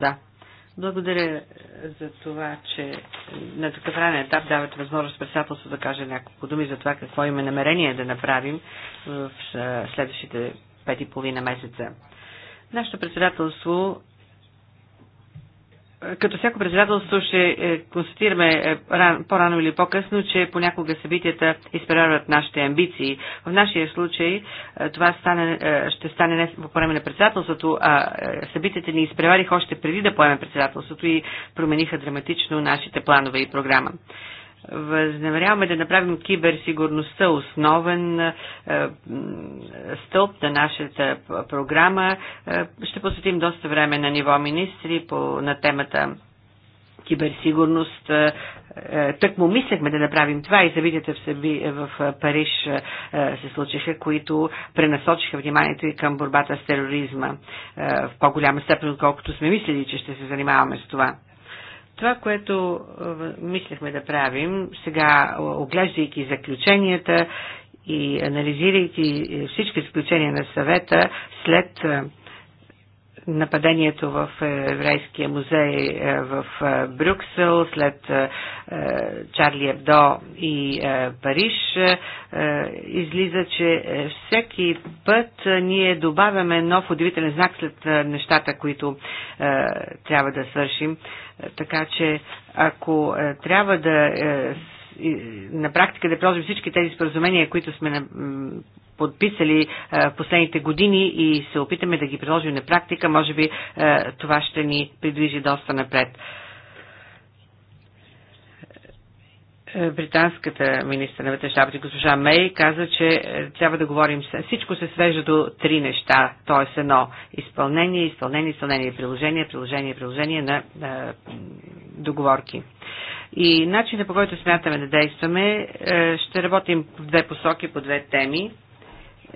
Да. Благодаря за това, че на такъв ранен етап дават възможност председателство да каже няколко думи за това какво има намерение да направим в следващите пет и половина месеца. Нашето председателство като всяко председателство ще е, констатираме е, по-рано или по-късно, че понякога събитията изпреварват нашите амбиции. В нашия случай е, това стане, ще стане не по време на председателството, а събитията ни изпреварих още преди да поеме председателството и промениха драматично нашите планове и програма. Възнамеряваме да направим киберсигурността основен е, стълб на нашата програма. Е, ще посветим доста време на ниво министри по, на темата киберсигурност. Е, Тък му мислехме да направим това и завидите в, Съби, в Париж се случиха, които пренасочиха вниманието и към борбата с тероризма в по-голяма степен, отколкото сме мислили, че ще се занимаваме с това. Това, което мислехме да правим, сега оглеждайки заключенията и анализирайки е, всички заключения на съвета след нападението в е, Еврейския музей е, в Брюксел, след Чарли Ебдо и Париж, излиза, че всеки път ние добавяме нов удивителен знак след нещата, които трябва да свършим. Така че ако е, трябва да е, на практика да приложим всички тези споразумения, които сме подписали е, в последните години и се опитаме да ги приложим на практика, може би това ще ни придвижи доста напред. Е, британската министра на вътрешна работа, госпожа Мей каза, че е, трябва да говорим, всичко се свежда до три неща, т.е. едно изпълнение, изпълнение, изпълнение, приложение, приложение, приложение на е, договорки. И начинът по който смятаме да действаме, е, ще работим в две посоки, по две теми.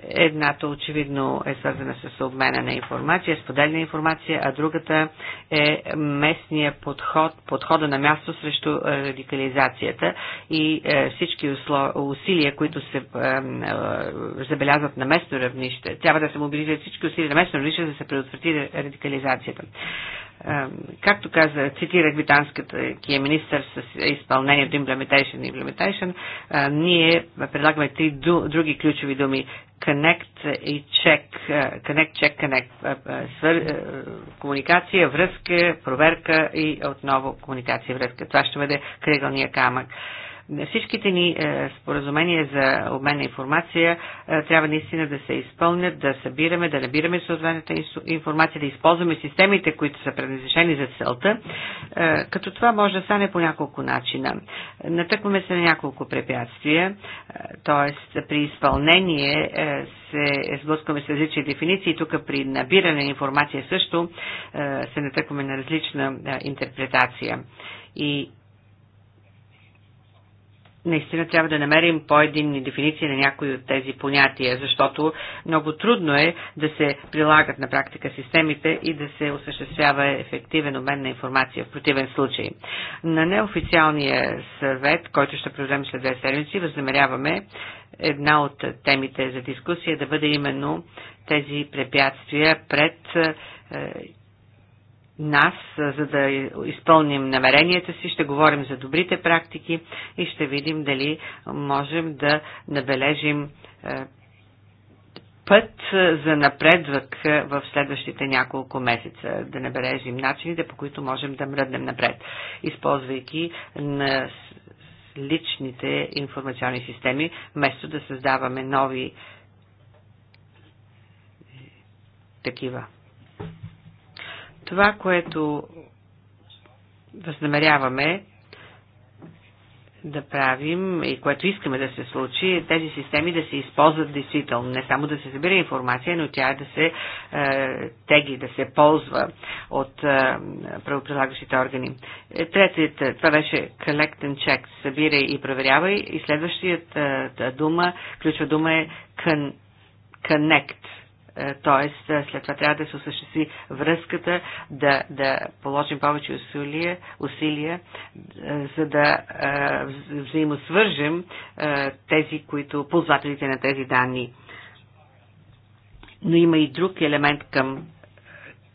Едната очевидно е свързана с обмена на информация, с поделена информация, а другата е местния подход, подхода на място срещу е, радикализацията и е, всички усилия, които се е, забелязват на местно равнище. Трябва да се мобилизират всички усилия на местно равнище, за да се предотврати радикализацията както каза, цитирах британската кия министър с изпълнението implementation, implementation, ние предлагаме три други ключови думи Connect и Check, е, Connect, Check, Connect, е, е, свър... комуникация, връзка, проверка и отново комуникация, връзка. Това ще бъде кръгълния камък. Всичките ни е, споразумения за обмен на информация е, трябва наистина да се изпълнят, да събираме, да набираме съответната информация, да използваме системите, които са предназначени за целта, е, като това може да стане по няколко начина. Натъкваме се на няколко препятствия, т.е. при изпълнение се сблъскваме с различни дефиниции. Тук при набиране на информация също се натъкваме на различна интерпретация. И наистина трябва да намерим по-единни дефиниции на някои от тези понятия, защото много трудно е да се прилагат на практика системите и да се осъществява ефективен обмен на информация в противен случай. На неофициалния съвет, който ще проведем след две седмици, възнамеряваме една от темите за дискусия да бъде именно тези препятствия пред е, нас, за да изпълним намеренията си, ще говорим за добрите практики и ще видим дали можем да набележим е, път за напредвък е, в следващите няколко месеца, да набележим начините, по които можем да мръднем напред, използвайки на личните информационни системи, вместо да създаваме нови е, такива. Това, което възнамеряваме да правим и което искаме да се случи, е тези системи да се използват действително. Не само да се събира информация, но тя да се е, тегли, да се ползва от е, правоприлагащите органи. Е, третият, е, това беше collect and check, събирай и проверявай. И следващият е, дума, ключова дума е con, connect – е, тоест, е, след това трябва да се осъществи връзката, да, да положим повече усилия, усилия е, за да взаимосвържем тези, които, ползвателите на тези данни. Но има и друг елемент към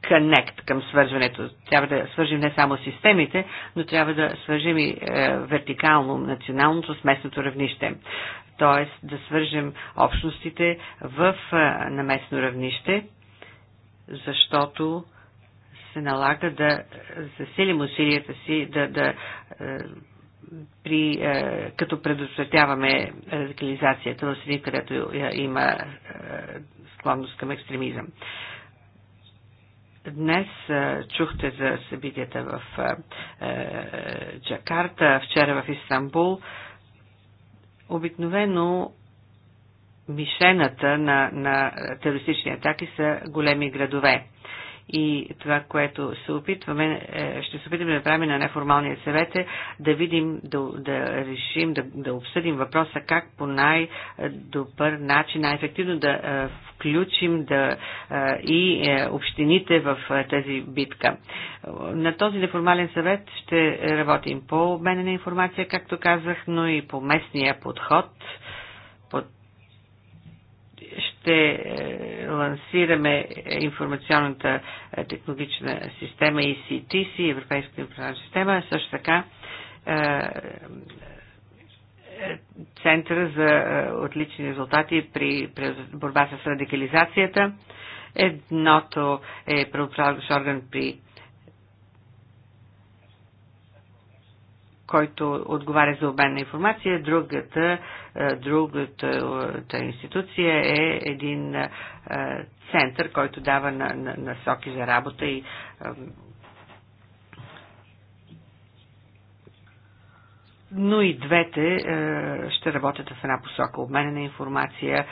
connect към свързването. Трябва да свържим не само системите, но трябва да свържим и вертикално националното с местното равнище т.е. да свържем общностите в, на местно равнище, защото се налага да засилим усилията си, да, да при, като предотвратяваме радикализацията на среди, където има склонност към екстремизъм. Днес чухте за събитията в Джакарта, вчера в Истанбул. Обикновено мишената на, на терористични атаки са големи градове и това, което се опитваме, е, ще се опитаме да направим на неформалния съвет е да видим, да, да решим, да, да обсъдим въпроса как по най-добър начин, най-ефективно да е, включим да, е, и общините в тази битка. На този неформален съвет ще работим по обмене на информация, както казах, но и по местния подход – ще е, лансираме информационната е, технологична система ECTC, Европейската информационна система, също така е, Центъра за отлични резултати при, борба с радикализацията. Едното е правоправдащ орган при който отговаря за обмен на информация, другата, е, другата е, институция е един е, център, който дава насоки на, на за работа и но и двете ще работят в една посока. Обмена на информация,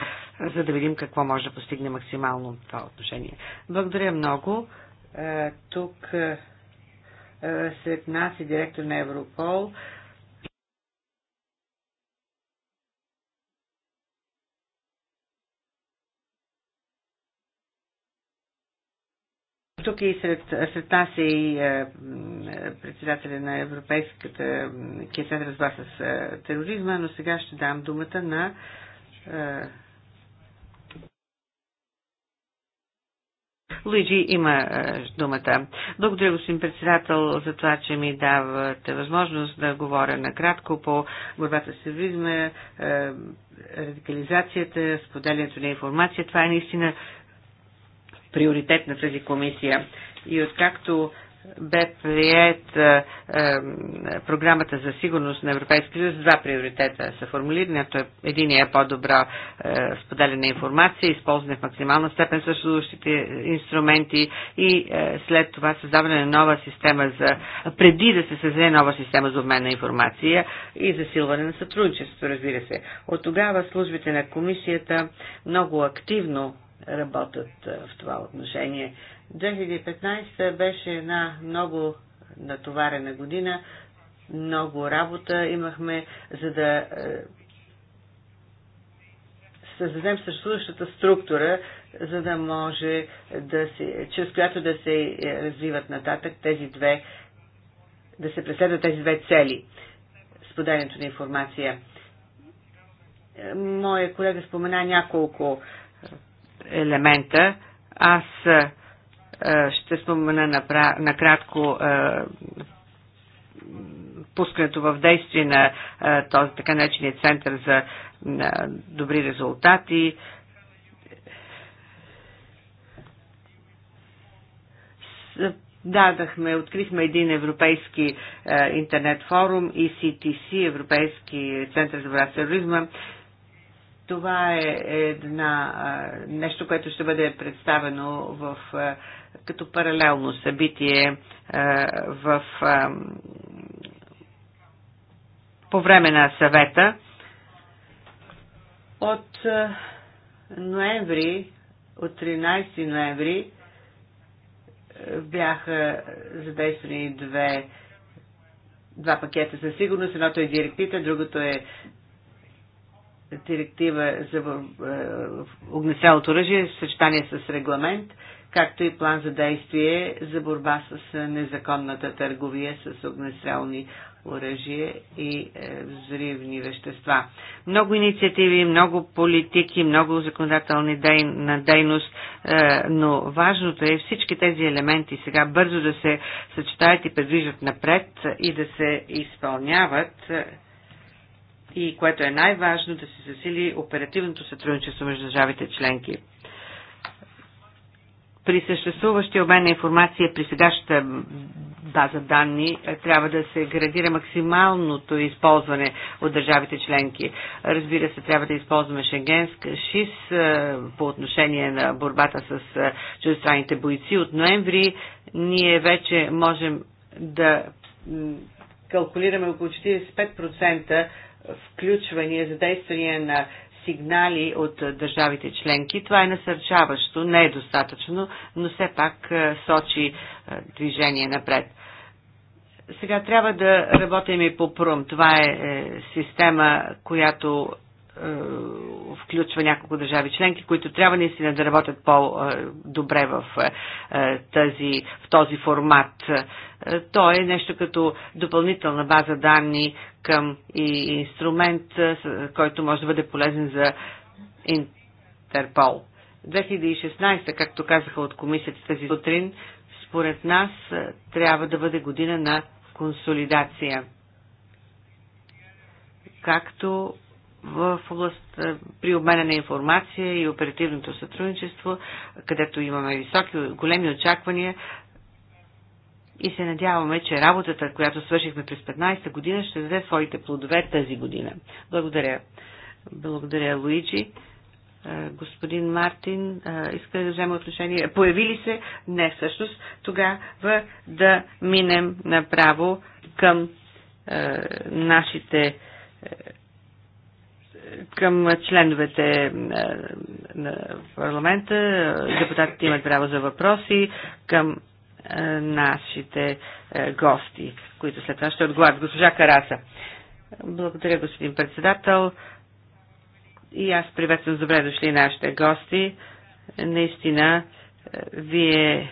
за да видим какво може да постигне максимално в това отношение. Благодаря много. Тук е, сред нас и директор на Европол. Тук и сред, сред нас е и е, председателя на Европейската кесет разба с е, тероризма, но сега ще дам думата на е, Луиджи има е, думата. Благодаря, господин председател, за това, че ми давате възможност да говоря накратко по борбата с тероризма, е, радикализацията, споделянето на информация. Това е наистина приоритет на тази комисия. И откакто бе прият е, е, програмата за сигурност на Европейския съюз. Два приоритета са формулирани. Ето е, единия е по добра е, споделяне на информация, използване в максимална степен съществуващите инструменти и е, след това създаване на нова система за, преди да се създаде нова система за обмен на информация и засилване на сътрудничество, разбира се. От тогава службите на комисията много активно работят е, в това отношение. 2015 беше една много натоварена година, много работа имахме, е, за да създадем съществуващата структура, за да може да се, чрез която да се е, развиват нататък тези две, да се преследват тези две цели. Споделянето на информация. Моя колега спомена няколко е, елемента. Аз е, ще спомена накратко е, пускането в действие на е, този така наречения център за добри резултати. Дадахме, открихме един европейски е, интернет форум ECTC, Европейски център за борба с тероризма. Това е една, е, нещо, което ще бъде представено в е, като паралелно събитие в, по време на съвета. От ноември, от 13 ноември, бяха задействани две, два пакета за сигурност. Едното е директива, другото е директива за огнеселното оръжие, съчетание с регламент – както и план за действие за борба с незаконната търговия с огнестрелни оръжие и е, взривни вещества. Много инициативи, много политики, много законодателни дей, на дейност, е, но важното е всички тези елементи сега бързо да се съчетаят и предвижат напред и да се изпълняват е, и което е най-важно да се засили оперативното сътрудничество между държавите членки при съществуващия обмен на информация при сегашната база данни е, трябва да се градира максималното използване от държавите членки. Разбира се, трябва да използваме Шенгенск ШИС е, по отношение на борбата с е, чуждестранните бойци. От ноември ние вече можем да калкулираме около 45% включвания, задействания на сигнали от държавите членки. Това е насърчаващо, не е достатъчно, но все пак сочи движение напред. Сега трябва да работим и по ПРУМ. Това е, е система, която е, включва няколко държави членки, които трябва наистина да работят по-добре в, е, е, тази, в този формат. То е нещо като допълнителна база данни към и инструмент, който може да бъде полезен за Интерпол. 2016, както казаха от комисията тази сутрин, според нас трябва да бъде година на консолидация. Както в област е, при обмена на информация и оперативното сътрудничество, където имаме високи, големи очаквания и се надяваме, че работата, която свършихме през 15-та година, ще даде своите плодове тази година. Благодаря. Благодаря, Луиджи. Е, господин Мартин, е, иска да вземе отношение. Появили се? Не, всъщност. Тогава да минем направо към е, нашите е, към членовете е, на парламента. Депутатите имат право за въпроси към е, нашите е, гости, които след това ще отговарят. Госпожа Караса. Благодаря, господин председател. И аз приветствам добре дошли нашите гости. Наистина, вие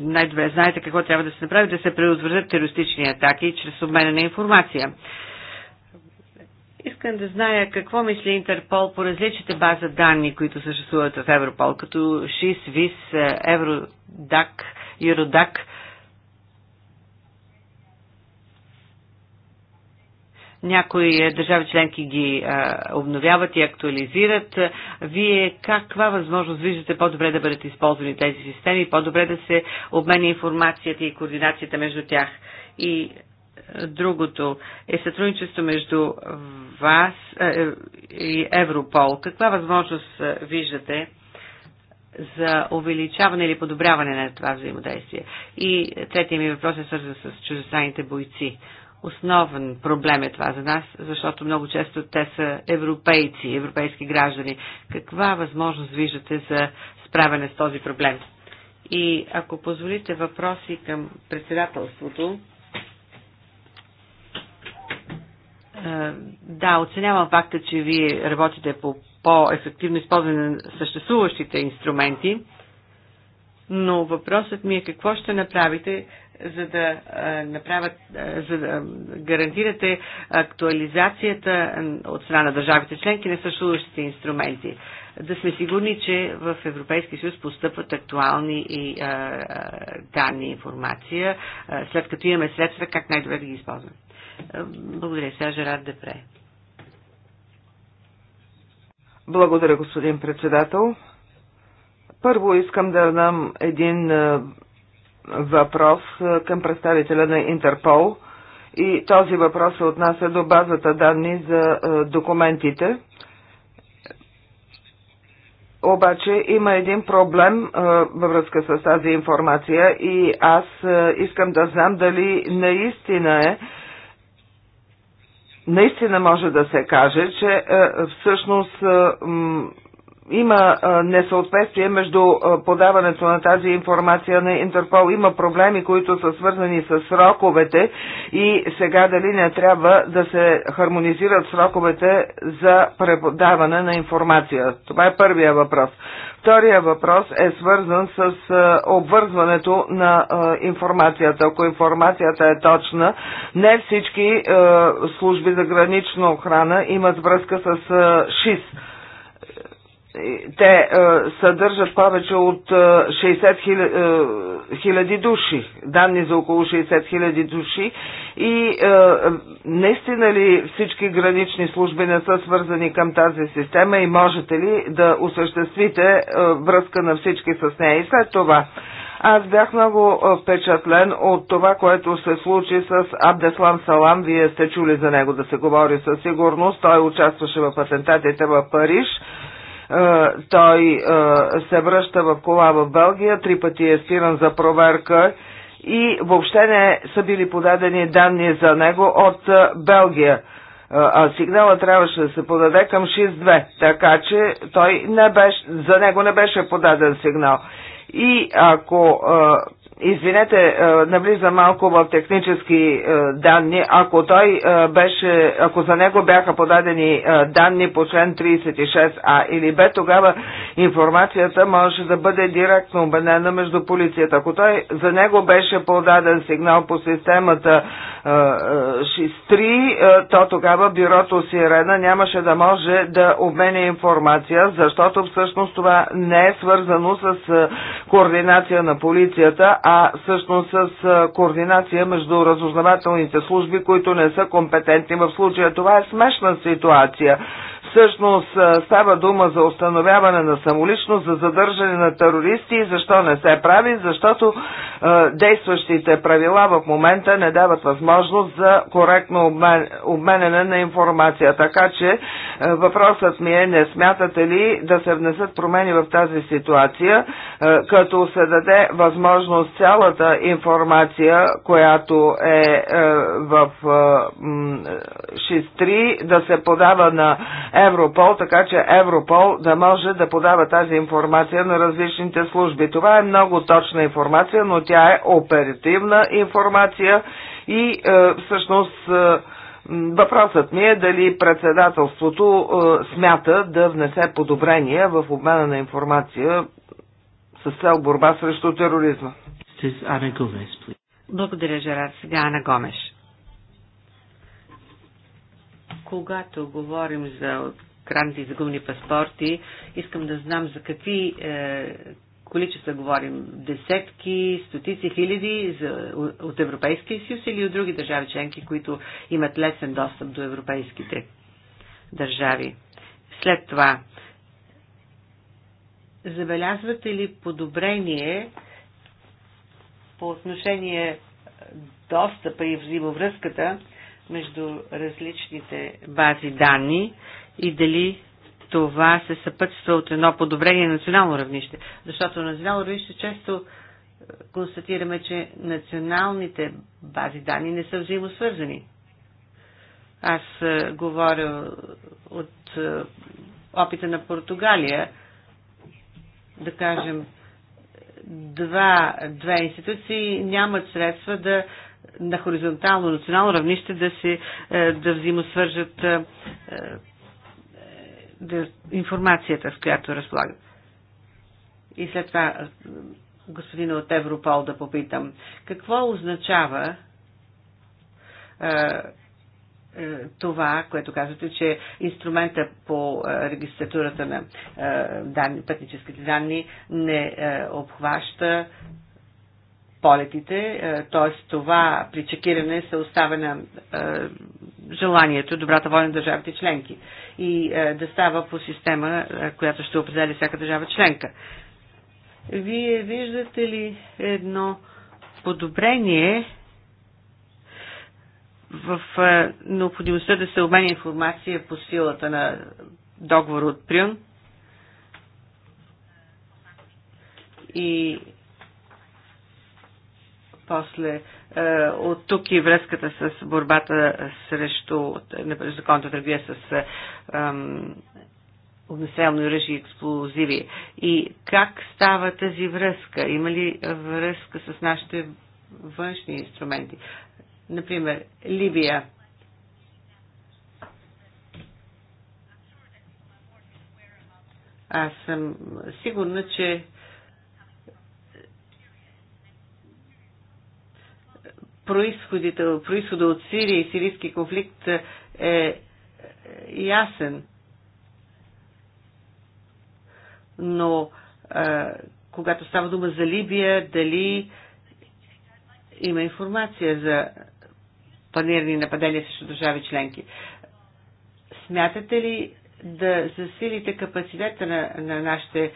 най-добре знаете какво трябва да се направи, да се предотвратят терористични атаки чрез обмена на информация Искам да зная какво мисли Интерпол по различните база данни, които съществуват в Европол, като ШИС, ВИС, Евродак, Юродак. Някои е, държави членки ги а, обновяват и актуализират. Вие каква възможност виждате по-добре да бъдат използвани тези системи, по-добре да се обменя информацията и координацията между тях? И Другото е сътрудничество между вас е, е, и Европол. Каква възможност е, виждате за увеличаване или подобряване на това взаимодействие? И третия ми въпрос е свързан с чуждестранните бойци основен проблем е това за нас, защото много често те са европейци, европейски граждани. Каква възможност виждате за справяне с този проблем? И ако позволите въпроси към председателството, Е, да, оценявам факта, че вие работите по по-ефективно използване на съществуващите инструменти, но въпросът ми е какво ще направите, за да, е, направят, е, за да гарантирате актуализацията от страна на държавите членки на съществуващите инструменти. Да сме сигурни, че в Европейския съюз постъпват актуални и а, данни информация, след като имаме средства, как най-добре да ги използваме. Благодаря. Сега Жерар Депре. Благодаря, господин председател. Първо искам да дам един въпрос към представителя на Интерпол и този въпрос се отнася до базата данни за документите. Обаче има един проблем във връзка с тази информация и аз искам да знам дали наистина е, наистина може да се каже, че е, всъщност е, има несъответствие между подаването на тази информация на Интерпол. Има проблеми, които са свързани с сроковете и сега дали не трябва да се хармонизират сроковете за преподаване на информация. Това е първия въпрос. Втория въпрос е свързан с обвързването на информацията. Ако информацията е точна, не всички служби за гранична охрана имат връзка с ШИС те е, съдържат повече от 60 е, хиляди, е, хиляди души, данни за около 60 хиляди души и е, наистина ли всички гранични служби не са свързани към тази система и можете ли да осъществите е, връзка на всички с нея и след това? Аз бях много е, впечатлен от това, което се случи с Абдеслам Салам. Вие сте чули за него да се говори със сигурност. Той участваше в атентатите в Париж. Е, той е, се връща в кола в Белгия, три пъти е спиран за проверка и въобще не са били подадени данни за него от е, Белгия. А сигнала трябваше да се подаде към 6-2, така че той не беше, за него не беше подаден сигнал. И ако Извинете, е, навлиза малко в технически е, данни. Ако той е, беше, ако за него бяха подадени данни по член 36А или Б, тогава информацията може да бъде директно обменена между полицията. Ако той за него беше подаден сигнал по системата 63, то тогава бюрото Сирена нямаше да може да обменя информация, защото всъщност това не е свързано с координация на полицията, а всъщност с координация между разузнавателните служби, които не са компетентни в случая. Това е смешна ситуация. Всъщност става дума за установяване на самоличност, за задържане на терористи. Защо не се прави? Защото е, действащите правила в момента не дават възможност за коректно обмен, обменене на информация. Така че е, въпросът ми е, не смятате ли да се внесат промени в тази ситуация, е, като се даде възможност цялата информация, която е, е в е, 6.3 да се подава на Европол, така че Европол да може да подава тази информация на различните служби. Това е много точна информация, но тя е оперативна информация и е, всъщност е, въпросът ми е дали председателството е, смята да внесе подобрения в обмена на информация с цел борба срещу тероризма. Благодаря, Жерар. Сега Ана Гомеш. Когато говорим за крайните загубни паспорти, искам да знам за какви е, количества говорим. Десетки, стотици, хиляди за, от Европейския съюз или от други държави членки, които имат лесен достъп до европейските държави. След това, забелязвате ли подобрение по отношение достъпа и взаимовръзката между различните бази данни и дали това се съпътства от едно подобрение на национално равнище. Защото на национално равнище често е, констатираме, че националните бази данни не са взаимосвързани. Аз е, говоря от е, опита на Португалия, да кажем, два, две институции нямат средства да на хоризонтално, национално равнище да се е, да взаимосвържат е, е, да, информацията, с която разполагат. И след това господина от Европол да попитам. Какво означава това, което казвате, че инструмента по регистратурата на данни, пътническите данни не обхваща полетите, е, т.е. това причекиране се оставя на е, желанието, добрата воля на държавите членки и е, да става по система, която ще определя всяка държава членка. Вие виждате ли едно подобрение в необходимостта да се обменя информация по силата на договор от Прюн и после е, от тук и връзката с борбата срещу незаконната търговия с е, огнестрелно оръжие и експлозиви. И как става тази връзка? Има ли връзка с нашите външни инструменти? Например, Либия. Аз съм сигурна, че происходите, происхода от Сирия и сирийски конфликт е, е, е ясен. Но а, е, когато става дума за Либия, дали има информация за планирани нападения срещу държави членки. Смятате ли да засилите капацитета на, на нашите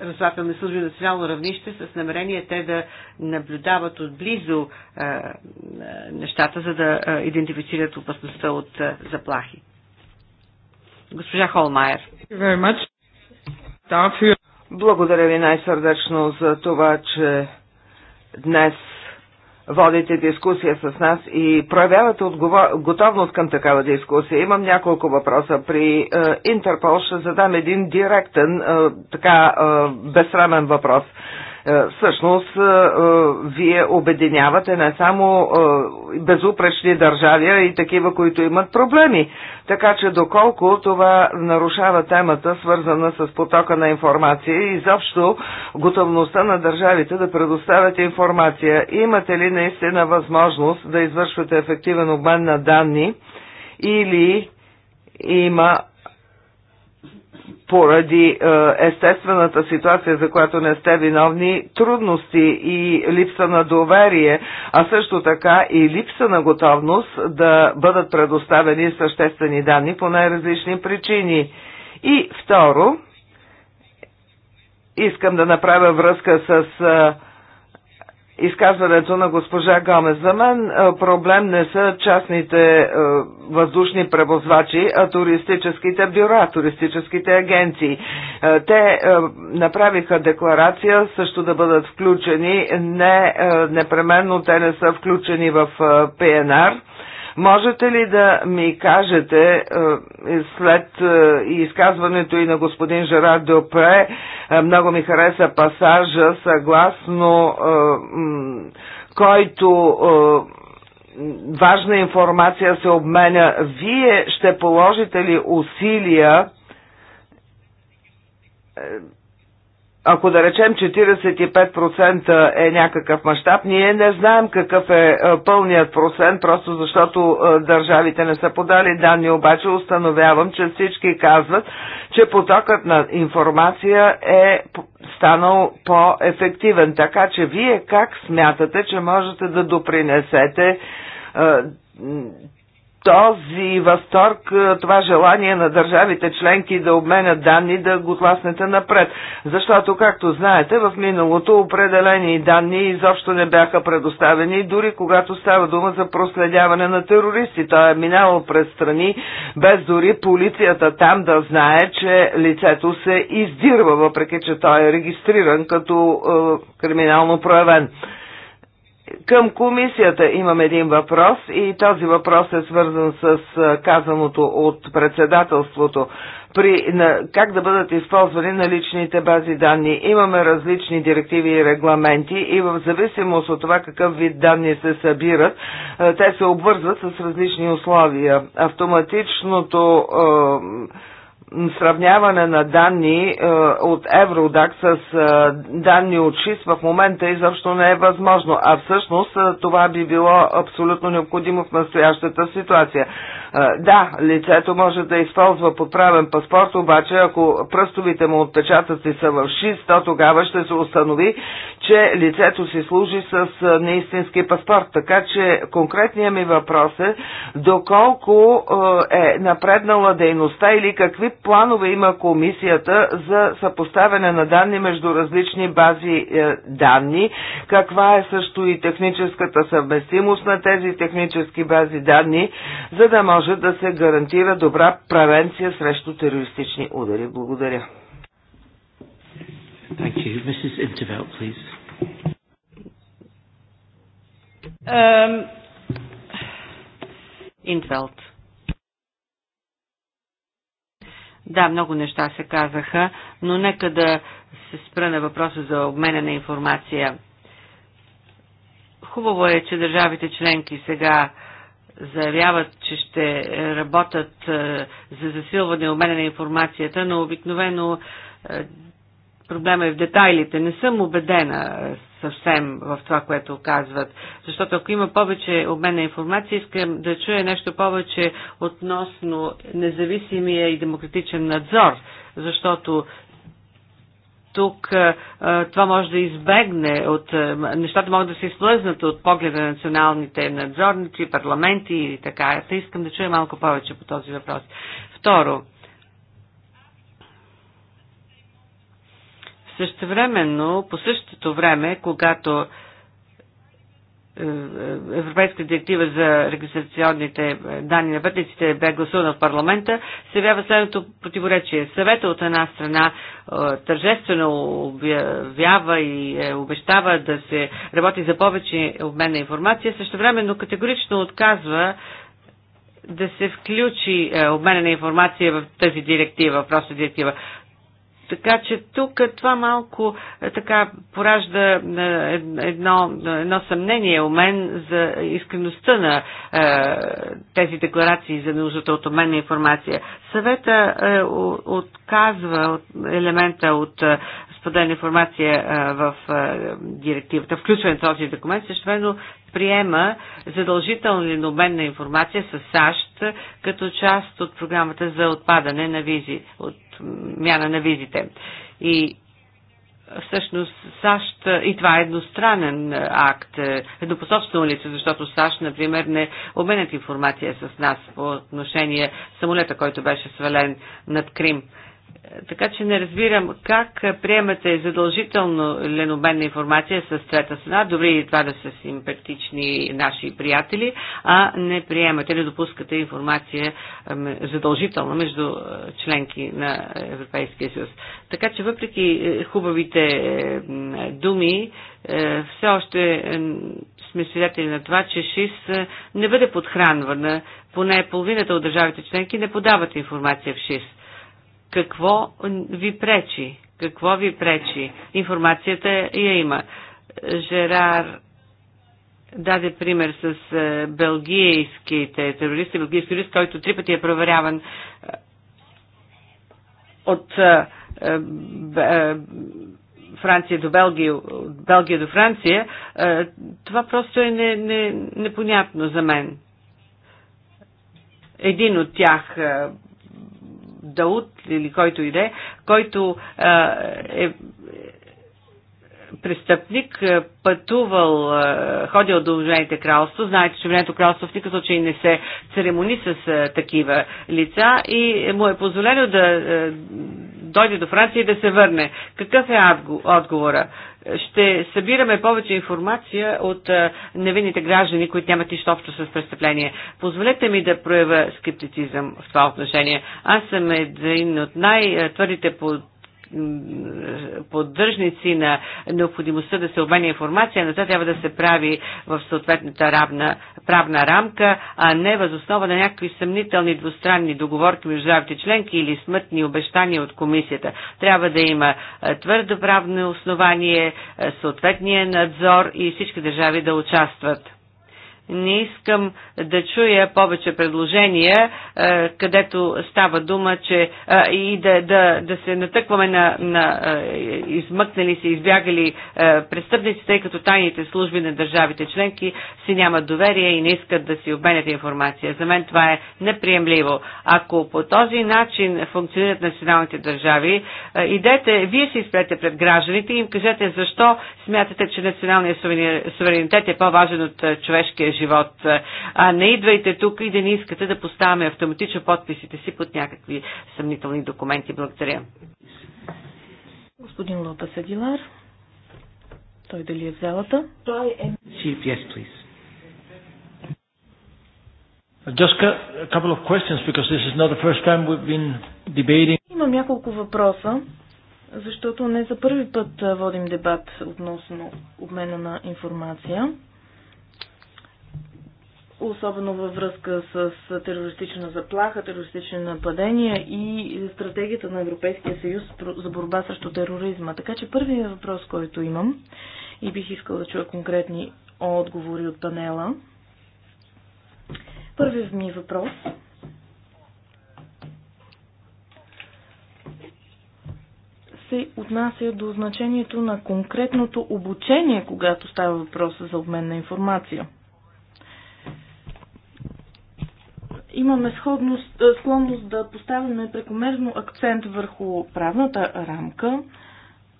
разузнавателни служби на национално равнище с намерение те да наблюдават отблизо е, е, нещата, за да е, идентифицират опасността от заплахи. Госпожа Холмайер. Благодаря ви най-сърдечно за това, че днес водите дискусия с нас и проявявате отговор... готовност към такава дискусия. Имам няколко въпроса. При е, Интерпол ще задам един директен, е, така е, безсрамен въпрос. Е, е, всъщност, е, е, вие обединявате не само безупречни държави, а и такива, които имат проблеми. Така че доколко това нарушава темата, свързана с потока на информация и изобщо готовността на държавите да предоставят информация. Имате ли наистина възможност да извършвате ефективен обмен на данни или има поради е, естествената ситуация, за която не сте виновни, трудности и липса на доверие, а също така и липса на готовност да бъдат предоставени съществени данни по най-различни причини. И второ, искам да направя връзка с е, изказването на госпожа Гомес. За мен е, проблем не са частните е, въздушни превозвачи, а туристическите бюра, туристическите агенции. Е, те направиха декларация също да бъдат включени. Не, непременно те не са включени в ПНР Можете ли да ми кажете е, след е, изказването и на господин Жерар Допре, е, много ми хареса пасажа, съгласно който важна информация се обменя. Вие ще положите ли усилия ако да речем 45% е някакъв мащаб, ние не знаем какъв е, е пълният процент, просто защото е, държавите не са подали данни, обаче установявам, че всички казват, че потокът на информация е станал по-ефективен. Така че вие как смятате, че можете да допринесете е, този възторг, е, това желание на държавите членки да обменят данни, да го тласнете напред. Защото, както знаете, в миналото определени данни изобщо не бяха предоставени, дори когато става дума за проследяване на терористи. Той е минавал през страни, без дори полицията там да знае, че лицето се издирва, въпреки че той е регистриран като е, криминално проявен. Към комисията имам един въпрос и този въпрос е свързан с казаното от председателството при на, как да бъдат използвани наличните бази данни. Имаме различни директиви и регламенти и в зависимост от това какъв вид данни се събират, те се обвързват с различни условия. Автоматичното е, сравняване на данни е, от Евродак с е, данни от ШИС в момента изобщо не е възможно, а всъщност е, това би било абсолютно необходимо в настоящата ситуация. Да, лицето може да използва подправен паспорт, обаче ако пръстовите му отпечатъци са в шист, то тогава ще се установи, че лицето си служи с неистински паспорт. Така че конкретният ми въпрос е доколко е напреднала дейността или какви планове има комисията за съпоставяне на данни между различни бази е, данни, каква е също и техническата съвместимост на тези технически бази данни, за да може може да се гарантира добра превенция срещу терористични удари. Благодаря. Thank you. Mrs. please. Um, Интвелт. Да, много неща се казаха, но нека да се спра на въпроса за обмена на информация. Хубаво е, че държавите членки сега заявяват, че ще работят е, за засилване и обмене на информацията, но обикновено е, проблема е в детайлите. Не съм убедена е, съвсем в това, което казват. Защото ако има повече обмен на информация, искам да чуя нещо повече относно независимия и демократичен надзор, защото тук това може да избегне от... Нещата могат да се изплъзнат от погледа на националните надзорници, парламенти и така. Та искам да чуя малко повече по този въпрос. Второ, същевременно, по същото време, когато Европейска директива за регистрационните данни на пътниците бе гласувана в парламента, се явява следното противоречие. Съвета от една страна е, тържествено обявява и е, обещава да се работи за повече обмен на информация, също времено категорично отказва да се включи е, обмена на информация в тази директива, просто директива. Така че тук това малко е, така поражда е, едно, едно съмнение у мен за искреността на е, тези декларации за нуждата от обмен на информация. Съвета е, отказва от елемента от е, споделена информация в директивата, включване на този документ, същевременно приема задължителен обмен на информация с САЩ като част от програмата за отпадане на визи, от мяна на визите. И всъщност САЩ, и това е едностранен акт, еднопосочна улица, защото САЩ, например, не обменят информация с нас по отношение самолета, който беше свален над Крим. Така че не разбирам как приемате задължително ленобен информация с трета страна, дори и това да са симпатични наши приятели, а не приемате, не допускате информация задължително между членки на Европейския съюз. Така че въпреки е, хубавите е, думи, е, все още сме свидетели на това, че ШИС не бъде подхранвана. Поне половината от държавите членки не подават информация в ШИС какво ви пречи? Какво ви пречи? Информацията я има. Жерар даде пример с е, белгийските терористи, белгийски терорист, който три пъти е проверяван е, от е, Франция до Белгия, от Белгия до Франция, това просто е не, не, непонятно за мен. Един от тях Дауд или който иде, който е, престъпник, е, пътувал, е, ходил до Обединените кралство. Знаете, че Обединеното кралство в никакъв случай не се церемони с е, такива лица и му е позволено да дойде до Франция и да се върне. Какъв е отговора? Ще събираме повече информация от невинните граждани, които нямат нищо общо с престъпление. Позволете ми да проявя скептицизъм в това отношение. Аз съм един от най-твърдите под поддръжници на необходимостта да се обменя информация, но това трябва да се прави в съответната равна, правна рамка, а не възоснова на някакви съмнителни двустранни договорки между здравите членки или смъртни обещания от комисията. Трябва да има е, твърдо правно основание, е, съответния надзор и всички държави да участват. Не искам да чуя повече предложения, е, където става дума, че е, и да, да, да се натъкваме на, на е, измъкнали се, избягали престъпници, тъй като тайните служби на държавите членки си нямат доверие и не искат да си обменят информация. За мен това е неприемливо. Ако по този начин функционират националните държави, идете, вие се изпрете пред гражданите и им кажете защо смятате, че националният суверенитет е по-важен от човешкия живот. А не идвайте тук и да не искате да поставяме автоматично подписите си под някакви съмнителни документи. Благодаря. Господин Лота Агилар. Той дали е в залата? Той е... Chief, yes, please. Имам няколко въпроса, защото не за първи път водим дебат относно обмена на информация особено във връзка с терористична заплаха, терористични нападения и стратегията на Европейския съюз за борба срещу тероризма. Така че първият въпрос, който имам и бих искал да чуя конкретни отговори от панела. Първият ми въпрос се отнася до значението на конкретното обучение, когато става въпрос за обмен на информация – имаме сходност, е, склонност да поставяме прекомерно акцент върху правната рамка.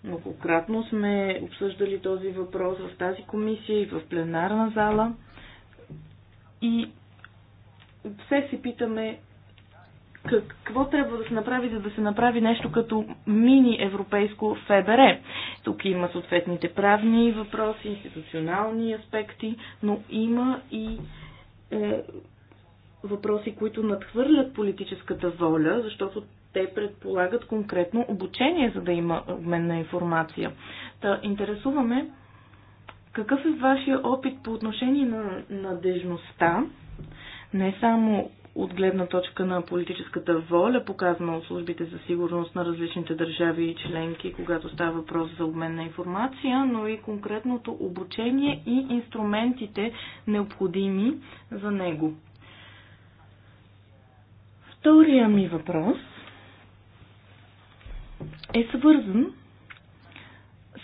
Многократно сме обсъждали този въпрос в тази комисия и в пленарна зала. И все се питаме какво трябва да се направи, за да се направи нещо като мини европейско ФБР. Тук има съответните правни въпроси, институционални аспекти, но има и е, въпроси, които надхвърлят политическата воля, защото те предполагат конкретно обучение, за да има обмен на информация. Та интересуваме какъв е вашия опит по отношение на надежността, не само от гледна точка на политическата воля, показана от службите за сигурност на различните държави и членки, когато става въпрос за обмен на информация, но и конкретното обучение и инструментите необходими за него. Втория ми въпрос е свързан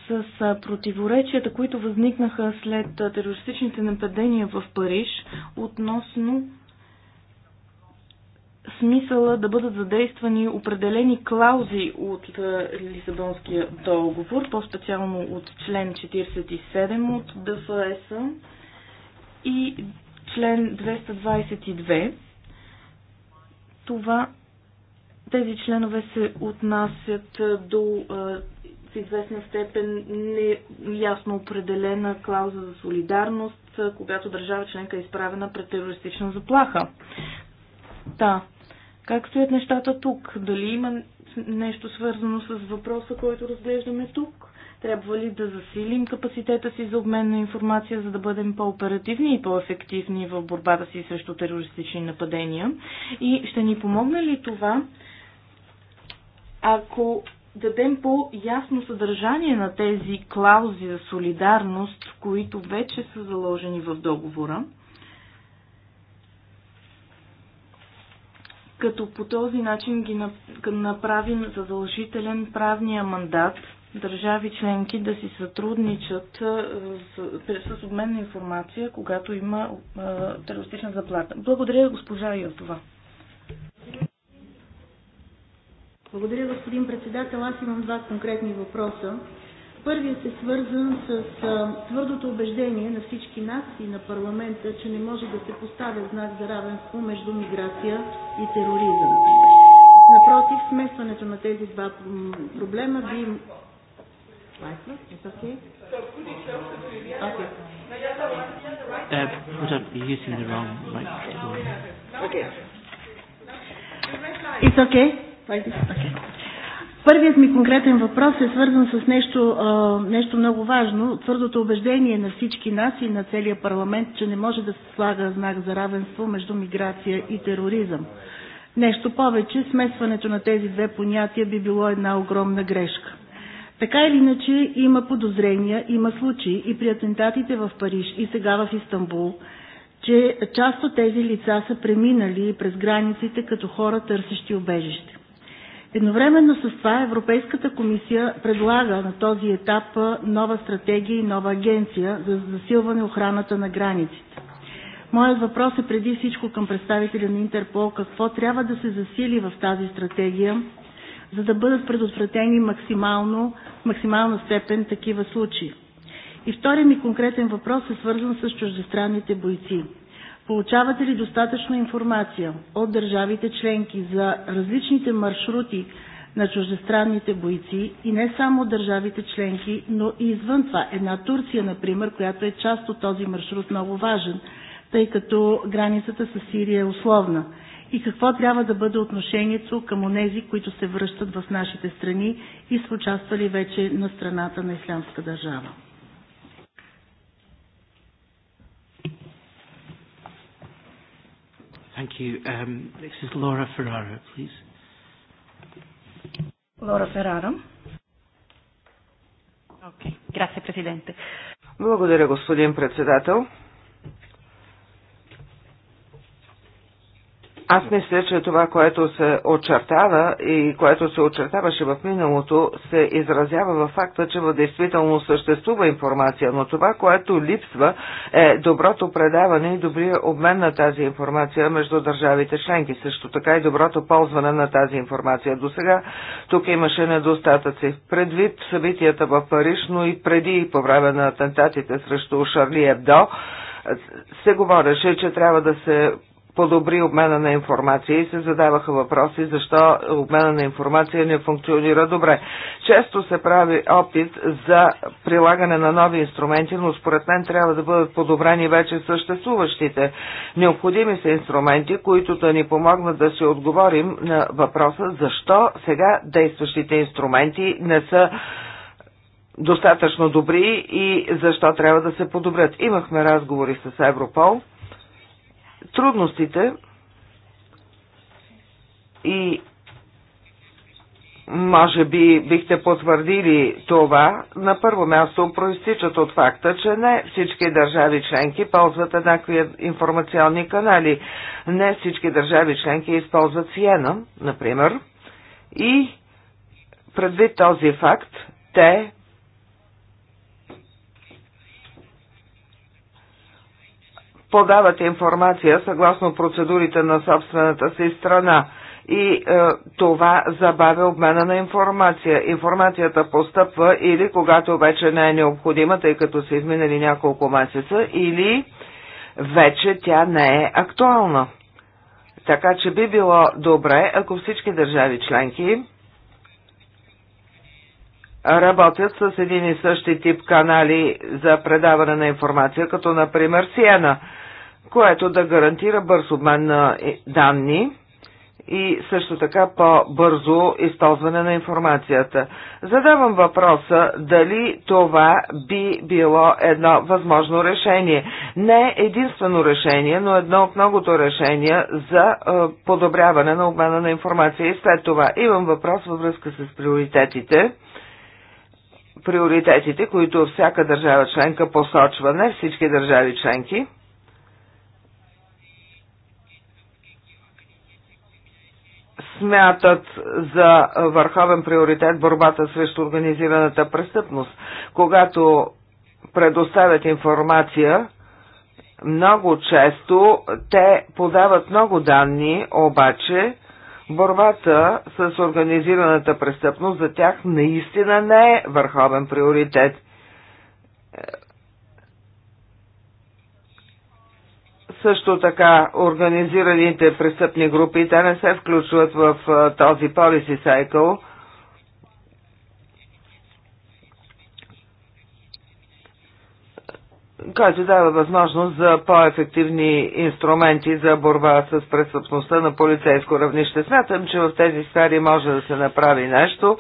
с противоречията, които възникнаха след терористичните нападения в Париж относно смисъла да бъдат задействани определени клаузи от Лисабонския договор, по-специално от член 47 от ДФС и член 222 това тези членове се отнасят до в известна степен неясно определена клауза за солидарност, когато държава членка е изправена пред терористична заплаха. Да. Как стоят нещата тук? Дали има нещо свързано с въпроса, който разглеждаме тук? Трябва ли да засилим капацитета си за обмен на информация, за да бъдем по-оперативни и по-ефективни в борбата си срещу терористични нападения? И ще ни помогне ли това, ако дадем по-ясно съдържание на тези клаузи за солидарност, които вече са заложени в договора? като по този начин ги направим задължителен правния мандат – държави членки да си сътрудничат с, с обмен на информация, когато има терористична заплата. Благодаря, госпожа Йотова. Благодаря, господин председател. Аз имам два конкретни въпроса. Първият е свързан с твърдото убеждение на всички нас и на парламента, че не може да се поставя знак за равенство между миграция и тероризъм. Напротив, смесването на тези два проблема би okay? Uh, put up, using the wrong microphone. Okay. It's okay? Okay. Първият ми конкретен въпрос е свързан с нещо, нещо много важно. Твърдото убеждение на всички нас и на целия парламент, че не може да се слага знак за равенство между миграция и тероризъм. Нещо повече, смесването на тези две понятия би било една огромна грешка. Така или иначе има подозрения, има случаи и при атентатите в Париж, и сега в Истанбул, че част от тези лица са преминали през границите като хора, търсещи убежище. Едновременно с това Европейската комисия предлага на този етап нова стратегия и нова агенция за засилване охраната на границите. Моят въпрос е преди всичко към представителя на Интерпол какво трябва да се засили в тази стратегия за да бъдат предотвратени максимално максимална степен такива случаи. И вторият ми конкретен въпрос е свързан с чуждестранните бойци. Получавате ли достатъчно информация от държавите членки за различните маршрути на чуждестранните бойци и не само от държавите членки, но и извън това? Една Турция, например, която е част от този маршрут, много важен, тъй като границата с Сирия е условна и какво трябва да бъде отношението към онези, които се връщат в нашите страни и са участвали вече на страната на Ислямска държава. Thank you. Um, this is Laura Ferrara, please. Laura Ferrara. Okay. Grazie, Presidente. Благодаря, господин председател. Аз мисля, че това, което се очертава и което се очертаваше в миналото, се изразява във факта, че в действително съществува информация, но това, което липсва е доброто предаване и добрия обмен на тази информация между държавите членки, също така и доброто ползване на тази информация. До сега тук имаше недостатъци. Предвид събитията в Париж, но и преди и по време на атентатите срещу Шарли Ебдо, се говореше, че трябва да се подобри обмена на информация и се задаваха въпроси защо обмена на информация не функционира добре. Често се прави опит за прилагане на нови инструменти, но според мен трябва да бъдат подобрени вече съществуващите. Необходими са инструменти, които да ни помогнат да се отговорим на въпроса защо сега действащите инструменти не са достатъчно добри и защо трябва да се подобрят. Имахме разговори с Европол трудностите и може би бихте потвърдили това, на първо място проистичат от факта, че не всички държави членки ползват еднакви информационни канали. Не всички държави членки използват Сиена, например. И предвид този факт, те подават информация съгласно процедурите на собствената си страна и е, това забавя обмена на информация. Информацията постъпва или когато вече не е необходима, тъй като са изминали няколко месеца, или вече тя не е актуална. Така че би било добре, ако всички държави членки работят с един и същи тип канали за предаване на информация, като например Сиена – което да гарантира бърз обмен на данни и също така по-бързо използване на информацията. Задавам въпроса дали това би било едно възможно решение. Не единствено решение, но едно от многото решения за е, подобряване на обмена на информация. И след това имам въпрос във връзка с приоритетите приоритетите, които всяка държава членка посочва, не всички държави членки. смятат за върховен приоритет борбата срещу организираната престъпност. Когато предоставят информация, много често те подават много данни, обаче борбата с организираната престъпност за тях наистина не е върховен приоритет. също така организираните престъпни групи, те не се включват в този policy cycle. който дава възможност за по-ефективни инструменти за борба с престъпността на полицейско равнище. Смятам, че в тези сфери може да се направи нещо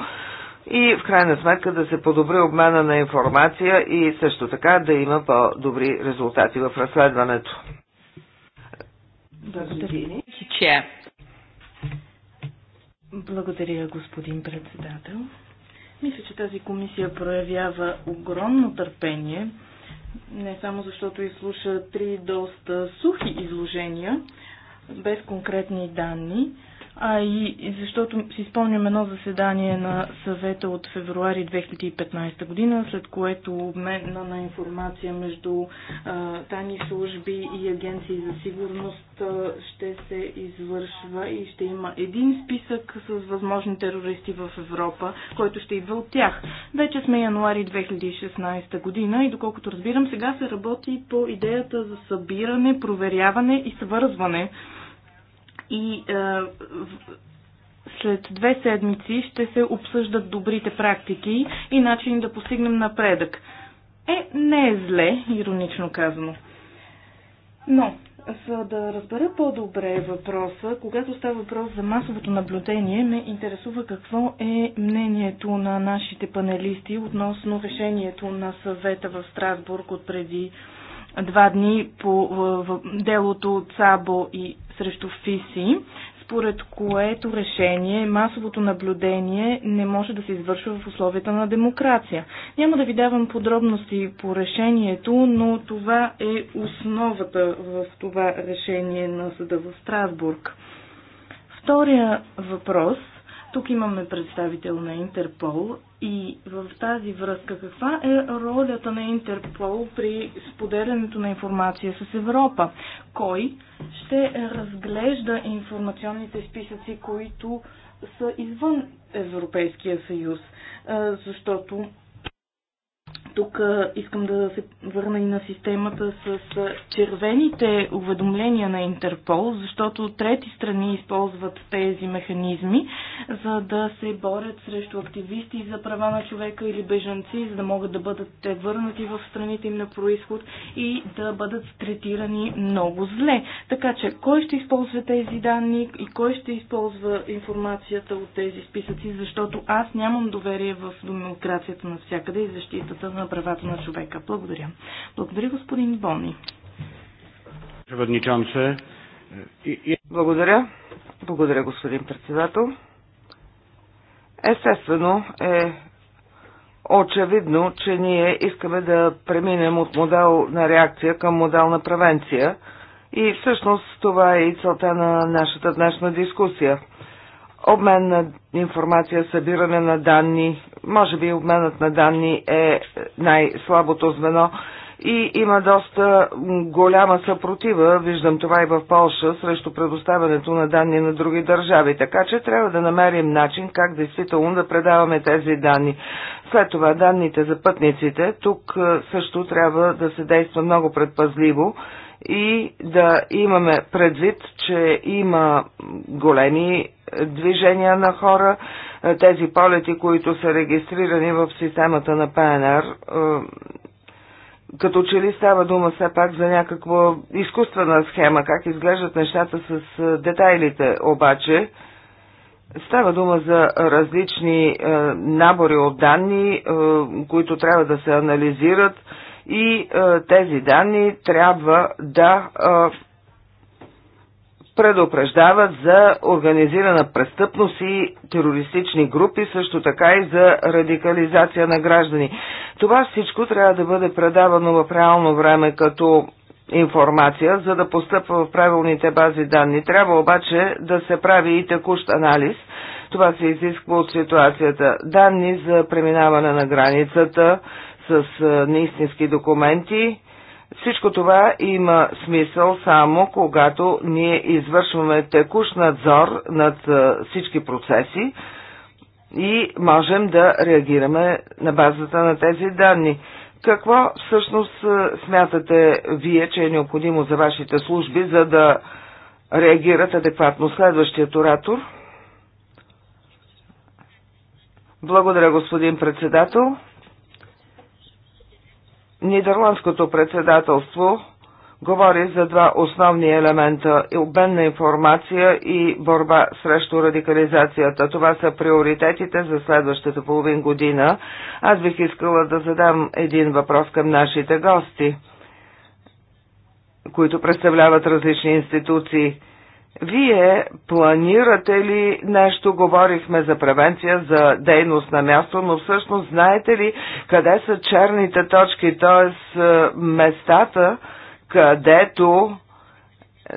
и в крайна сметка да се подобри обмена на информация и също така да има по-добри резултати в разследването. Благодаря. Благодаря, господин председател. Мисля, че тази комисия проявява огромно търпение, не само защото изслуша три доста сухи изложения, без конкретни данни, а и защото си спомням едно заседание на съвета от февруари 2015 година, след което обмена на информация между а, тайни служби и агенции за сигурност а, ще се извършва и ще има един списък с възможни терористи в Европа, който ще идва от тях. Вече сме януари 2016 година и доколкото разбирам, сега се работи по идеята за събиране, проверяване и свързване и е, след две седмици ще се обсъждат добрите практики и начини да постигнем напредък. Е, не е зле, иронично казано. Но, за да разбера по-добре въпроса, когато става въпрос за масовото наблюдение, ме интересува какво е мнението на нашите панелисти относно решението на съвета в Страсбург от преди два дни по делото Цабо и срещу ФИСИ, според което решение масовото наблюдение не може да се извършва в условията на демокрация. Няма да ви давам подробности по решението, но това е основата в това решение на съда в Страсбург. Втория въпрос – тук имаме представител на Интерпол и в тази връзка каква е ролята на Интерпол при споделянето на информация с Европа? Кой ще разглежда информационните списъци, които са извън Европейския съюз? Защото тук искам да се върна и на системата с червените уведомления на Интерпол, защото трети страни използват тези механизми, за да се борят срещу активисти за права на човека или бежанци, за да могат да бъдат те върнати в страните им на происход и да бъдат третирани много зле. Така че, кой ще използва тези данни и кой ще използва информацията от тези списъци, защото аз нямам доверие в демокрацията навсякъде и защитата на правата на човека. Благодаря. Благодаря, господин Бони. Благодаря. Благодаря, господин председател. Естествено е очевидно, че ние искаме да преминем от модел на реакция към модел на превенция и всъщност това е и целта на нашата днешна дискусия обмен на информация, събиране на данни. Може би обменът на данни е най-слабото звено и има доста голяма съпротива, виждам това и в Польша, срещу предоставянето на данни на други държави. Така че трябва да намерим начин как действително да предаваме тези данни. След това данните за пътниците, тук също трябва да се действа много предпазливо и да имаме предвид, че има големи движения на хора. Е, тези полети, които са регистрирани в системата на ПНР, е, като че ли става дума все пак за някаква изкуствена схема, как изглеждат нещата с е, детайлите обаче. Става дума за различни набори от данни, които трябва да се анализират и е, тези данни трябва да е, предупреждават за организирана престъпност и терористични групи, също така и за радикализация на граждани. Това всичко трябва да бъде предавано в реално време като информация, за да постъпва в правилните бази данни. Трябва обаче да се прави и текущ анализ. Това се изисква от ситуацията. Данни за преминаване на границата, с неистински документи. Всичко това има смисъл само когато ние извършваме текущ надзор над всички процеси и можем да реагираме на базата на тези данни. Какво всъщност смятате вие, че е необходимо за вашите служби, за да реагират адекватно следващият оратор? Благодаря, господин председател. Нидерландското председателство говори за два основни елемента – обмен на информация и борба срещу радикализацията. Това са приоритетите за следващата половин година. Аз бих искала да задам един въпрос към нашите гости, които представляват различни институции – вие планирате ли нещо? Говорихме за превенция, за дейност на място, но всъщност знаете ли къде са черните точки, т.е. местата, където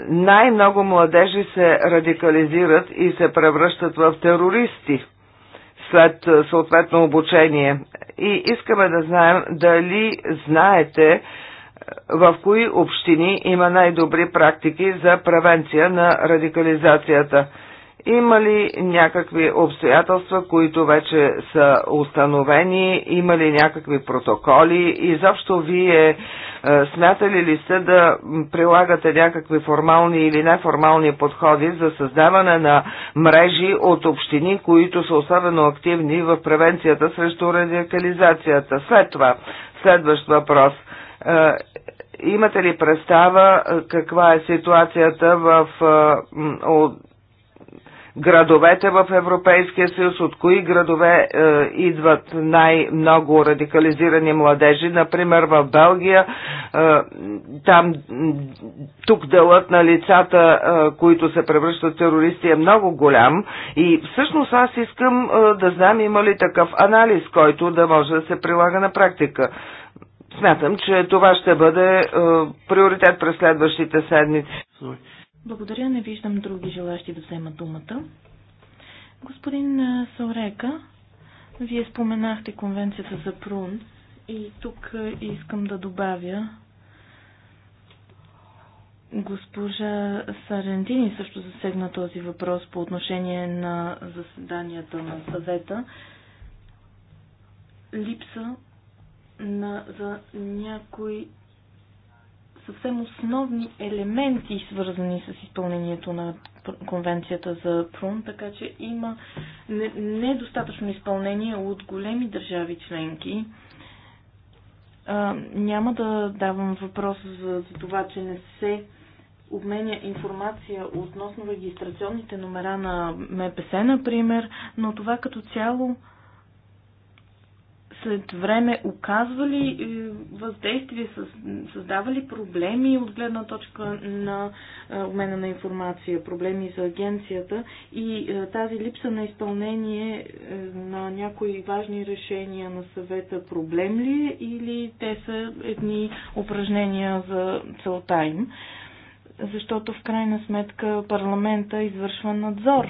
най-много младежи се радикализират и се превръщат в терористи след съответно обучение. И искаме да знаем дали знаете, в кои общини има най-добри практики за превенция на радикализацията. Има ли някакви обстоятелства, които вече са установени? Има ли някакви протоколи? Изобщо вие е, смятали ли сте да прилагате някакви формални или неформални подходи за създаване на мрежи от общини, които са особено активни в превенцията срещу радикализацията? След това, следващ въпрос – е, имате ли представа е, каква е ситуацията в е, градовете в Европейския съюз, от кои градове е, идват най-много радикализирани младежи. Например, в Белгия, е, там тук делът на лицата, е, които се превръщат терористи е много голям и всъщност аз искам е, да знам има ли такъв анализ, който да може да се прилага на практика. Смятам, че това ще бъде е, приоритет през следващите седмици. Благодаря, не виждам други желащи да вземат думата. Господин е, Саурека, вие споменахте конвенцията за Прун и тук е, искам да добавя госпожа Сарентини също засегна този въпрос по отношение на заседанията на съвета. Липса на, за някои съвсем основни елементи, свързани с изпълнението на конвенцията за ПРУН, така че има недостатъчно изпълнение от големи държави членки. А, няма да давам въпрос за, за това, че не се обменя информация относно регистрационните номера на МПС, например, но това като цяло след време оказва ли е, въздействие, създава ли проблеми от гледна точка на е, обмена на информация, проблеми за агенцията и е, тази липса на изпълнение на някои важни решения на съвета проблем ли е или те са едни упражнения за целта им? Защото в крайна сметка парламента извършва надзор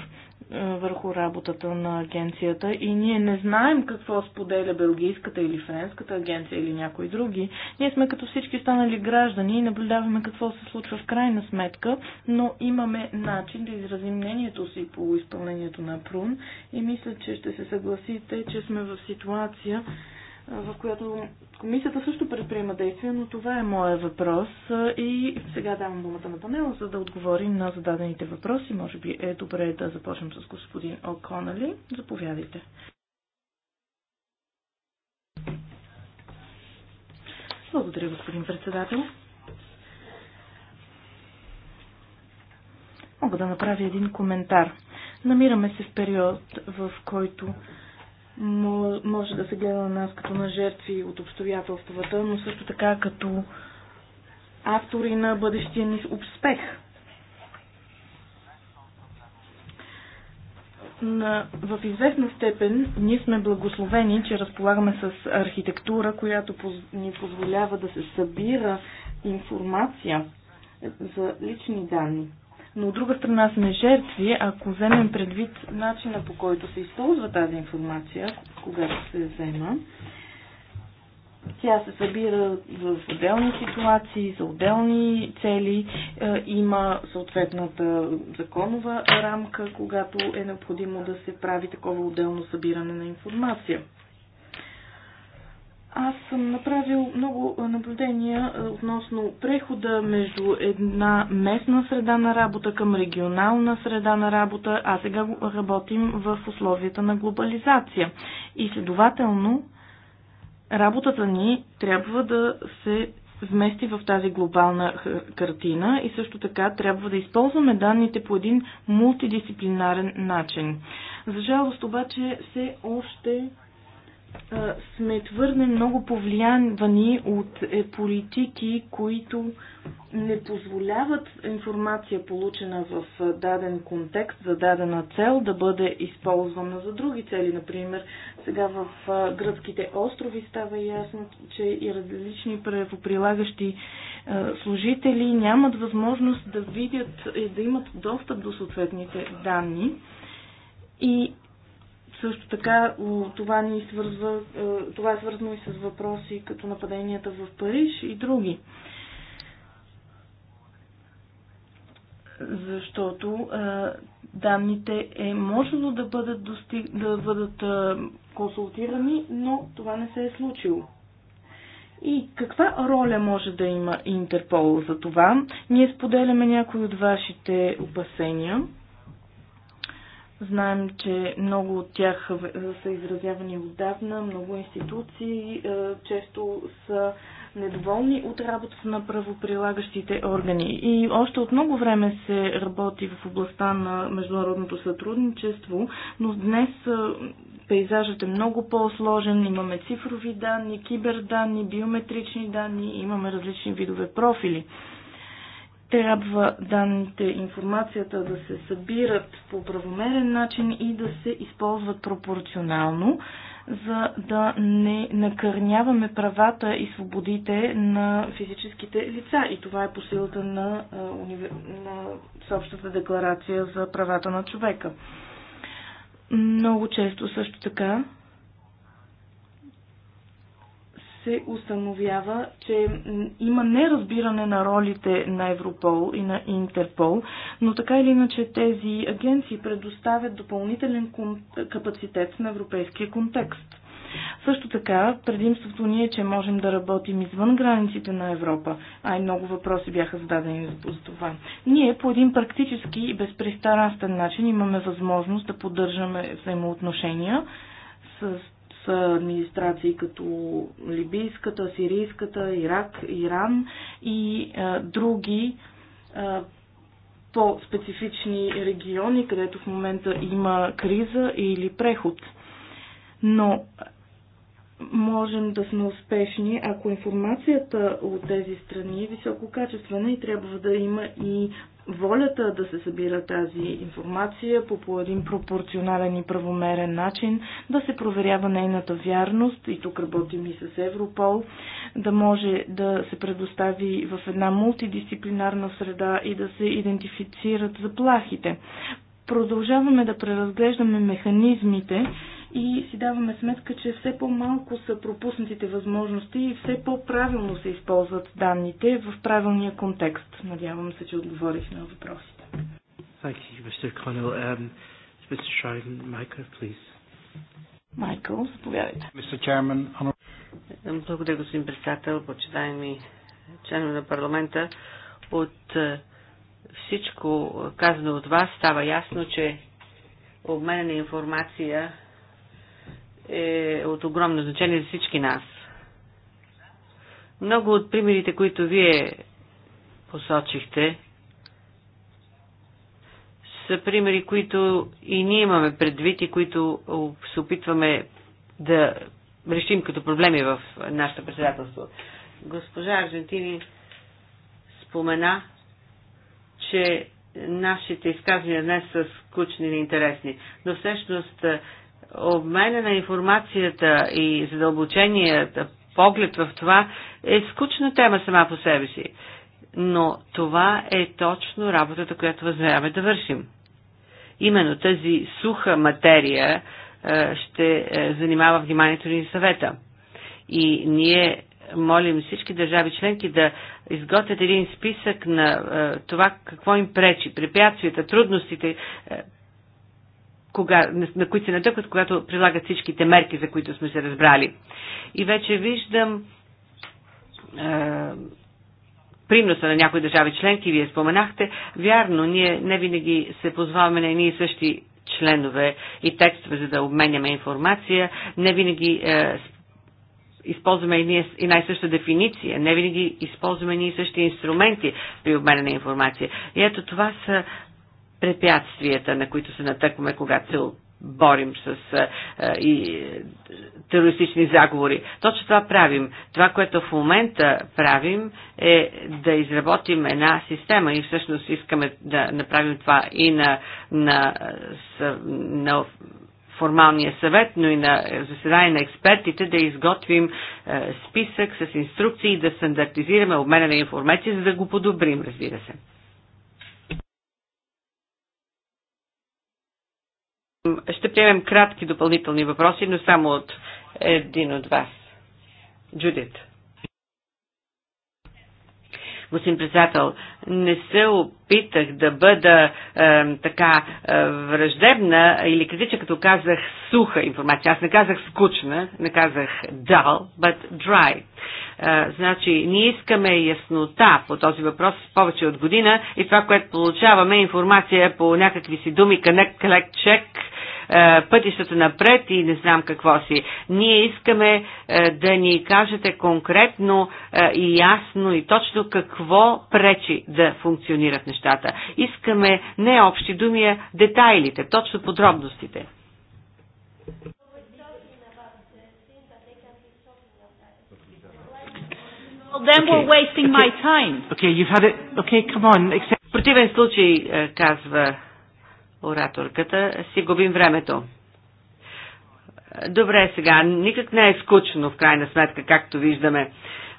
е, върху работата на агенцията и ние не знаем какво споделя белгийската или френската агенция или някои други. Ние сме като всички останали граждани и наблюдаваме какво се случва в крайна сметка, но имаме начин да изразим мнението си по изпълнението на Прун и мисля, че ще се съгласите, че сме в ситуация, в която комисията също предприема действия, но това е моя въпрос и сега давам думата на панела, за да отговорим на зададените въпроси. Може би е добре да започнем с господин О'Конали. Заповядайте. Благодаря, господин председател. Мога да направя един коментар. Намираме се в период, в който може да се гледа на нас като на жертви от обстоятелствата, но също така като автори на бъдещия ни успех. На, в известна степен ние сме благословени, че разполагаме с архитектура, която ни позволява да се събира информация за лични данни но от друга страна сме жертви, ако вземем предвид начина по който се използва тази информация, когато се взема. Тя се събира в отделни ситуации, за отделни цели. Е, има съответната законова рамка, когато е необходимо да се прави такова отделно събиране на информация. Аз съм направил много наблюдения е, относно прехода между една местна среда на работа към регионална среда на работа, а сега работим в условията на глобализация. И следователно, работата ни трябва да се вмести в тази глобална картина и също така трябва да използваме данните по един мултидисциплинарен начин. За жалост обаче все още сме твърде много повлиявани от е, политики, които не позволяват информация, получена в даден контекст, за дадена цел, да бъде използвана за други цели. Например, сега в гръцките острови става ясно, че и различни правоприлагащи служители нямат възможност да видят и е, да имат достъп до съответните данни. И също така това, ни свързва, е, това е свързано и с въпроси като нападенията в Париж и други. Защото е, данните е можело да бъдат, достиг... да бъдат е, консултирани, но това не се е случило. И каква роля може да има Интерпол за това? Ние споделяме някои от вашите опасения. Знаем, че много от тях са изразявани отдавна, много институции е, често са недоволни от работата на правоприлагащите органи. И още от много време се работи в областта на международното сътрудничество, но днес е, пейзажът е много по-сложен. Имаме цифрови данни, киберданни, биометрични данни, имаме различни видове профили. Трябва данните, информацията да се събират по правомерен начин и да се използват пропорционално, за да не накърняваме правата и свободите на физическите лица. И това е по силата на, на Съобщата декларация за правата на човека. Много често също така се установява, че има неразбиране на ролите на Европол и на Интерпол, но така или иначе тези агенции предоставят допълнителен капацитет на европейския контекст. Също така, предимството ни е, че можем да работим извън границите на Европа, а и много въпроси бяха зададени за това. Ние по един практически и безпристрастен начин имаме възможност да поддържаме взаимоотношения с администрации като либийската, сирийската, Ирак, Иран и а, други а, по-специфични региони, където в момента има криза или преход. Но можем да сме успешни, ако информацията от тези страни е висококачествена и трябва да има и волята да се събира тази информация по, по един пропорционален и правомерен начин, да се проверява нейната вярност, и тук работим и с Европол, да може да се предостави в една мултидисциплинарна среда и да се идентифицират заплахите. Продължаваме да преразглеждаме механизмите, и си даваме сметка, че все по-малко са пропуснатите възможности и все по-правилно се използват данните в правилния контекст. Надявам се, че отговорих на въпросите. Майкъл, um, заповядайте. Благодаря, господин председател, почитаеми членове на парламента. От е, всичко е, казано от вас става ясно, че обмена на информация е от огромно значение за всички нас. Много от примерите, които вие посочихте, са примери, които и ние имаме предвид и които се опитваме да решим като проблеми в нашето председателство. Госпожа Аржентини спомена, че нашите изказвания днес са скучни и интересни, но всъщност обмена на информацията и задълбоченията поглед в това е скучна тема сама по себе си. Но това е точно работата, която възнаваме да вършим. Именно тази суха материя е, ще е, занимава вниманието ни съвета. И ние молим всички държави членки да изготвят един списък на е, това какво им пречи, препятствията, трудностите, кога, на които се натъкват, когато прилагат всичките мерки, за които сме се разбрали. И вече виждам е, приноса на някои държави членки, вие споменахте. Вярно, ние не винаги се позваваме на едни и същи членове и текстове, за да обменяме информация. Не винаги е, използваме и най-съща дефиниция, не винаги използваме ние същи инструменти при обмена на информация. И ето това са препятствията, на които се натъкваме, когато се борим с а, и, терористични заговори. Точно това правим. Това, което в момента правим е да изработим една система и всъщност искаме да направим това и на, на, на, на формалния съвет, но и на заседание на експертите да изготвим е, списък с инструкции да стандартизираме обмена на информация, за да го подобрим, разбира се. Ще приемем кратки допълнителни въпроси, но само от един от вас. Джудит. Господин председател, не се опитах да бъда е, така е, враждебна или критична, като казах суха информация. Аз не казах скучна, не казах dull, but dry. Е, значи, ние искаме яснота по този въпрос повече от година и това, което получаваме, е информация по някакви си думи, connect, collect, check, е, пътищата напред и не знам какво си. Ние искаме е, да ни кажете конкретно е, и ясно и точно какво пречи да функционират нещата. Искаме не общи думи, а детайлите, точно подробностите. then okay. we're wasting okay. my time. Okay, you've had it. Okay, come on. В противен случай, казва ораторката, си губим времето. Добре, сега, никак не е скучно, в крайна сметка, както виждаме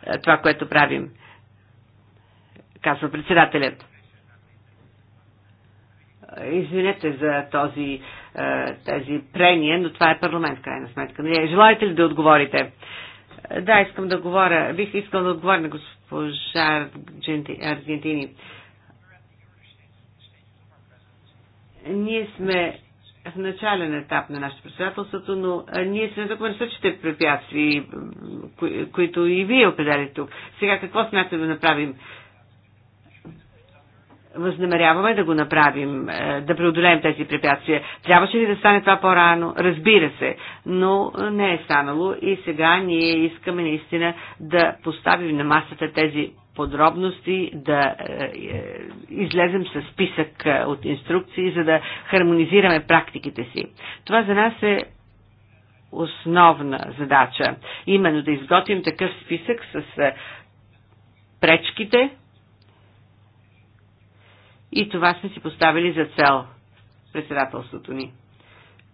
е, това, което правим, казва председателят. Извинете за този, е, тези прения, но това е парламент, в крайна сметка. Нали, желаете ли да отговорите? Е, да, искам да говоря. Бих искал да отговоря на госпожа Аргентини. Ние сме в начален етап на нашето председателството, но ние сме тук на същите препятствия, кои, които и вие определите тук. Сега какво смятаме да направим? Възнамеряваме да го направим, е, да преодолеем тези препятствия. Трябваше ли да стане това по-рано? Разбира се, но е, не е станало и сега ние искаме наистина да поставим на масата тези подробности, да е, е, излезем с списък е, от инструкции, за да хармонизираме практиките си. Това за нас е основна задача. Именно да изготвим такъв списък с пречките и това сме си поставили за цел председателството ни.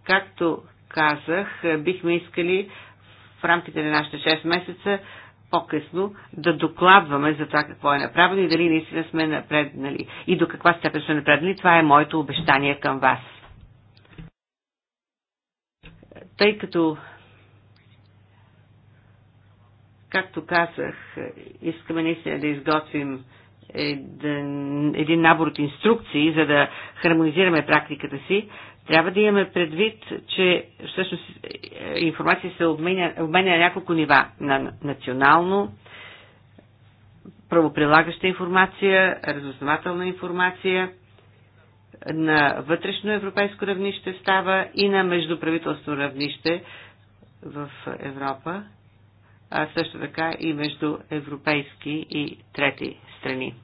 Както казах, бихме искали в рамките на нашите 6 месеца по-късно да докладваме за това какво е направено и дали наистина сме напреднали и до каква степен сме напреднали. Това е моето обещание към вас. Тъй като, както казах, искаме наистина да изготвим един набор от инструкции, за да хармонизираме практиката си, трябва да имаме предвид, че всъщност е, информация се обменя, обменя на няколко нива. На национално, правоприлагаща информация, разузнавателна информация, на вътрешно европейско равнище става и на междуправителство равнище в Европа, а също така и между европейски и трети страни.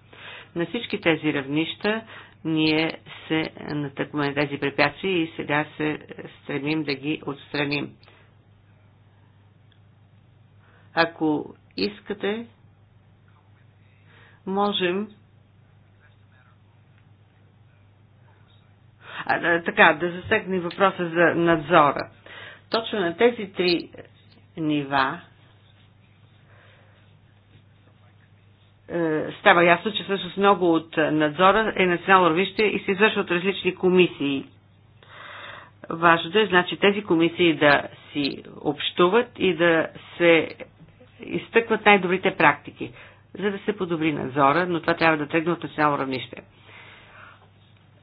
На всички тези равнища ние се натъкваме на тези препятствия и сега се стремим да ги отстраним. Ако искате, можем а, така, да засегнем въпроса за надзора. Точно на тези три нива Е, става ясно, че всъщност много от надзора е национално равнище и се извършва от различни комисии. Важното е, значи, тези комисии да си общуват и да се изтъкват най-добрите практики, за да се подобри надзора, но това трябва да тръгне от национално равнище.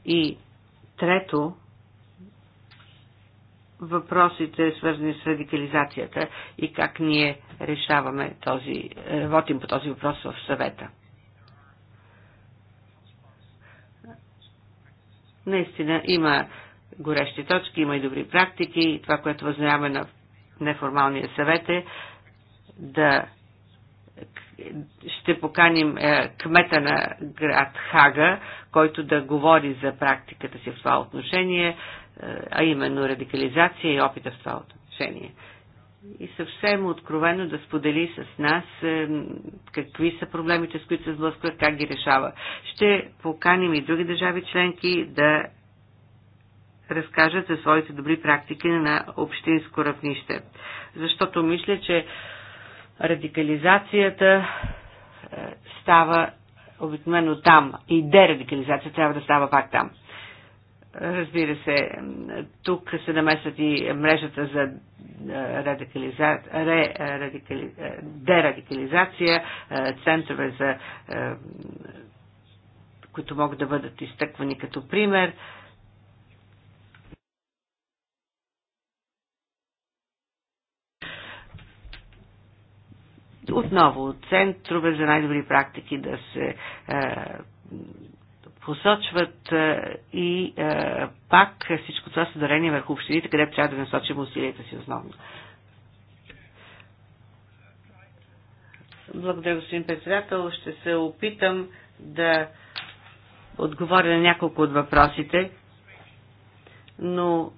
И трето, въпросите, свързани с радикализацията и как ние решаваме този, работим по този въпрос в съвета. Наистина има горещи точки, има и добри практики и това, което възнаваме на неформалния съвет е да ще поканим е, кмета на град Хага, който да говори за практиката си в това отношение а именно радикализация и опита в това отношение. И съвсем откровено да сподели с нас е, какви са проблемите, с които се сблъскват, как ги решава. Ще поканим и други държави членки да разкажат за своите добри практики на общинско равнище. Защото мисля, че радикализацията е, става обикновено там и дерадикализация трябва да става пак там. Разбира се, тук се намесват и мрежата за радикализа... ре... радикали... дерадикализация, центрове за които могат да бъдат изтъквани като пример. Отново, центрове за най-добри практики да се посочват е, и е, пак всичко това съдарение върху общините, където трябва да насочим усилията си основно. Благодаря, господин председател. Ще се опитам да отговоря на няколко от въпросите, но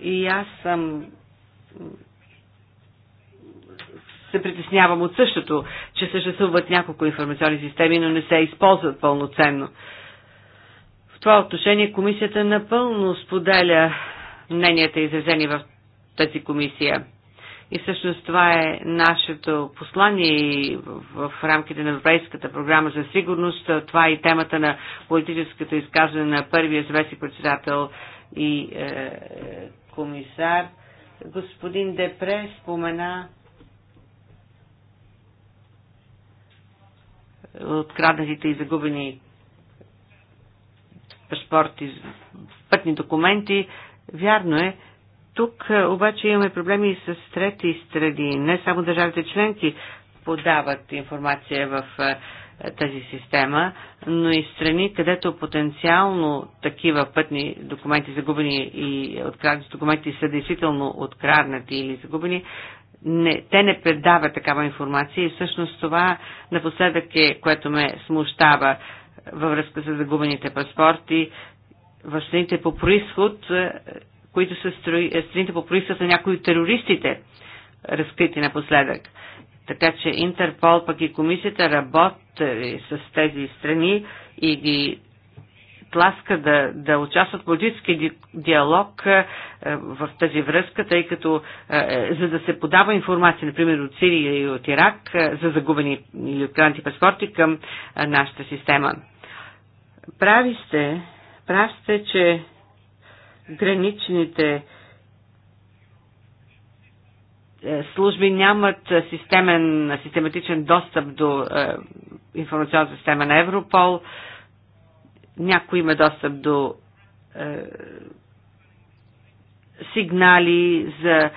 и аз съм се притеснявам от същото, че съществуват няколко информационни системи, но не се използват пълноценно това отношение комисията напълно споделя мненията изразени в тази комисия. И всъщност това е нашето послание в рамките на Европейската програма за сигурност. Това е и темата на политическото изказване на първия заместник председател и е, комисар. Господин Депре спомена откраднатите и загубени паспорти, пътни документи. Вярно е. Тук е, обаче имаме проблеми и с трети страни. Не само държавите членки подават информация в е, тази система, но и страни, където потенциално такива пътни документи, загубени и откраднати документи са действително откраднати или загубени, не, те не предават такава информация и всъщност това напоследък е, което ме смущава във връзка с загубените паспорти в страните по происход, е, които са строи, е, страните по происход на някои терористите, разкрити напоследък. Така че Интерпол, пък и комисията работи с тези страни и ги тласка да, да участват в политически диалог е, в тази връзка, тъй като за да се подава информация, например, от Сирия и от Ирак за загубени или откраднати паспорти към нашата система. Прави сте, прав сте, че граничните е, служби нямат системен, систематичен достъп до е, информационната система на Европол. Някой има достъп до е, сигнали за е,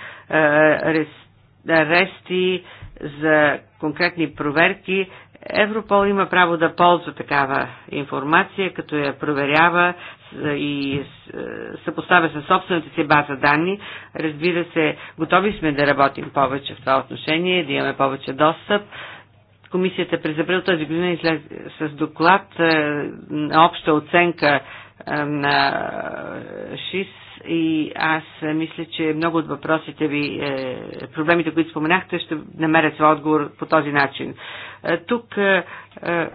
арести, за конкретни проверки, Европол има право да ползва такава информация, като я проверява и е, съпоставя със собствената си база данни. Разбира се, готови сме да работим повече в това отношение, да имаме повече достъп. Комисията през април тази година излез с доклад е, на обща оценка е, на ШИС и аз мисля, че много от въпросите ви, проблемите, които споменахте, ще намерят своя отговор по този начин. Е, тук е, е,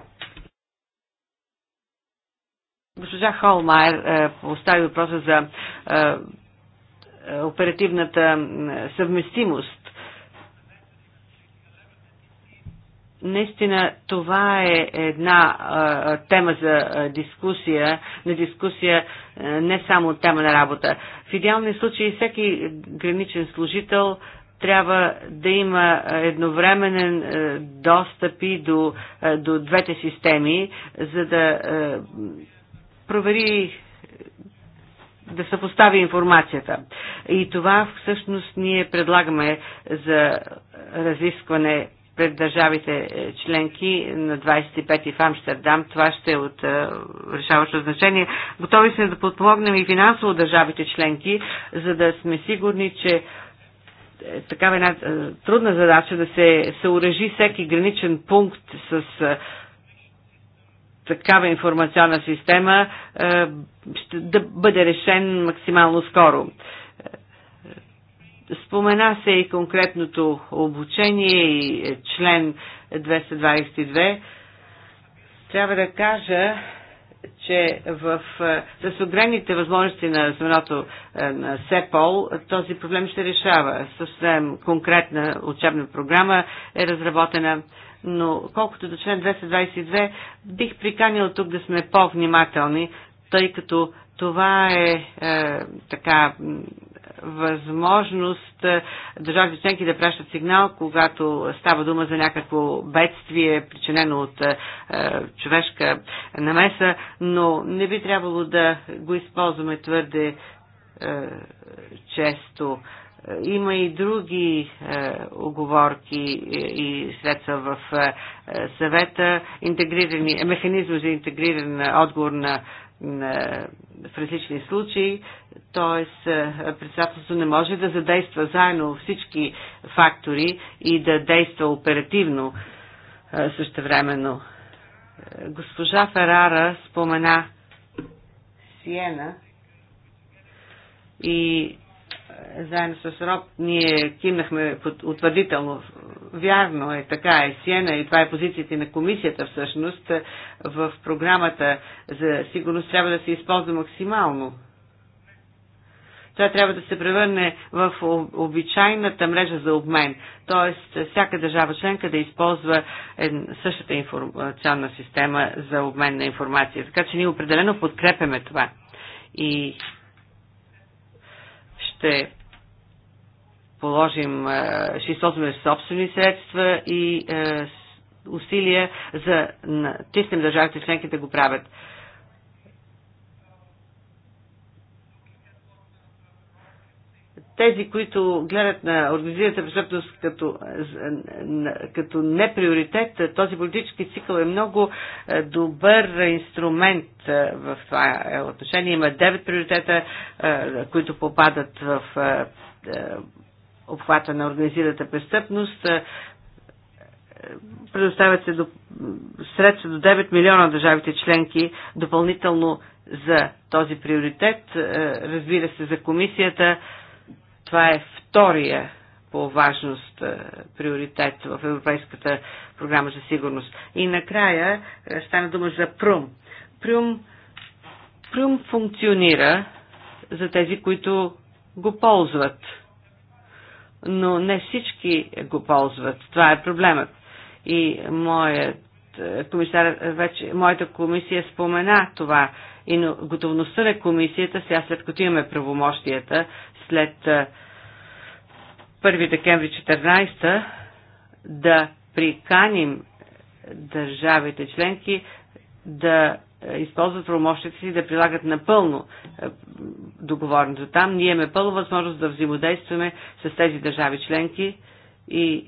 госпожа Холмайер постави въпроса за оперативната съвместимост наистина това е една а, тема за а, дискусия, на дискусия а, не само тема на работа. В идеалния случай всеки граничен служител трябва да има едновременен достъп и до, до двете системи, за да провери да съпостави информацията. И това всъщност ние предлагаме за разискване пред държавите е, членки на 25-ти в Амстердам. Това ще е от е, решаващо значение. Готови сме да подпомогнем и финансово държавите членки, за да сме сигурни, че е такава една е, трудна задача да се съоръжи всеки граничен пункт с е, такава информационна система ще да бъде решен максимално скоро. Спомена се и конкретното обучение и член 222. Трябва да кажа, че в, е, с огромните възможности на звеното е, на СЕПОЛ този проблем ще решава. Съвсем конкретна учебна програма е разработена, но колкото до член 222 бих приканил тук да сме по-внимателни, тъй като това е, е така възможност е, държавите членки да пращат сигнал, когато става дума за някакво бедствие, причинено от е, е, човешка намеса, но не би трябвало да го използваме твърде е, често. Има и други е, оговорки и средства в е, съвета, е, механизъм за интегриран отговор на в различни случаи, т.е. председателството не може да задейства заедно всички фактори и да действа оперативно е, същевременно. Е, госпожа Ферара спомена Сиена и е, заедно с Роб ние кимнахме утвърдително. Вярно е, така е Сиена и това е позицията на комисията всъщност. В програмата за сигурност трябва да се използва максимално това трябва да се превърне в обичайната мрежа за обмен. Тоест, всяка държава членка да използва същата информационна система за обмен на информация. Така че ние определено подкрепяме това. И ще положим, е, ще използваме собствени средства и е, усилия за натиснем държавите членки да го правят. тези, които гледат на организираната престъпност като, като неприоритет, този политически цикъл е много е, добър инструмент е, в това е отношение. Има 9 приоритета, които попадат в обхвата на организираната престъпност. Предоставят се до, средства до 9 милиона държавите членки допълнително за този приоритет. Разбира се, за комисията това е втория по важност е, приоритет в Европейската програма за сигурност. И накрая е, стана дума за Прум. Прум, Прум функционира за тези, които го ползват. Но не всички го ползват. Това е проблемът. И моят е, комисар, вече, моята комисия спомена това и готовността на комисията, сега след като имаме правомощията след 1 декември 14 да приканим държавите членки да използват промощите си да прилагат напълно договорното там. Ние имаме пълна възможност да взаимодействаме с тези държави членки и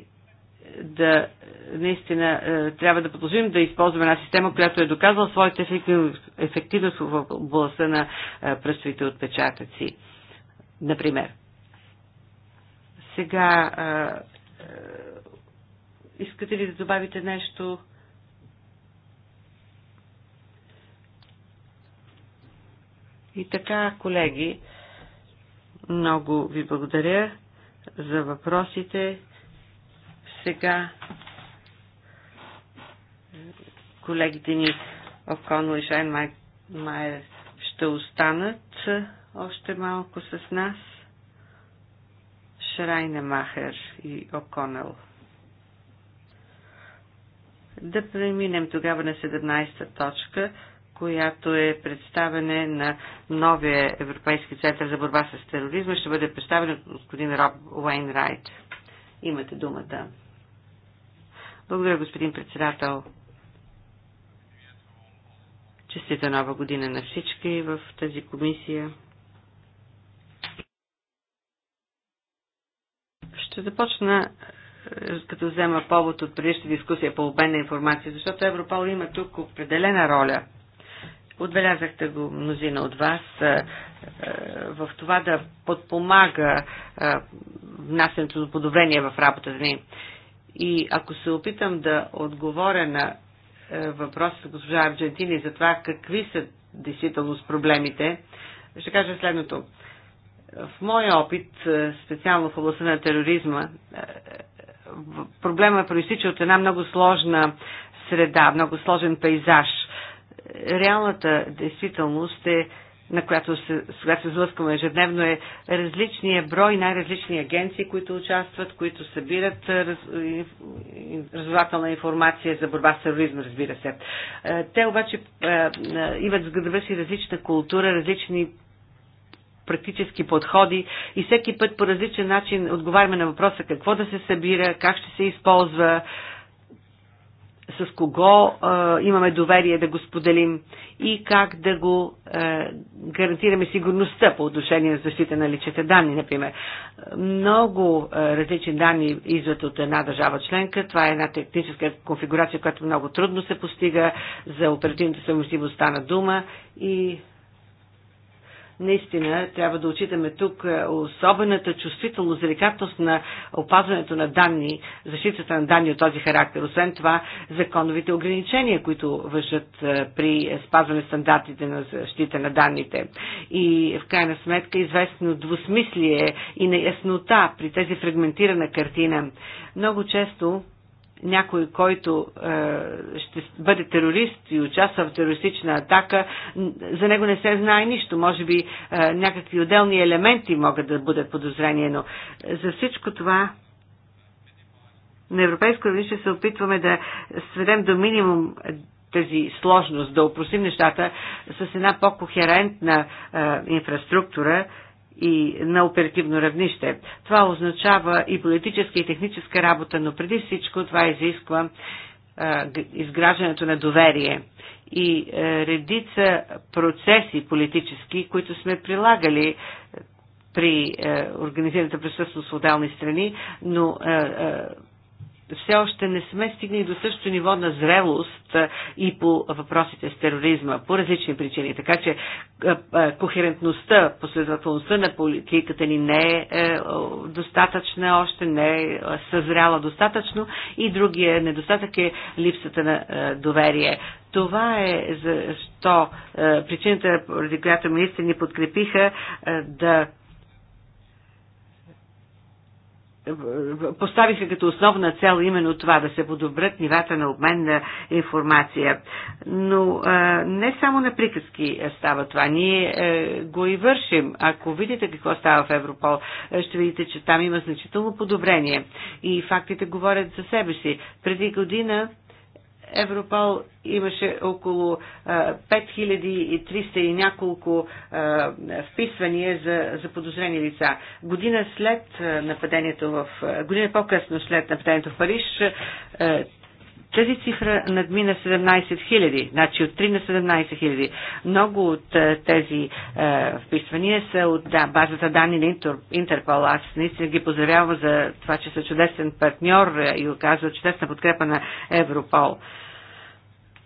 да наистина трябва да продължим да използваме една система, която е доказала своята ефективност в областта на пръстовите отпечатъци например. Сега, а, а, искате ли да добавите нещо? И така, колеги, много ви благодаря за въпросите. Сега колегите ни Оконо и Шайн Майер ще останат още малко с нас Шрайна Махер и Оконел. Да преминем тогава на 17-та точка, която е представене на новия Европейски център за борба с тероризма. Ще бъде представен от господин Роб Уейнрайт. Имате думата. Благодаря, господин председател. Честита нова година на всички в тази комисия. Ще започна е, като взема повод от предишната дискусия по обмен на информация, защото Европол има тук определена роля. Отбелязахте го мнозина от вас е, е, в това да подпомага внасянето на подобрение в работата ни. И ако се опитам да отговоря на въпроса с госпожа Арджентини за това какви са действително с проблемите, ще кажа следното. В моя опит, е, специално в областта на тероризма, е, проблема проистича от една много сложна среда, много сложен пейзаж. Реалната действителност е на която се, сега се злъскаме ежедневно, е различния брой най-различни агенции, които участват, които събират е, раз, разузнавателна информация за борба с тероризма, разбира се. Те обаче имат с си различна култура, различни практически подходи и всеки път по различен начин отговаряме на въпроса какво да се събира, как ще се използва, с кого е, имаме доверие да го споделим и как да го е, гарантираме сигурността по отношение на защита на личните данни, например. Много е, различни данни идват от една държава членка. Това е една техническа конфигурация, която много трудно се постига за оперативната съвместимостта на дума и наистина трябва да отчитаме тук е, особената чувствителност, деликатност на опазването на данни, защитата на данни от този характер. Освен това, законовите ограничения, които вършат е, при спазване стандартите на защита на данните. И в крайна сметка известно двусмислие и неяснота при тези фрагментирана картина. Много често някой, който е, ще бъде терорист и участва в терористична атака, за него не се знае нищо. Може би е, някакви отделни елементи могат да бъдат подозрени, но за всичко това на европейско равнище се опитваме да сведем до минимум тази сложност, да опросим нещата с една по-кохерентна е, инфраструктура, и на оперативно равнище. Това означава и политическа и техническа работа, но преди всичко това изисква изграждането на доверие и е, редица процеси политически, които сме прилагали е, при е, организираната присъствност в отделни страни, но все още не сме стигнали до същото ниво на зрелост и по въпросите с тероризма, по различни причини. Така че кохерентността, последователността на политиката ни не е, е достатъчна, още не е съзряла достатъчно и другия недостатък е липсата на доверие. Това е защо причината, поради която министри ни подкрепиха да поставиха като основна цел именно това да се подобрят нивата на обмен на информация. Но а, не само на приказки става това. Ние а, е, го и вършим. Ако видите какво става в Европол, е, ще видите, че там има значително подобрение. И фактите говорят за себе си. Преди година Европол имаше около 5300 и няколко вписвания за, за подозрени лица. Година след нападението в, година по-късно след нападението в Париж, тази цифра надмина 17 000, значи от 3 на 17 000. Много от е, тези е, вписвания са от да, базата данни на Интерпол. Аз наистина ги поздравявам за това, че са чудесен партньор е, и оказват чудесна подкрепа на Европол. Е,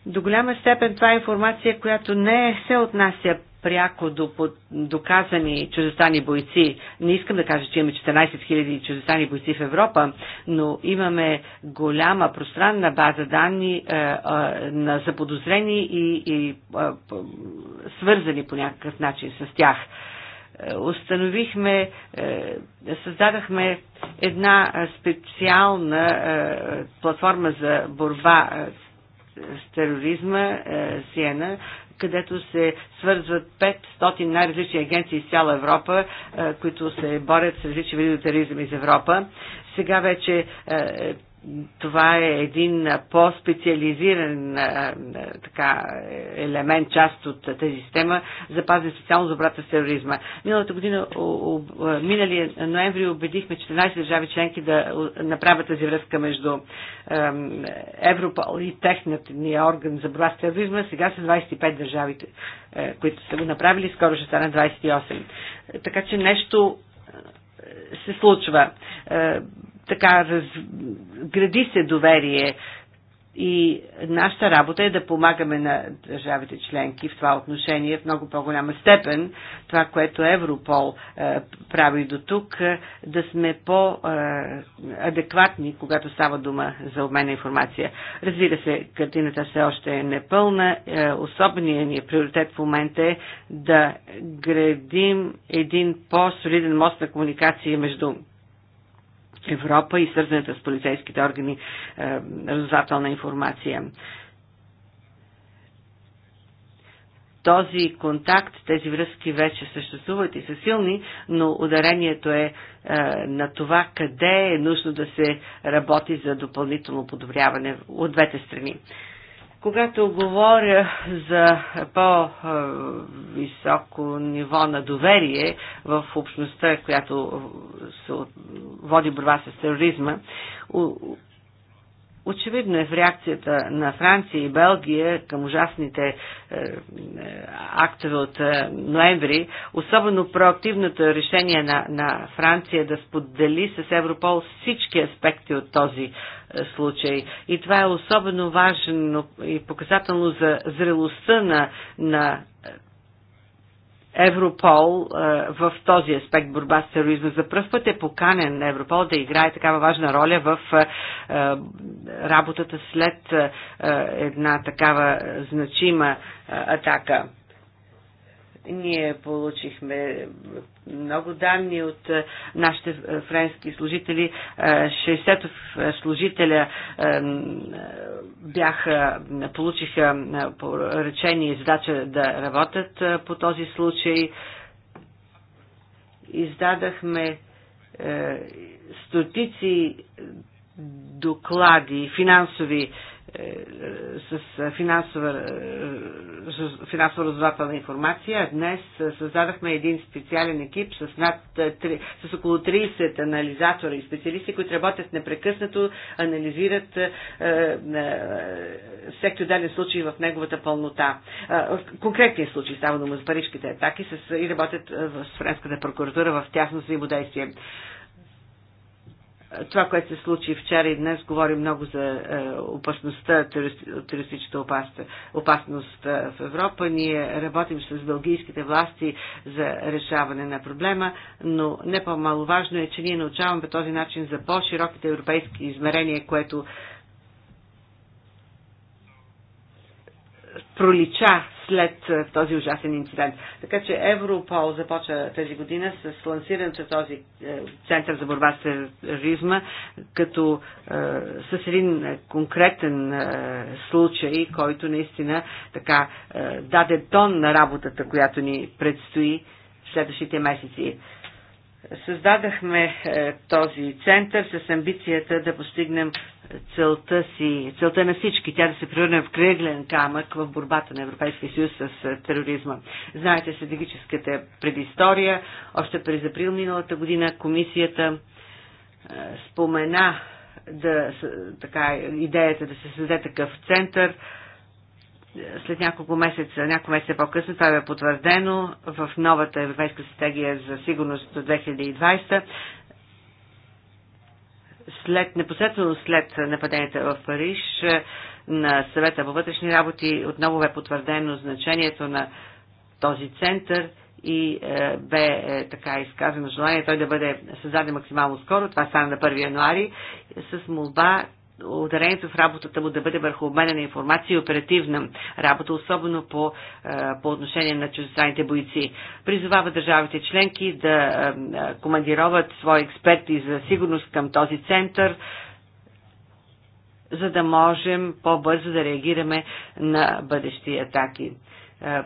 до голяма степен това е информация, която не е- се отнася пряко до доказани чуждестранни бойци. Не искам да кажа, че имаме 14 000 чуждестранни бойци в Европа, но имаме голяма пространна база данни е, е, на заподозрени и, и е, свързани по някакъв начин с тях. Е, установихме, е, създадахме една специална платформа за борба с тероризма, е, Сиена, където се свързват 500 най-различни агенции из цяла Европа, е, които се борят с различни видове тероризъм из Европа. Сега вече е, това е един по-специализиран така, елемент, част от тази система, запазен специално за обрата с тероризма. Миналата година, миналия ноември, убедихме 14 държави членки да направят тази връзка между Европол и техния орган за борба с тероризма. Сега са 25 държави, е, които са го направили, скоро ще стане 28. Така че нещо е, се случва. Е, така разгради се доверие и нашата работа е да помагаме на държавите членки в това отношение в много по-голяма степен. Това, което Европол е, прави до тук, е, да сме по-адекватни, е, когато става дума за обмен на информация. Разбира се, картината все още е непълна. Е, особеният ни приоритет в момента е да градим един по-солиден мост на комуникация между Европа и свързаната с полицейските органи е, разузнавателна информация. Този контакт, тези връзки вече съществуват и са силни, но ударението е, е на това къде е нужно да се работи за допълнително подобряване от двете страни. Когато говоря за по-високо ниво на доверие в общността, която се води борба с тероризма, Очевидно е в реакцията на Франция и Белгия към ужасните е, е, актове от е, ноември, особено проактивното решение на, на Франция да сподели с Европол всички аспекти от този е, случай. И това е особено важно и показателно за зрелостта на, на Европол е, в този аспект борба с тероризма за пръв път е поканен Европол да играе такава важна роля в е, е, работата след една такава значима атака. Ние получихме много данни от е, нашите е, френски служители. 60 е, служителя бяха, получиха речение и задача да работят по този случай. Издадахме стотици доклади, финансови е, с е, финансова, е, с разузнавателна информация. Днес създадахме един специален екип с, над, с около 30 анализатора и специалисти, които работят непрекъснато, анализират е, е, всеки отделен случай в неговата пълнота. Е, в конкретния случай става дума за парижките атаки с, и работят в Френската прокуратура в тясно взаимодействие това, което се случи вчера и днес, говори много за е, опасността, терористичната опасност е, в Европа. Ние работим с бългийските власти за решаване на проблема, но не по-маловажно е, че ние научаваме по този начин за по-широките европейски измерения, което пролича след е, този ужасен инцидент. Така че Европол започва тази година с лансирането на този е, център за борба с тероризма, като е, с един конкретен случай, който наистина така даде тон на работата, която ни предстои в следващите месеци. Създадахме е, този център с амбицията да постигнем целта си, целта на всички, тя да се превърне в кръглен камък в борбата на Европейския съюз с е, тероризма. Знаете стратегическата предистория. Още през април миналата година комисията е, спомена да, така, идеята да се създаде такъв център след няколко месеца, няколко месеца по-късно, това бе потвърдено в новата Европейска стратегия за сигурност до 2020. След, непосредствено след нападенията в Париж е, на съвета по вътрешни работи отново бе потвърдено значението на този център и е, бе е, така изказано желание той да бъде създаден максимално скоро. Това стана на 1 януари с молба ударението в работата му да бъде върху обмена на информация и оперативна работа, особено по, е, по отношение на чуждестранните бойци. Призовава държавите членки да е, е, командироват свои експерти за сигурност към този център, за да можем по-бързо да реагираме на бъдещи атаки.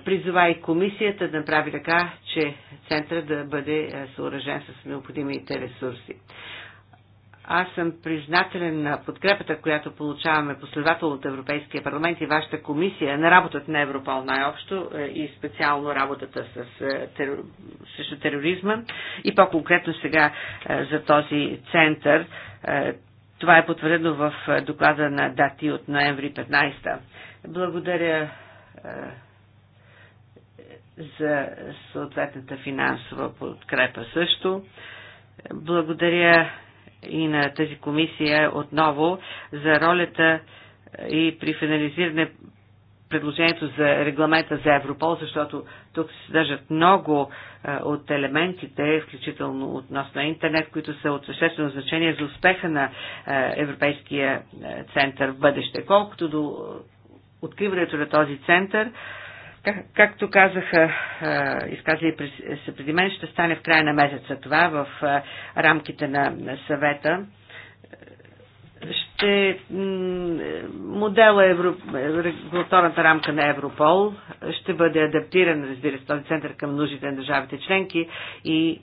Призова и комисията да направи така, че центъра да бъде съоръжен с необходимите ресурси. Аз съм признателен на подкрепата, която получаваме последователно от Европейския парламент и вашата комисия на работата на Европол най-общо е, и специално работата с, е, терор... срещу тероризма и по-конкретно сега е, за този център. Това е потвърдено в доклада на дати от ноември 15. та Благодаря за съответната финансова подкрепа също. Благодаря и на тази комисия отново за ролята е, и при финализиране предложението за регламента за Европол, защото тук се съдържат много е, от елементите, включително относно интернет, които са от съществено значение за успеха на е, Европейския център в бъдеще. Колкото до откриването на този център, как, както казаха изказали се преди мен, ще стане в края на месеца това в рамките на съвета ще модела Евро, регулаторната рамка на Европол ще бъде адаптиран, разбира се, този център към нуждите на държавите членки и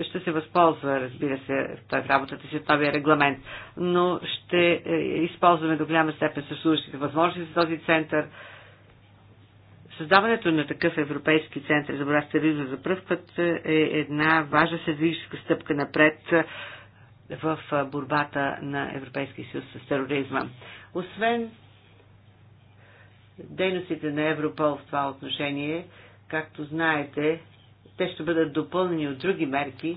ще се възползва, разбира се, в работата си от новия регламент, но ще е, използваме до голяма степен съществуващите възможности за този център. Създаването на такъв европейски център за борба с тероризма за пръв път е, е една важна стратегическа стъпка напред е, в борбата на Европейския съюз с тероризма. Освен дейностите на Европол в това отношение, както знаете, те ще бъдат допълнени от други мерки,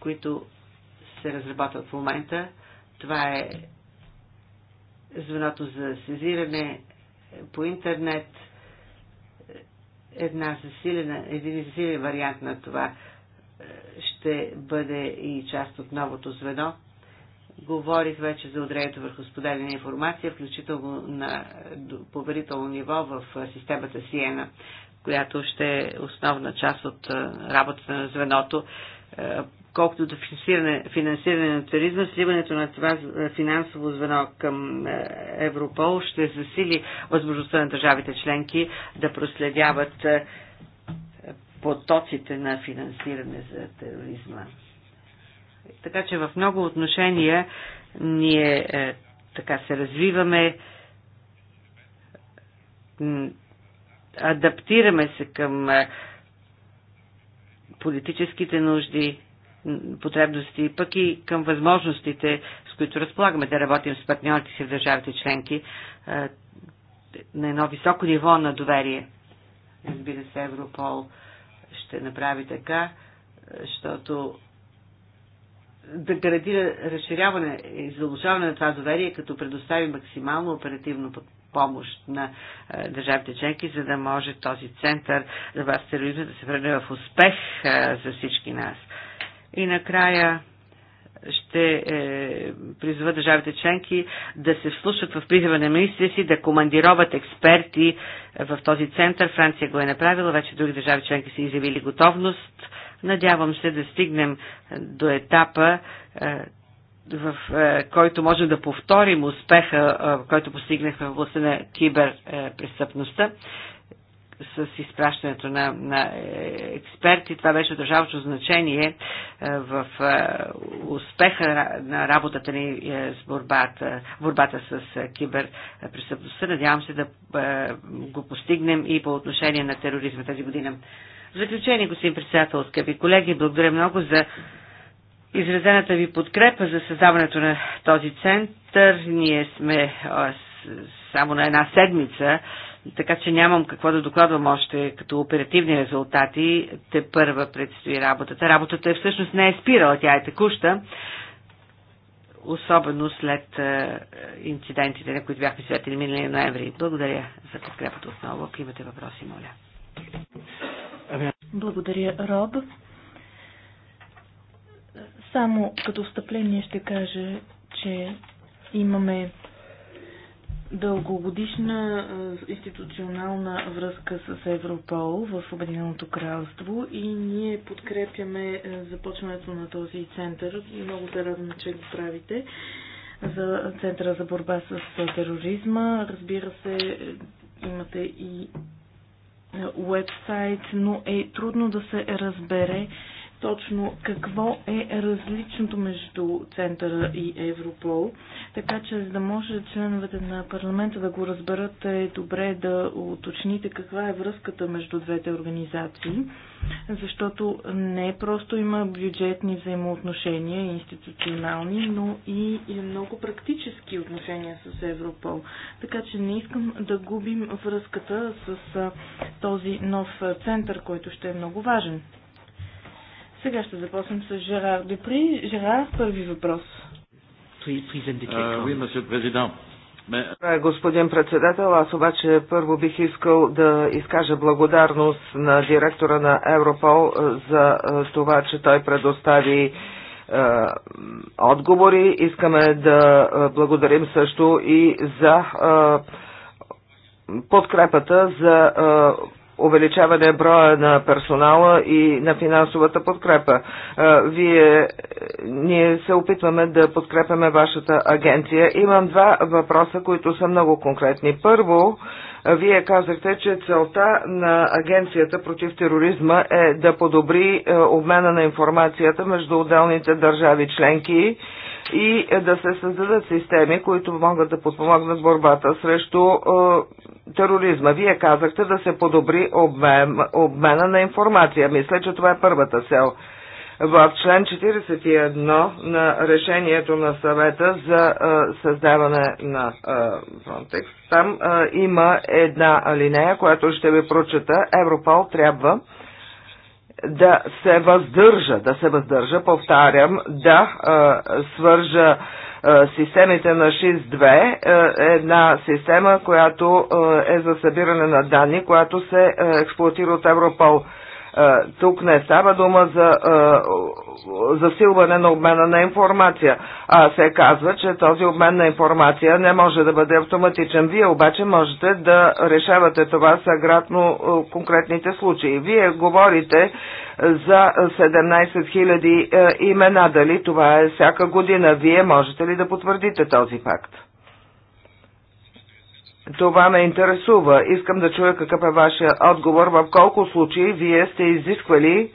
които се разработват в момента. Това е звеното за сезиране по интернет, една засилена, един засилен вариант на това е, ще бъде и част от новото звено. Говорих вече за удреето върху споделена информация, включително на поверително ниво в е, системата Сиена която ще е основна част от е, работата на звеното. Е, колкото до финансиране, финансиране на туризма, сливането на това е, финансово звено към Европол ще засили възможността на държавите членки да проследяват потоците на финансиране за тероризма. Така че в много отношения ние е, така се развиваме адаптираме се към политическите нужди, потребности, пък и към възможностите, с които разполагаме да работим с партньорите си в държавите членки на едно високо ниво на доверие. Разбира се, Европол ще направи така, защото да гарантира разширяване и заложаване на това доверие, като предостави максимално оперативно помощ на е, държавите членки, за да може този център за вас тероризма да се превърне в успех е, за всички нас. И накрая ще е, призова държавите членки да се вслушат в призива на министрите си, да командироват експерти в този център. Франция го е направила, вече други държави членки са изявили готовност. Надявам се да стигнем до етапа, е, в е, който може да повторим успеха, е, който постигнахме в областта на киберпрестъпността е, с изпращането на, на експерти. Това беше държавно значение в успеха на работата ни с борбата, борбата с киберпрестъпността. Надявам се да го постигнем и по отношение на тероризма тази година. В заключение, господин председател, скъпи колеги, благодаря много за изразената ви подкрепа за създаването на този център. Ние сме а, с, само на една седмица, така че нямам какво да докладвам още като оперативни резултати. Те първа предстои работата. Работата е всъщност не е спирала, тя е текуща особено след а, инцидентите, на които бяхме свидетели миналия ноември. Благодаря за подкрепата отново. Ако имате въпроси, моля. Благодаря, Роб. Само като встъпление ще кажа, че имаме дългогодишна институционална връзка с Европол в Обединеното кралство и ние подкрепяме започването на този център. Много се радвам, че го правите за Центъра за борба с тероризма. Разбира се, имате и уебсайт, но е трудно да се разбере точно какво е различното между центъра и Европол, така че за да може членовете на парламента да го разберат е добре да уточните каква е връзката между двете организации, защото не просто има бюджетни взаимоотношения, институционални, но и много практически отношения с Европол. Така че не искам да губим връзката с този нов център, който ще е много важен. Сега ще започнем с Жерар Депри. Жерар, първи въпрос. Е, господин председател, аз обаче първо бих искал да изкажа благодарност на директора на Европол е, за е, това, че той предостави отговори. Искаме да благодарим също и за подкрепата за увеличаване броя на персонала и на финансовата подкрепа. Вие, ние се опитваме да подкрепяме вашата агенция. Имам два въпроса, които са много конкретни. Първо, вие казахте, че целта на Агенцията против тероризма е да подобри е, обмена на информацията между отделните държави членки и да се създадат системи, които могат да подпомогнат борбата срещу е, тероризма. Вие казахте да се подобри обмен, обмена на информация. Мисля, че това е първата цел. В член 41 на решението на съвета за е, създаване на е, Frontex, там е, има една алинея, която ще ви прочета. Европол трябва да се въздържа, да се въздържа, повтарям, да е, свържа системите на 6.2, една система, която е за събиране на данни, която се експлуатира от Европол. Е, тук не става дума за е, засилване на обмена на информация, а се казва, че този обмен на информация не може да бъде автоматичен. Вие обаче можете да решавате това съгратно е, конкретните случаи. Вие говорите за 17 000 имена. Дали това е всяка година? Вие можете ли да потвърдите този факт? Това ме интересува. Искам да чуя какъв е вашия отговор. В колко случаи вие сте изисквали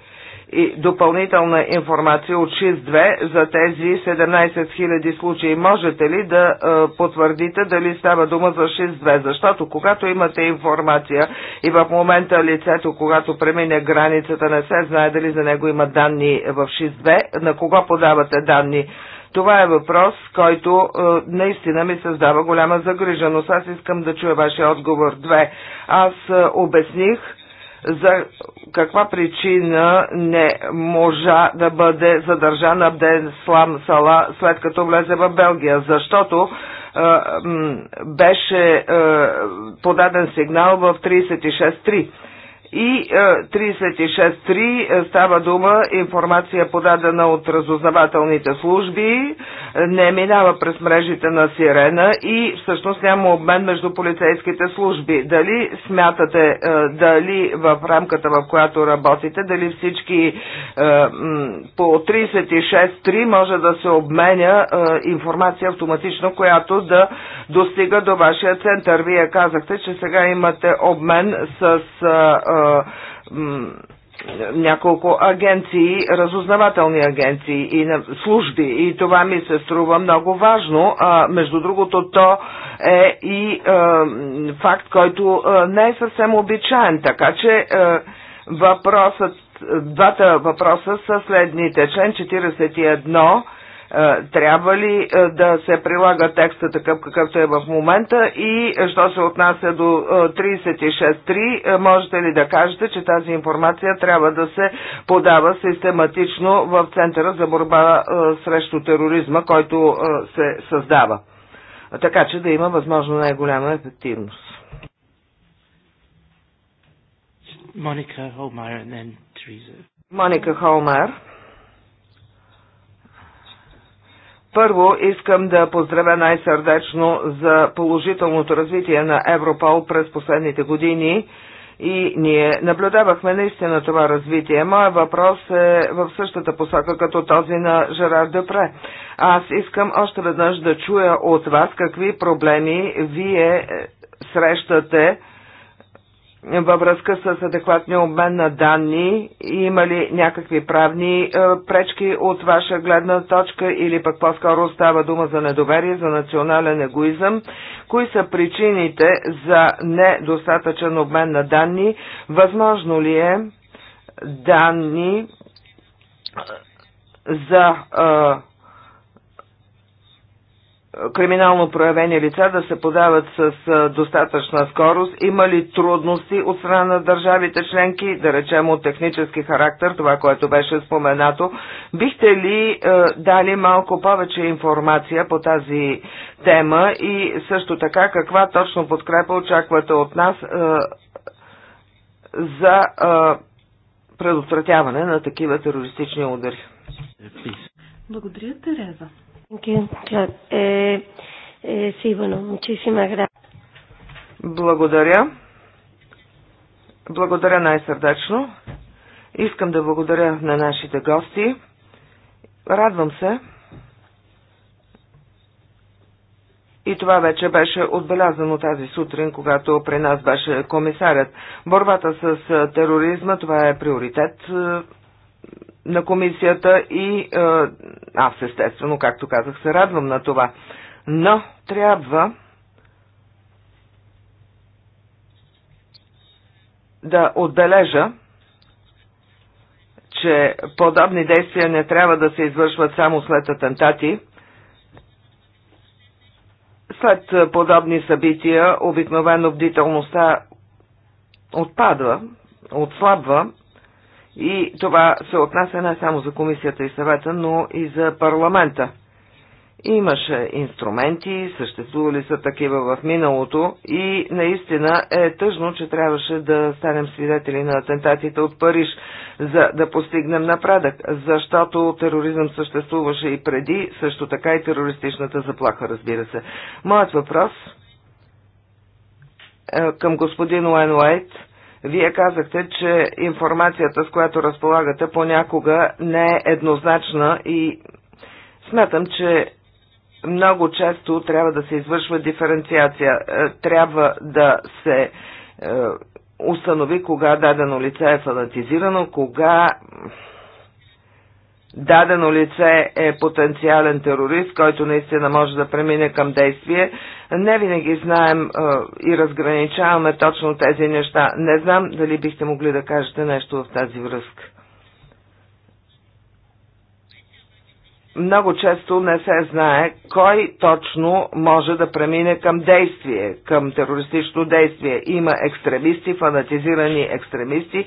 и допълнителна информация от 6.2 за тези 17 000 случаи. Можете ли да е, потвърдите дали става дума за 6.2? Защото когато имате информация и в момента лицето, когато премине границата, не се знае дали за него има данни в 6.2, на кого подавате данни? Това е въпрос, който е, наистина ми създава голяма загриженост. Аз искам да чуя вашия отговор. Две. Аз е, обясних за каква причина не можа да бъде задържан Абден Слам Сала след като влезе в Белгия, защото е, беше е, подаден сигнал в 36.3 и 36.3 е, е, става дума информация подадена от разузнавателните служби, е, не минава през мрежите на сирена и всъщност няма обмен между полицейските служби. Дали смятате, дали в рамката, в която работите, дали всички по 36.3 може да се обменя информация автоматично, която да достига до вашия център. Вие казахте, че сега имате обмен с няколко агенции, разузнавателни агенции и на служби и това ми се струва много важно. А, между другото, то е и а, факт, който а, не е съвсем обичаен, така че а, въпросът, двата въпроса са следните. Член 41 е, трябва ли е, да се прилага текста такъв какъвто е в момента и е, що се отнася до 36.3, можете ли да кажете, че тази информация трябва да се подава систематично в Центъра за борба срещу тероризма, който се създава? Така че да има възможно най-голяма ефективност. Моника Холмайер и then Моника Холмайер. Първо искам да поздравя най-сърдечно за положителното развитие на Европол през последните години и ние наблюдавахме наистина това развитие. Моя въпрос е в същата посока като този на Жерар Депре. Аз искам още веднъж да чуя от вас какви проблеми вие е, срещате във връзка с адекватния обмен на данни? Има ли някакви правни е, пречки от ваша гледна точка или пък по-скоро става дума за недоверие, за национален егоизъм? Кои са причините за недостатъчен обмен на данни? Възможно ли е данни е, за е, криминално проявени лица да се подават с достатъчна скорост? Има ли трудности от страна на държавите членки, да речем от технически характер, това, което беше споменато? Бихте ли е, дали малко повече информация по тази тема и също така каква точно подкрепа очаквате от нас е, за е, предотвратяване на такива терористични удари? Благодаря, Тереза. Eh, eh, благодаря. Благодаря най-сърдечно. Искам да благодаря на нашите гости. Радвам се. И това вече беше отбелязано тази сутрин, когато при нас беше комисарят. Борбата с тероризма, това е приоритет на комисията и е, аз естествено, както казах, се радвам на това. Но трябва да отбележа, че подобни действия не трябва да се извършват само след атентати. След подобни събития обикновено бдителността отпадва, отслабва и това се отнася не само за комисията и съвета, но и за парламента. Имаше инструменти, съществували са такива в миналото и наистина е тъжно, че трябваше да станем свидетели на атентатите от Париж, за да постигнем напредък, защото тероризъм съществуваше и преди, също така и терористичната заплаха, разбира се. Моят въпрос е, към господин Уен Уайт – вие казахте, че информацията, с която разполагате, понякога не е еднозначна и смятам, че много често трябва да се извършва диференциация. Е, трябва да се е, установи кога дадено лице е фанатизирано, кога дадено лице е потенциален терорист, който наистина може да премине към действие, не винаги знаем а, е, и разграничаваме точно тези неща. Не знам дали бихте могли да кажете нещо в тази връзка. много често не се знае кой точно може да премине към действие, към терористично действие. Има екстремисти, фанатизирани екстремисти.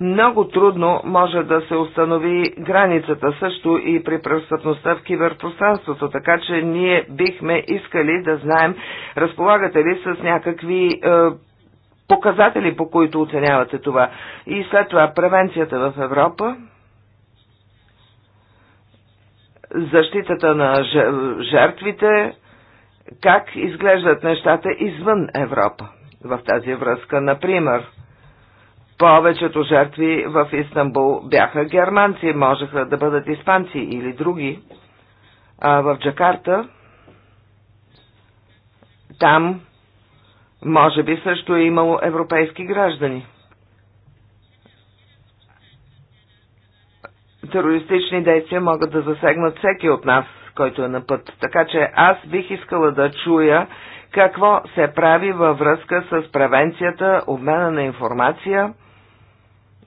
Много трудно може да се установи границата също и при престъпността в киберпространството, така че ние бихме искали да знаем, разполагате ли с някакви е, показатели, по които оценявате това. И след това превенцията в Европа защитата на жертвите, как изглеждат нещата извън Европа в тази връзка. Например, повечето жертви в Истанбул бяха германци, можеха да бъдат испанци или други. А в Джакарта, там, може би също е имало европейски граждани. терористични действия могат да засегнат всеки от нас, който е на път. Така че аз бих искала да чуя какво се прави във връзка с превенцията, обмена на информация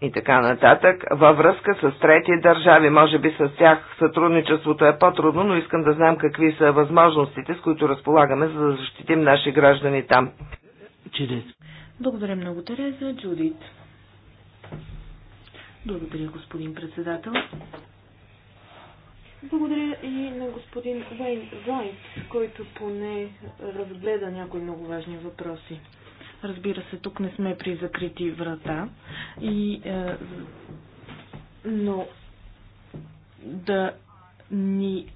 и така нататък, във връзка с трети държави. Може би с тях сътрудничеството е по-трудно, но искам да знам какви са възможностите, с които разполагаме, за да защитим наши граждани там. Благодаря много, Тереза. Джудит. Благодаря, господин председател. Благодаря и на господин Вейн Вайт, който поне разгледа някои много важни въпроси. Разбира се, тук не сме при закрити врата, и, е, но да ни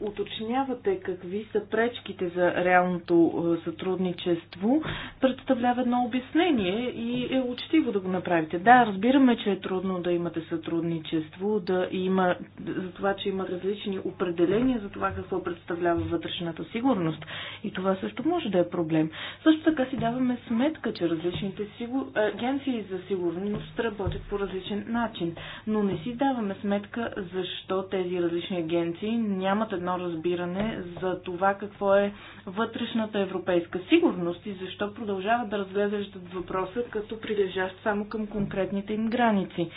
уточнявате какви са пречките за реалното е, сътрудничество, представлява едно обяснение и е учтиво да го направите. Да, разбираме, че е трудно да имате сътрудничество, да има, за това, че има различни определения за това какво представлява вътрешната сигурност. И това също може да е проблем. Също така си даваме сметка, че различните сигур... агенции за сигурност работят по различен начин, но не си даваме сметка защо тези различни агенции нямат едно едно разбиране за това какво е вътрешната европейска сигурност и защо продължават да разглеждат въпроса като прилежащ само към конкретните им граници.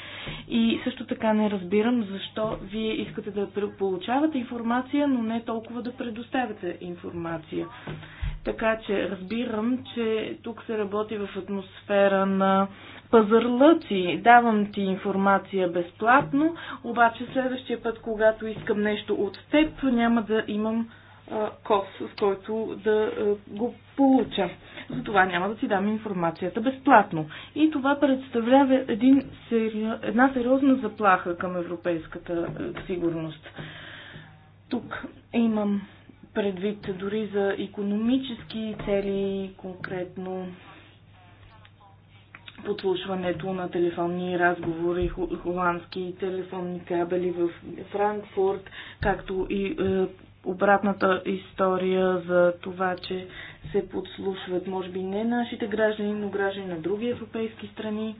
И също така не разбирам защо вие искате да получавате информация, но не толкова да предоставяте информация. Така че разбирам, че тук се работи в атмосфера на ти Давам ти информация безплатно, обаче следващия път, когато искам нещо от теб, няма да имам код, с който да го получа. Затова няма да ти дам информацията безплатно. И това представлява един една сериозна заплаха към европейската сигурност. Тук имам предвид дори за економически цели, конкретно подслушването на телефонни разговори, холандски телефонни кабели в Франкфурт, както и е, обратната история за това, че се подслушват, може би, не нашите граждани, но граждани на други европейски страни.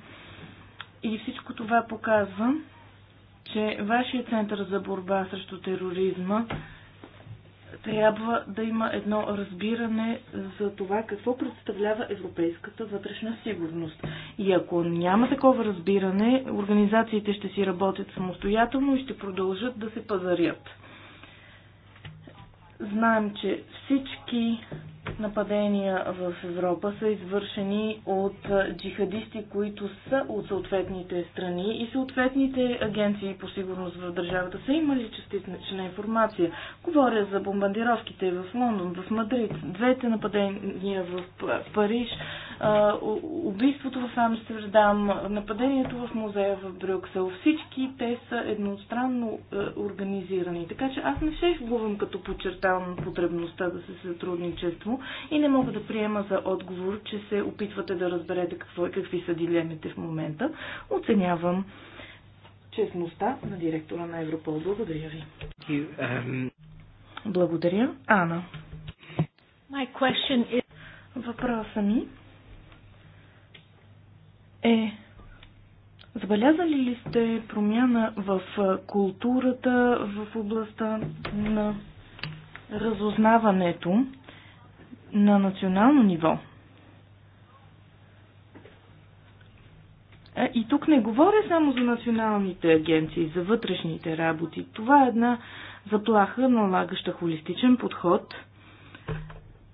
И всичко това показва, че вашия център за борба срещу тероризма трябва да има едно разбиране за това какво представлява европейската вътрешна сигурност. И ако няма такова разбиране, организациите ще си работят самостоятелно и ще продължат да се пазарят. Знаем, че всички нападения в Европа са извършени от джихадисти, които са от съответните страни и съответните агенции по сигурност в държавата са имали частична информация. Говоря за бомбардировките в Лондон, в Мадрид, двете нападения в Париж, убийството в Амстердам, нападението в музея в Брюксел. Всички те са едностранно организирани. Така че аз не се изгубвам, като подчертавам потребността да се сътрудничество множество и не мога да приема за отговор, че се опитвате да разберете какво и какви са дилемите в момента. Оценявам честността на директора на Европол. Благодаря ви. Um, Благодаря. Ана. My question is... Въпроса ми е Забелязали ли сте промяна в културата в областта на разузнаването? на национално ниво. И тук не говоря само за националните агенции, за вътрешните работи. Това е една заплаха, налагаща холистичен подход,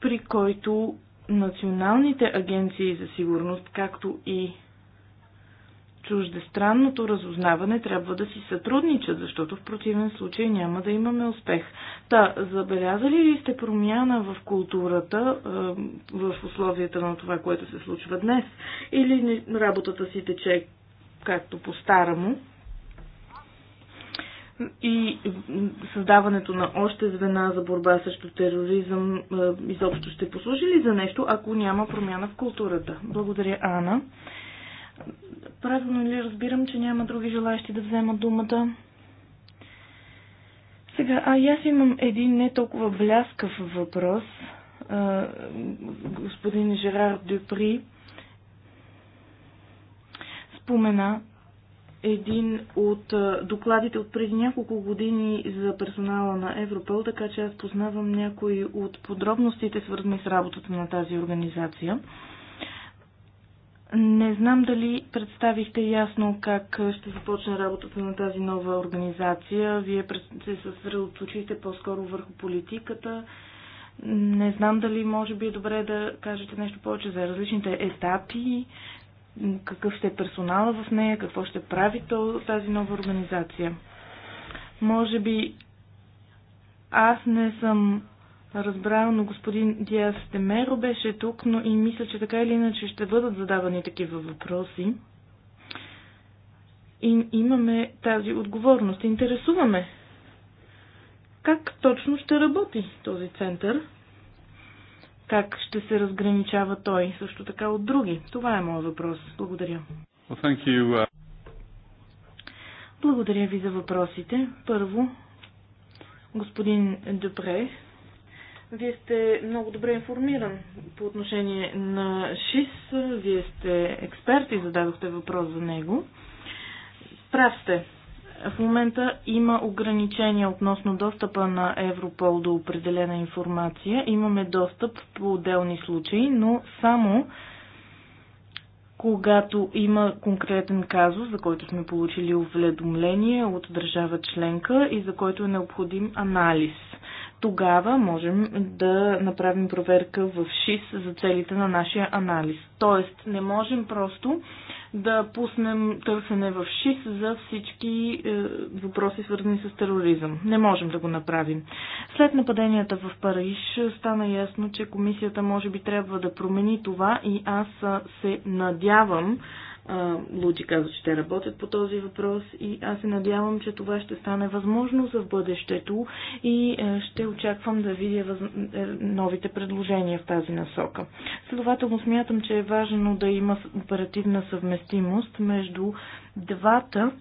при който националните агенции за сигурност, както и чуждестранното разузнаване трябва да си сътрудничат, защото в противен случай няма да имаме успех. Та, забелязали ли сте промяна в културата, е, в условията на това, което се случва днес? Или работата си тече както по-старому? и създаването на още звена за борба срещу тероризъм е, изобщо ще послужи ли за нещо, ако няма промяна в културата? Благодаря, Ана. Правилно ли разбирам, че няма други желаящи да вземат думата? Сега, а аз имам един не толкова бляскав въпрос. А, господин Жерар Дюпри спомена един от докладите от преди няколко години за персонала на Европол, така че аз познавам някои от подробностите, свързани с работата на тази организация. Не знам дали представихте ясно как ще започне работата на тази нова организация. Вие се съсредоточихте по-скоро върху политиката. Не знам дали може би е добре да кажете нещо повече за различните етапи, какъв ще е персонала в нея, какво ще прави тази нова организация. Може би аз не съм но господин Диас Темеро беше тук, но и мисля, че така или иначе ще бъдат задавани такива въпроси. И имаме тази отговорност. Интересуваме как точно ще работи този център, как ще се разграничава той също така от други. Това е моят въпрос. Благодаря. Well, uh, Благодаря ви за въпросите. Първо, господин Дюпре, вие сте много добре информиран по отношение на ШИС. Вие сте експерт и зададохте въпрос за него. Прав сте. В момента има ограничения относно достъпа на Европол до определена информация. Имаме достъп по отделни случаи, но само когато има конкретен казус, за който сме получили уведомление от държава членка и за който е необходим анализ тогава можем да направим проверка в ШИС за целите на нашия анализ. Тоест, не можем просто да пуснем търсене в ШИС за всички е, въпроси, свързани с тероризъм. Не можем да го направим. След нападенията в Париж стана ясно, че комисията може би трябва да промени това и аз се надявам, Луди каза, че те работят по този въпрос и аз се надявам, че това ще стане възможно за бъдещето и е, ще очаквам да видя въз... Е, новите предложения в тази насока. Следователно смятам, че е важно да има оперативна съвместимост между двата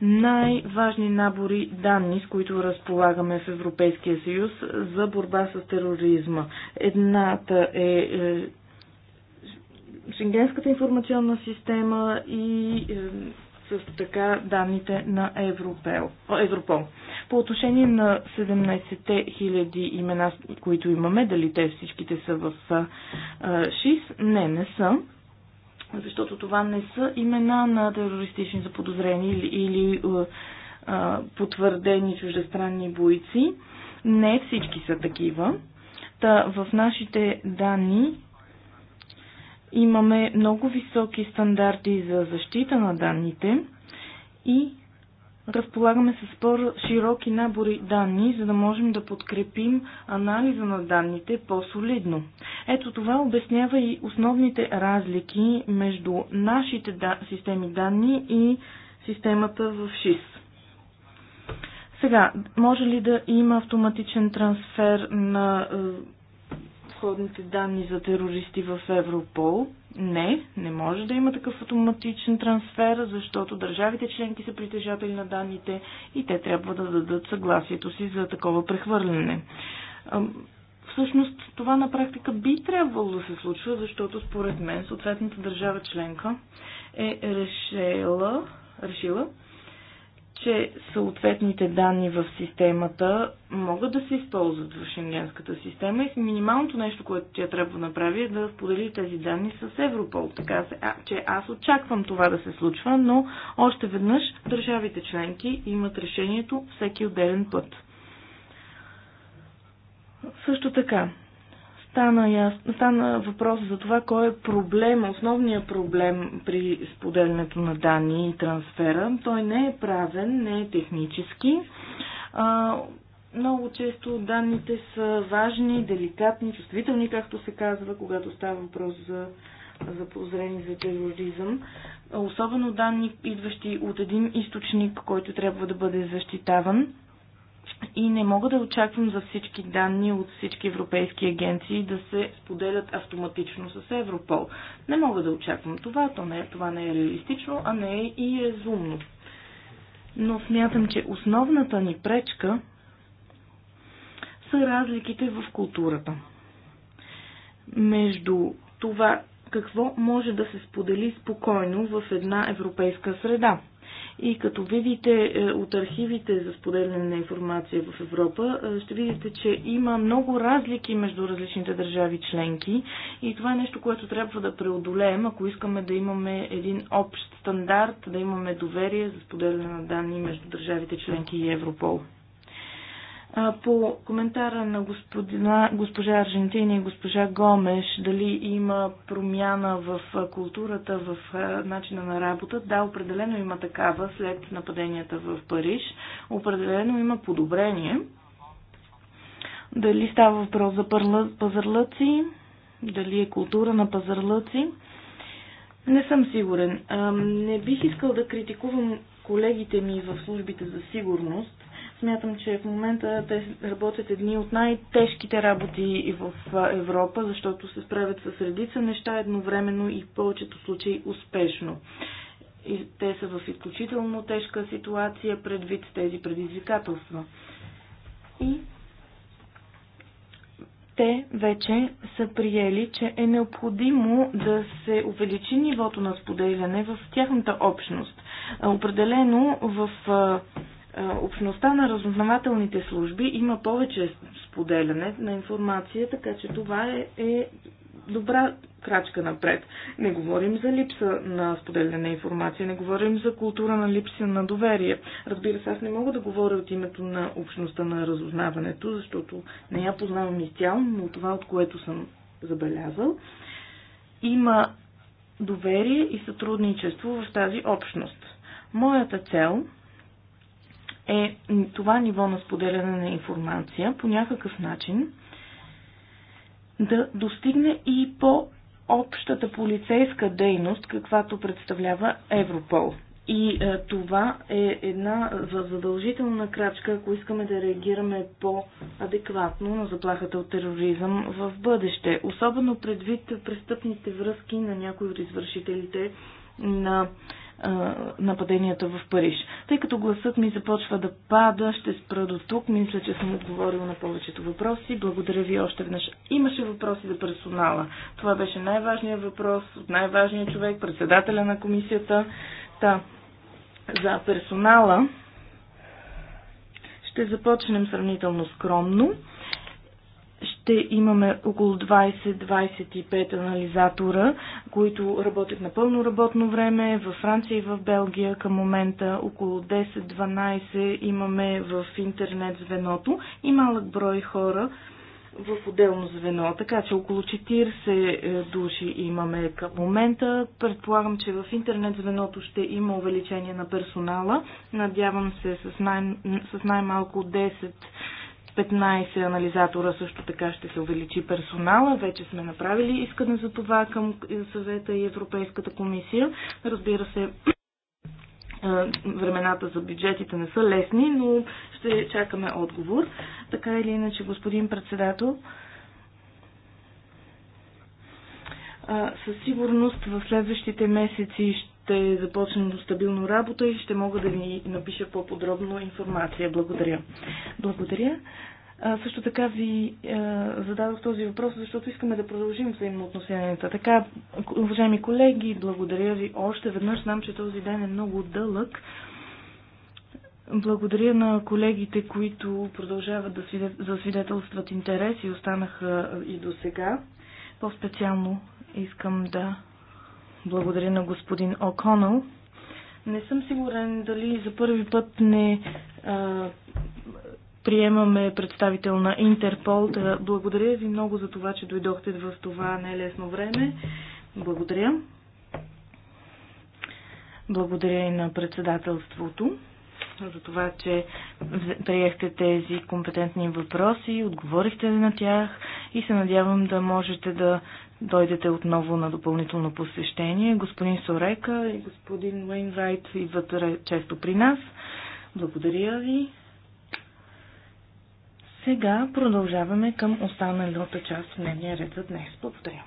най-важни набори данни, с които разполагаме в Европейския съюз за борба с тероризма. Едната е, е Шенгенската информационна система и е, също така данните на Европел, Европол. По отношение на 17-те хиляди имена, които имаме, дали те всичките са в е, ШИС? Не, не са. Защото това не са имена на терористични заподозрени или, или а, е, потвърдени чуждестранни бойци. Не всички са такива. Та в нашите данни Имаме много високи стандарти за защита на данните и разполагаме с по-широки набори данни, за да можем да подкрепим анализа на данните по-солидно. Ето това обяснява и основните разлики между нашите да... системи данни и системата в ШИС. Сега, може ли да има автоматичен трансфер на предходните данни за терористи в Европол? Не, не може да има такъв автоматичен трансфер, защото държавите членки са притежатели на данните и те трябва да дадат съгласието си за такова прехвърляне. Всъщност това на практика би трябвало да се случва, защото според мен съответната държава членка е решила, решила че съответните данни в системата могат да се използват в шенгенската система и минималното нещо, което тя трябва да направи е да сподели тези данни с Европол. Така че аз очаквам това да се случва, но още веднъж държавите членки имат решението всеки отделен път. Също така, стана, яс... стана въпрос за това кой е проблем, основният проблем при споделянето на данни и трансфера. Той не е правен, не е технически. А, много често данните са важни, деликатни, чувствителни, както се казва, когато става въпрос за прозрение за тероризъм. Особено данни, идващи от един източник, който трябва да бъде защитаван и не мога да очаквам за всички данни от всички европейски агенции да се споделят автоматично с Европол. Не мога да очаквам това, то не, е- това не е реалистично, а не е и разумно. Но смятам, че основната ни пречка са разликите в културата. Между това какво може да се сподели спокойно в една европейска среда – и като видите е, от архивите за споделяне на информация в Европа, е, ще видите, че има много разлики между различните държави членки и това е нещо, което трябва да преодолеем, ако искаме да имаме един общ стандарт, да имаме доверие за споделяне на данни между държавите членки и Европол. По коментара на господина, госпожа Аржентини и госпожа Гомеш, дали има промяна в културата, в начина на работа, да, определено има такава след нападенията в Париж. Определено има подобрение. Дали става въпрос за пазарлъци, дали е култура на пазарлъци, не съм сигурен. Не бих искал да критикувам колегите ми в службите за сигурност, Смятам, че в момента те работят едни от най-тежките работи в Европа, защото се справят с редица неща едновременно и в повечето случаи успешно. И те са в изключително тежка ситуация предвид тези предизвикателства. И те вече са приели, че е необходимо да се увеличи нивото на споделяне в тяхната общност. Определено в е, общността на разузнавателните служби има повече споделяне на информация, така че това е, е добра крачка напред. Не говорим за липса на споделяне на информация, не говорим за култура на липса на доверие. Разбира се, аз не мога да говоря от името на общността на разузнаването, защото не я познавам изцяло, но това, от което съм забелязал, има доверие и сътрудничество в тази общност. Моята цел е това ниво на споделяне на информация по някакъв начин да достигне и по общата полицейска дейност, каквато представлява Европол. И е, това е една задължителна крачка, ако искаме да реагираме по-адекватно на заплахата от тероризъм в бъдеще, особено предвид престъпните връзки на някои от извършителите на нападенията в Париж. Тъй като гласът ми започва да пада, ще спра до тук. Мисля, че съм отговорила на повечето въпроси. Благодаря ви още веднъж. Имаше въпроси за персонала. Това беше най-важният въпрос от най-важният човек, председателя на комисията. Та, за персонала ще започнем сравнително скромно ще имаме около 20-25 анализатора, които работят на пълно работно време в Франция и в Белгия към момента. Около 10-12 имаме в интернет звеното и малък брой хора в отделно звено. Така че около 40 е, души имаме към момента. Предполагам, че в интернет звеното ще има увеличение на персонала. Надявам се с, най- с най-малко 10 15 анализатора също така ще се увеличи персонала. Вече сме направили искане за това към съвета и Европейската комисия. Разбира се, времената за бюджетите не са лесни, но ще чакаме отговор. Така или иначе, господин председател, със сигурност в следващите месеци ще започнем стабилно работа и ще мога да ви напиша по-подробно информация. Благодаря. Благодаря. А, също така ви а, зададох този въпрос, защото искаме да продължим взаимоотношенията. Така, уважаеми колеги, благодаря ви още веднъж. Знам, че този ден е много дълъг. Благодаря на колегите, които продължават да засвидетелстват интерес и останаха и до сега. По-специално искам да благодаря на господин О'Конъл. Не съм сигурен дали за първи път не а, приемаме представител на Интерпол. Да благодаря ви много за това, че дойдохте в това нелесно време. Благодаря. Благодаря и на председателството за това, че приехте тези компетентни въпроси, отговорихте на тях и се надявам да можете да дойдете отново на допълнително посещение. Господин Сорека и господин Уейнрайт идват често при нас. Благодаря ви. Сега продължаваме към останалата част в дневния ред за днес. Благодаря.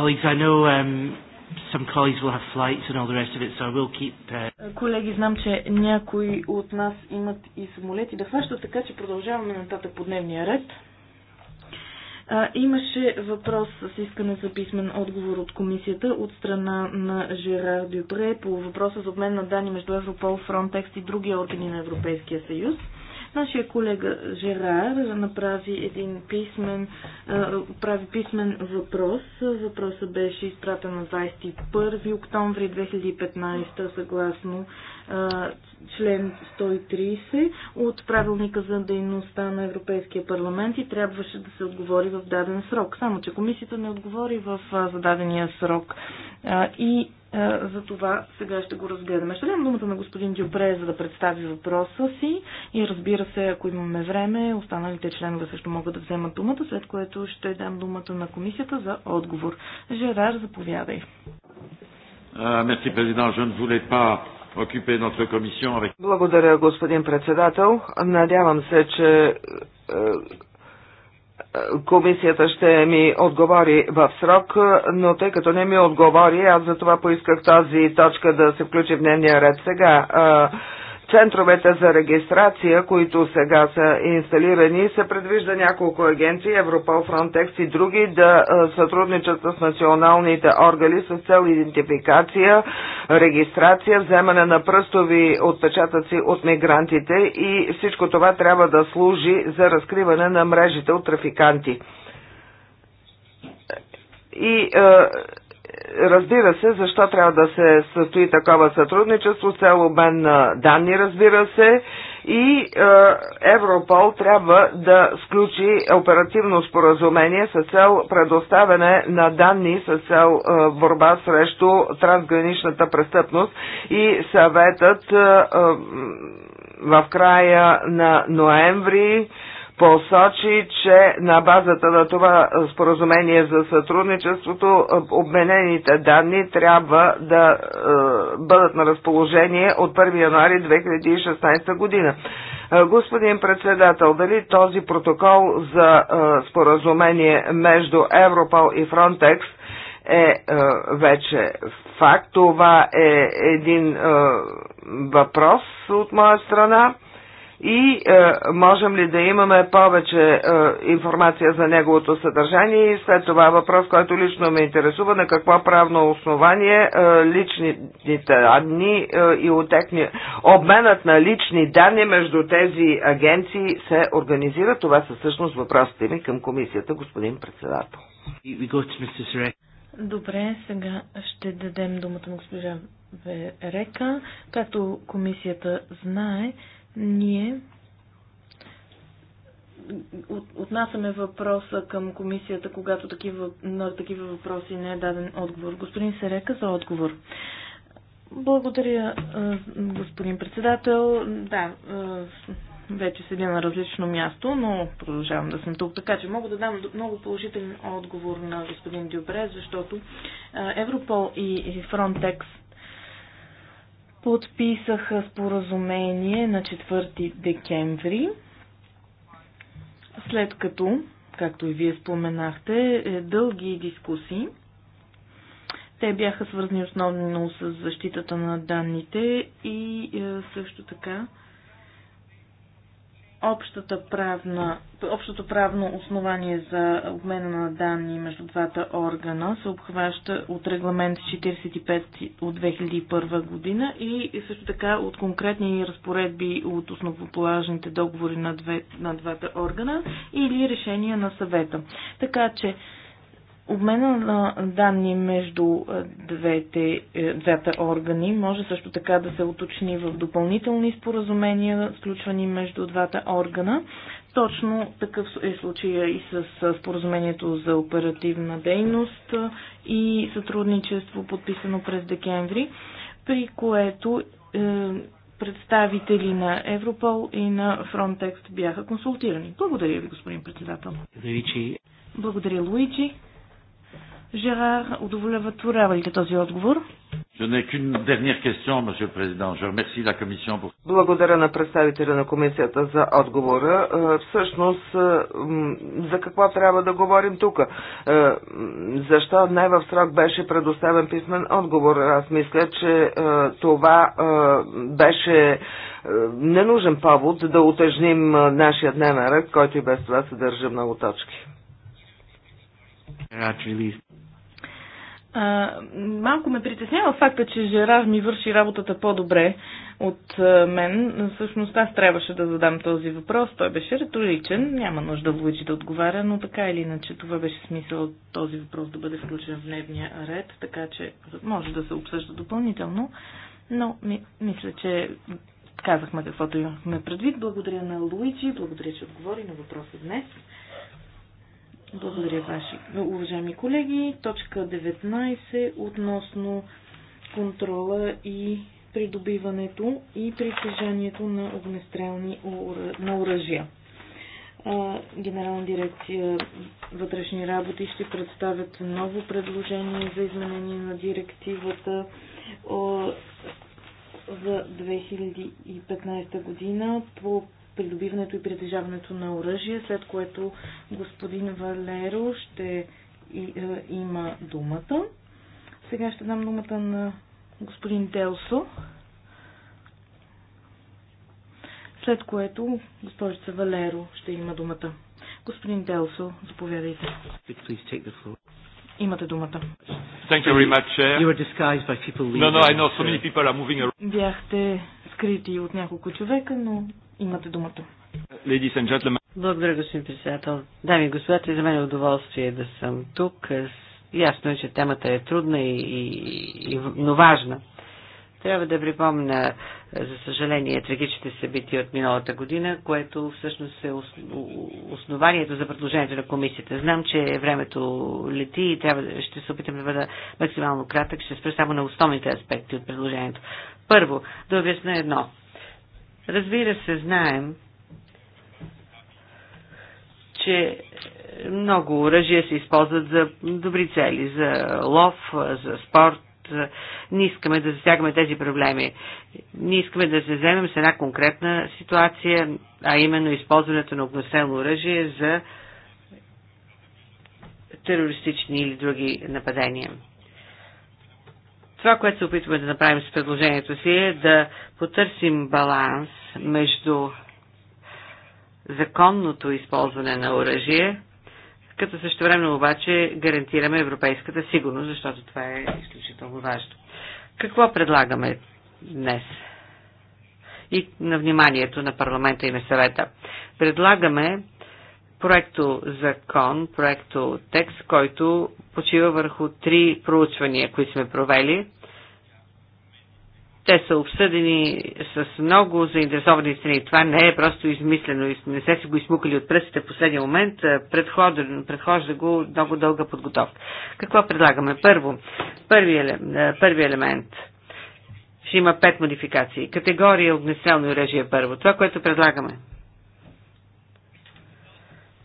colleagues, I know um, some colleagues will have flights and all the rest of it, so I will keep... Uh... Колеги, знам, че някои от нас имат и самолети да хващат, така че продължаваме нататък по дневния ред. имаше въпрос с искане за писмен отговор от комисията от страна на Жерар Дюпре по въпроса за обмен на данни между Европол, Фронтекс и други органи на Европейския съюз. Нашия колега Жерар направи един писмен, прави писмен въпрос. Въпросът беше изпратен на 21 октомври 2015 съгласно член 130 от правилника за дейността на Европейския парламент и трябваше да се отговори в даден срок. Само, че комисията не отговори в зададения срок. И е, за това сега ще го разгледаме. Ще дам думата на господин Дюпре, за да представи въпроса си и разбира се, ако имаме време, останалите членове също могат да вземат думата, след което ще дам думата на комисията за отговор. Жерар, заповядай. Мерси, президент. Je ne voulais pas occuper notre commission avec... Благодаря, господин председател. Надявам се, че е, комисията ще ми отговори в срок, но тъй като не ми отговори, аз за това поисках тази точка да се включи в дневния ред сега. Центровете за регистрация, които сега са инсталирани, се предвижда няколко агенции, Европол, Фронтекс и други, да сътрудничат с националните органи с цел идентификация, регистрация, вземане на пръстови отпечатъци от мигрантите и всичко това трябва да служи за разкриване на мрежите от трафиканти. И е, разбира се, защо трябва да се състои такова сътрудничество, цел обмен на данни, разбира се, и е, Европол трябва да сключи оперативно споразумение с цел предоставяне на данни с цел е, борба срещу трансграничната престъпност и съветът е, е, в края на ноември посочи, че на базата на това споразумение за сътрудничеството обменените данни трябва да е, бъдат на разположение от 1 януари 2016 година. Е, господин председател, дали този протокол за е, споразумение между Европол и Фронтекс е, е вече факт? Това е един е, въпрос от моя страна и е, можем ли да имаме повече е, информация за неговото съдържание и след това въпрос, който лично ме интересува, на какво правно основание е, личните данни е, и отекни, обменът на лични данни между тези агенции се организира. Това са всъщност въпросите ми към комисията, господин председател. Добре, сега ще дадем думата на госпожа Верека. Както комисията знае, ние отнасяме въпроса към комисията, когато такива, на такива въпроси не е даден отговор. Господин Серека за отговор. Благодаря, господин председател. Да, вече седя на различно място, но продължавам да съм тук. Така че мога да дам много положителен отговор на господин Дюбре, защото Европол и Фронтекс подписаха споразумение на 4 декември, след като, както и вие споменахте, е, дълги дискусии. Те бяха свързани основно с защитата на данните и е, също така общата правна, общото правно основание за обмена на данни между двата органа се обхваща от регламент 45 от 2001 година и също така от конкретни разпоредби от основополажните договори на, две, на двата органа или решения на съвета. Така че Обмена на данни между двете, е, двете органи може също така да се уточни в допълнителни споразумения, сключвани между двата органа. Точно такъв е случая и с споразумението за оперативна дейност и сътрудничество, подписано през декември, при което е, представители на Европол и на Фронтекст бяха консултирани. Благодаря ви, господин председател. Благодаря, Луиджи. Жерар, удовлетворява ли този отговор? Благодаря на представителя на комисията за отговора. Е, всъщност, е, за какво трябва да говорим тук? Е, защо най в срок беше предоставен писмен отговор? Аз мисля, че това беше ненужен повод да утежним нашия дневен ред, който и без това съдържа много точки. А, малко ме притеснява факта, че Жерар ми върши работата по-добре от а, мен. Всъщност аз трябваше да задам този въпрос. Той беше риторичен. Няма нужда Луиджи да отговаря, но така или иначе това беше смисъл от този въпрос да бъде включен в дневния ред, така че може да се обсъжда допълнително. Но ми, мисля, че казахме каквото имахме предвид. Благодаря на Луиджи, благодаря, че отговори на въпроса днес. Благодаря, ваши, уважаеми колеги. Точка 19 относно контрола и придобиването и притежанието на огнестрелни на оръжия. Генерална дирекция вътрешни работи ще представят ново предложение за изменение на директивата за 2015 година по придобиването и притежаването на оръжие, след което господин Валеро ще е, има думата. Сега ще дам думата на господин Делсо, след което госпожица Валеро ще има думата. Господин Делсо, заповядайте. Имате думата. Thank you very much, Chair. You were disguised by people leaving. No, no, I know so many people are moving around. Бяхте скрити от няколко човека, но Имате думата. Благодаря, господин председател. Дами и господа, за мен е удоволствие да съм тук. Ясно е, че темата е трудна и, и, и но важна. Трябва да припомня, за съжаление, трагичните събития от миналата година, което всъщност е основанието за предложението на комисията. Знам, че времето лети и трябва, ще се опитам да бъда максимално кратък, ще спра само на основните аспекти от предложението. Първо, да обясня едно. Разбира се, знаем, че много оръжия се използват за добри цели, за лов, за спорт. Не искаме да засягаме тези проблеми. Не искаме да се вземем с една конкретна ситуация, а именно използването на огнестрелно оръжие за терористични или други нападения. Това, което се опитваме да направим с предложението си е да потърсим баланс между законното използване на оръжие, като време обаче гарантираме европейската сигурност, защото това е изключително важно. Какво предлагаме днес? И на вниманието на парламента и на съвета. Предлагаме проекто закон, проекто текст, който почива върху три проучвания, които сме провели. Те са обсъдени с много заинтересовани страни. Това не е просто измислено. Не се си го измукали от пръстите в последния момент. Предхожда, го много дълга подготовка. Какво предлагаме? Първо, първи, елемент, първи елемент ще има пет модификации. Категория огнестрелно оръжие първо. Това, което предлагаме –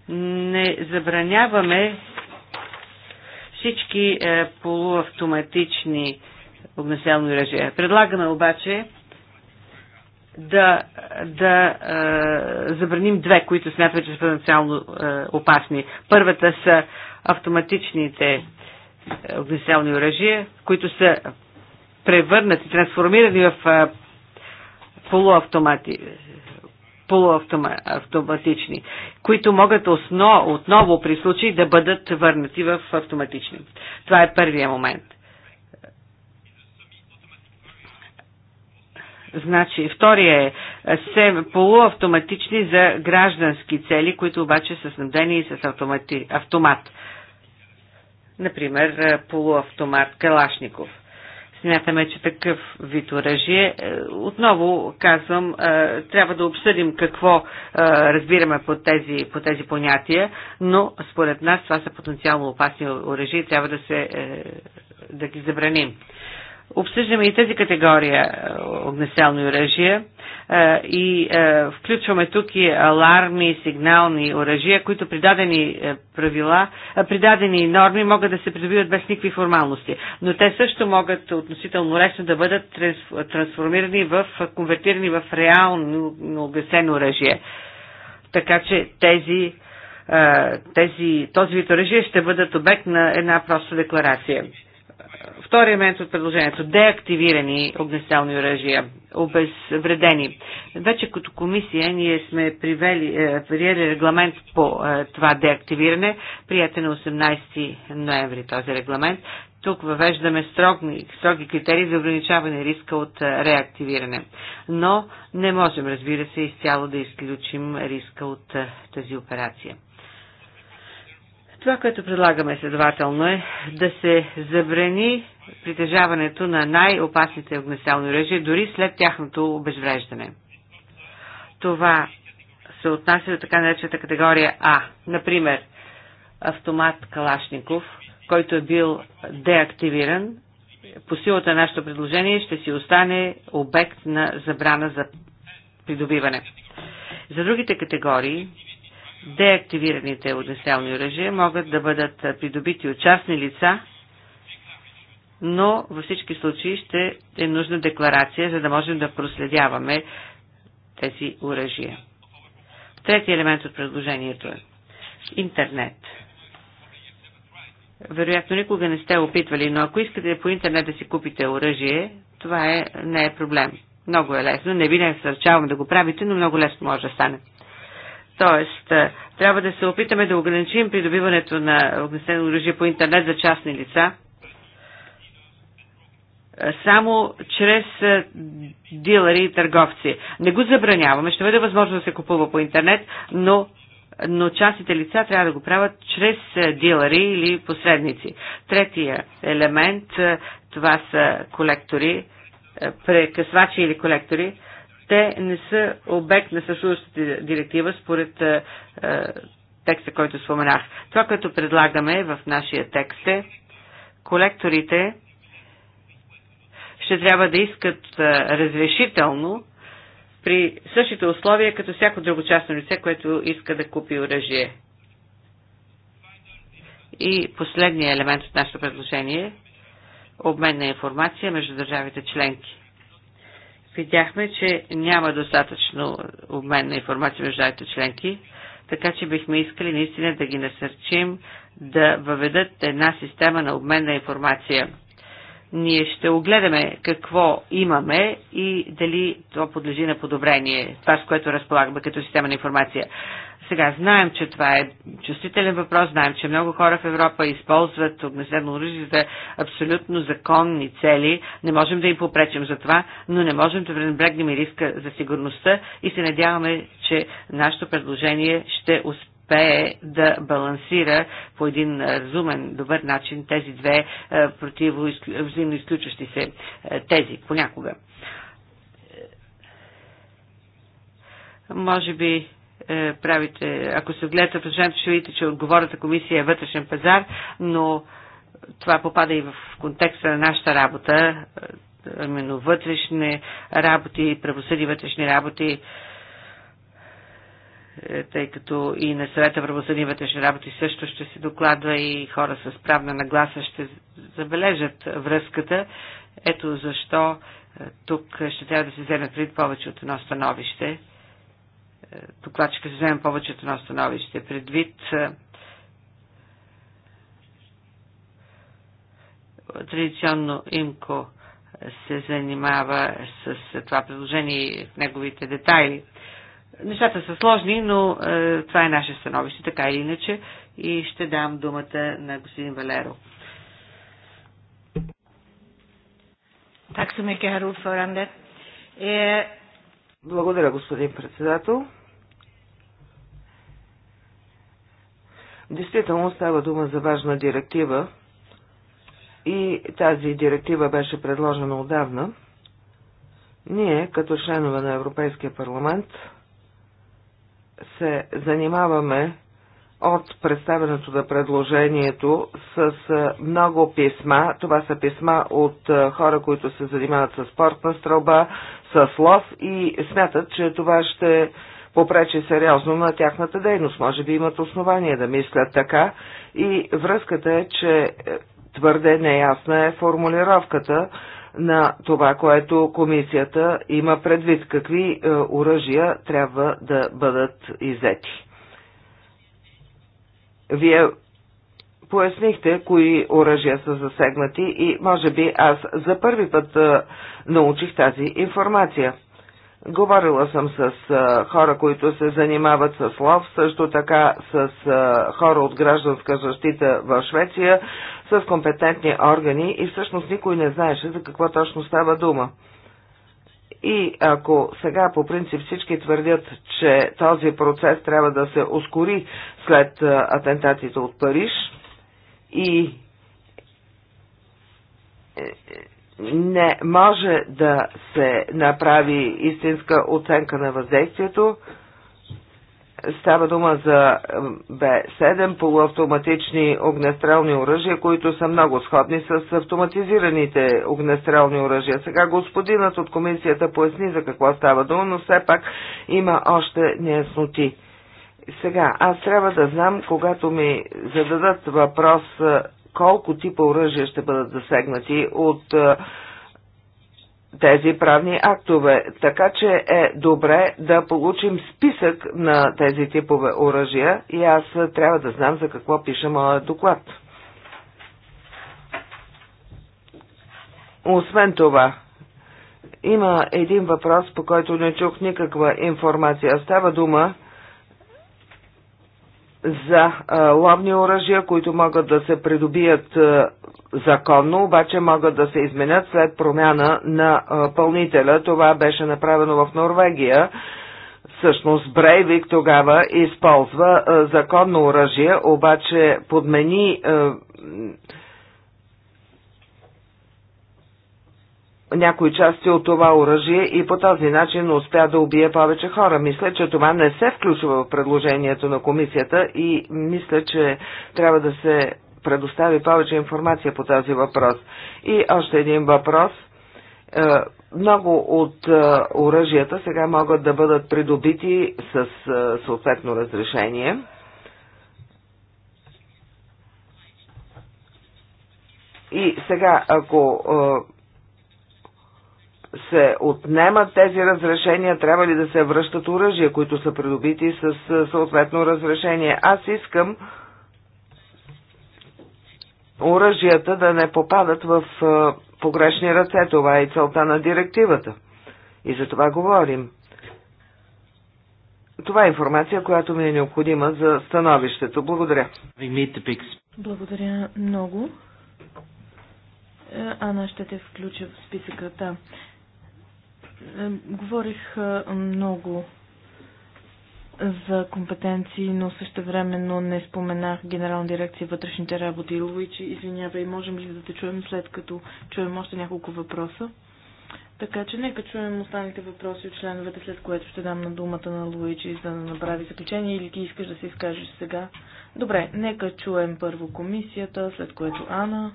не забраняваме всички е, полуавтоматични огнеселни оръжия. Предлагаме обаче да, да е, забраним две, които смятаме, че са потенциално е, опасни. Първата са автоматичните е, огнеселни оръжия, които са превърнати, трансформирани в е, полуавтомати полуавтоматични, които могат основ, отново при случай да бъдат върнати в автоматични. Това е първия момент. Значи, втория е се полуавтоматични за граждански цели, които обаче са снабдени и с автомати, автомат. Например, полуавтомат Калашников – Смятаме, че такъв вид оръжие. Е, отново казвам, е, трябва да обсъдим какво е, разбираме по тези, по тези понятия, но според нас това са потенциално опасни оръжия и трябва да, се, да ги забраним. Обсъждаме и тази категория е, огнеселни оръжия е, и е, включваме тук и аларми, сигнални оръжия, които при дадени правила, при дадени норми могат да се придобиват без никакви формалности. Но те също могат относително лесно да бъдат трансформирани в, конвертирани в реално огнесено оръжие. Така че тези, тези, този вид оръжие ще бъдат обект на една проста декларация. Втория момент от предложението. Деактивирани огнестрелни оръжия, обезвредени. Вече като комисия ние сме привели, е, приели регламент по е, това деактивиране, приятен на 18 ноември този регламент. Тук въвеждаме строги, строги критерии за ограничаване риска от е, реактивиране. Но не можем, разбира се, изцяло да изключим риска от е, тази операция. Това, което предлагаме следователно е да се забрани притежаването на най-опасните огнестелни оръжия, дори след тяхното обезвреждане. Това се отнася до така наречената категория А. Например, автомат Калашников, който е бил деактивиран, по силата на нашето предложение ще си остане обект на забрана за придобиване. За другите категории деактивираните огнестрелни оръжия могат да бъдат придобити от частни лица, но във всички случаи ще е нужна декларация, за да можем да проследяваме тези оръжия. Трети елемент от предложението е интернет. Вероятно никога не сте опитвали, но ако искате по интернет да си купите оръжие, това е, не е проблем. Много е лесно. Не ви не да го правите, но много лесно може да стане. Тоест, е, трябва да се опитаме да ограничим придобиването на огнестрелно оръжие по интернет за частни лица, е, само чрез е, дилери и търговци. Не го забраняваме, ще бъде възможно да се купува по интернет, но, но частните лица трябва да го правят чрез дилери или посредници. Третия елемент, това са колектори, прекъсвачи или колектори, те не са обект на съществуващата директива според е, е, текста, който споменах. Това, което предлагаме в нашия текст е колекторите ще трябва да искат е, разрешително при същите условия, като всяко друго частно лице, което иска да купи оръжие. И последният елемент от нашето предложение – обмен на информация между държавите членки видяхме, че няма достатъчно обмен на информация между държавите членки, така че бихме искали наистина да ги насърчим да въведат една система на обмен на информация. Ние ще огледаме какво имаме и дали това подлежи на подобрение, това с което разполагаме като система на информация. Сега знаем, че това е чувствителен въпрос, знаем, че много хора в Европа използват огнестрелно оръжие за абсолютно законни цели. Не можем да им попречим за това, но не можем да пренебрегнем и риска за сигурността и се надяваме, че нашето предложение ще успее да балансира по един разумен, добър начин тези две е, противо изключващи се е, тези понякога. Може би е, правите, ако се гледате предложението, ще видите, че отговорната комисия е вътрешен пазар, но това попада и в контекста на нашата работа, е, именно вътрешни работи, правосъди вътрешни работи, е, тъй като и на съвета правосъдни вътрешни работи също ще се докладва и хора с правна нагласа ще забележат връзката. Ето защо е, тук ще трябва да се вземе пред повече от едно становище докладчика ще вземем повечето на становище. Предвид е, традиционно имко се занимава с това предложение и в неговите детайли. Нещата са сложни, но е, това е наше становище, така или иначе, и ще дам думата на господин Валеро. Eh, Благодаря, господин председател. Действително става дума за важна директива и тази директива беше предложена отдавна. Ние, като членове на Европейския парламент, се занимаваме от представенето на предложението с много писма. Това са писма от хора, които се занимават с спортна стрелба, с лов и смятат, че това ще попречи сериозно на тяхната дейност. Може би имат основания да мислят така и връзката е, че е, твърде неясна е формулировката на това, което комисията има предвид, какви е, оръжия трябва да бъдат иззети. Вие пояснихте кои оръжия са засегнати и може би аз за първи път е, научих тази информация. Говорила съм с хора, които се занимават с лов, също така с хора от гражданска защита в Швеция, с компетентни органи и всъщност никой не знаеше за какво точно става дума. И ако сега по принцип всички твърдят, че този процес трябва да се ускори след атентатите от Париж и е, не може да се направи истинска оценка на въздействието. Става дума за Б7 полуавтоматични огнестрелни оръжия, които са много сходни с автоматизираните огнестрелни оръжия. Сега господинът от комисията поясни за какво става дума, но все пак има още неясноти. Сега, аз трябва да знам, когато ми зададат въпрос колко типа оръжия ще бъдат засегнати от тези правни актове. Така че е добре да получим списък на тези типове оръжия и аз трябва да знам за какво пише моят доклад. Освен това, има един въпрос, по който не чух никаква информация. Става дума за ловни оръжия, които могат да се придобият законно, обаче могат да се изменят след промяна на пълнителя. Това беше направено в Норвегия. Всъщност Брейвик тогава използва законно оръжие, обаче подмени някои части от това оръжие и по този начин успя да убие повече хора. Мисля, че това не се включва в предложението на комисията и мисля, че трябва да се предостави повече информация по този въпрос. И още един въпрос. Е, много от е, оръжията сега могат да бъдат придобити с е, съответно разрешение. И сега, ако се отнемат тези разрешения, трябва ли да се връщат оръжия, които са придобити с съответно разрешение. Аз искам оръжията да не попадат в погрешни ръце. Това е и целта на директивата. И за това говорим. Това е информация, която ми е необходима за становището. Благодаря. Благодаря много. Е, Ана ще те включа в списъката. Говорих е, много за компетенции, но също времено не споменах Генерална дирекция вътрешните работи. Луичи, извинявай, можем ли да те чуем след като чуем още няколко въпроса? Така че нека чуем останалите въпроси от членовете, след което ще дам на думата на Луичи, за да направи заключение или ти искаш да се изкажеш сега. Добре, нека чуем първо комисията, след което Ана.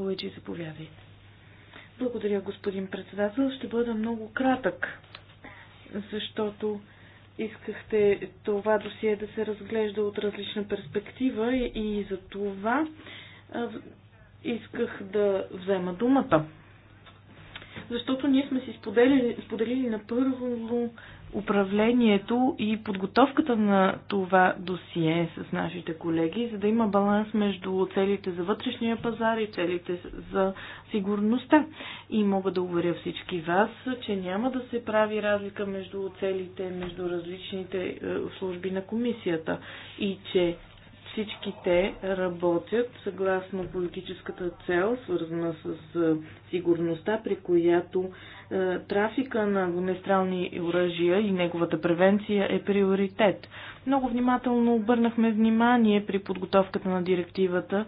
Луичи, заповядайте. Благодаря, господин председател. Ще бъда много кратък, защото искахте това досие да се разглежда от различна перспектива и за това исках да взема думата. Защото ние сме си споделили, споделили на първо управлението и подготовката на това досие с нашите колеги, за да има баланс между целите за вътрешния пазар и целите за сигурността. И мога да уверя всички вас, че няма да се прави разлика между целите, между различните е, служби на комисията и че всички те работят съгласно политическата цел, свързана с сигурността, при която трафика на огнестрални оръжия и неговата превенция е приоритет. Много внимателно обърнахме внимание при подготовката на директивата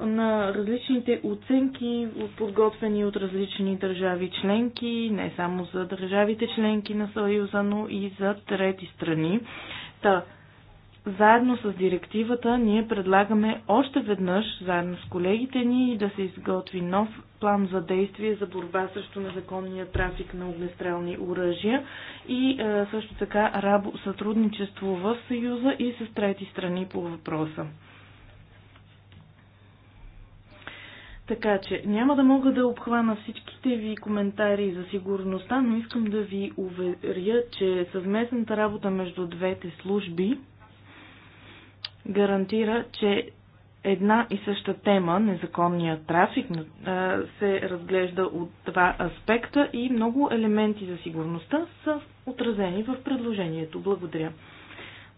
на различните оценки, подготвени от различни държави членки, не само за държавите членки на Съюза, но и за трети страни. Та, заедно с директивата ние предлагаме още веднъж, заедно с колегите ни, да се изготви нов план за действие за борба срещу незаконния трафик на огнестрелни оръжия и е, също така рабо, сътрудничество в Съюза и с трети страни по въпроса. Така че няма да мога да обхвана всичките ви коментари за сигурността, но искам да ви уверя, че съвместната работа между двете служби гарантира, че една и съща тема, незаконния трафик, се разглежда от два аспекта и много елементи за сигурността са отразени в предложението. Благодаря.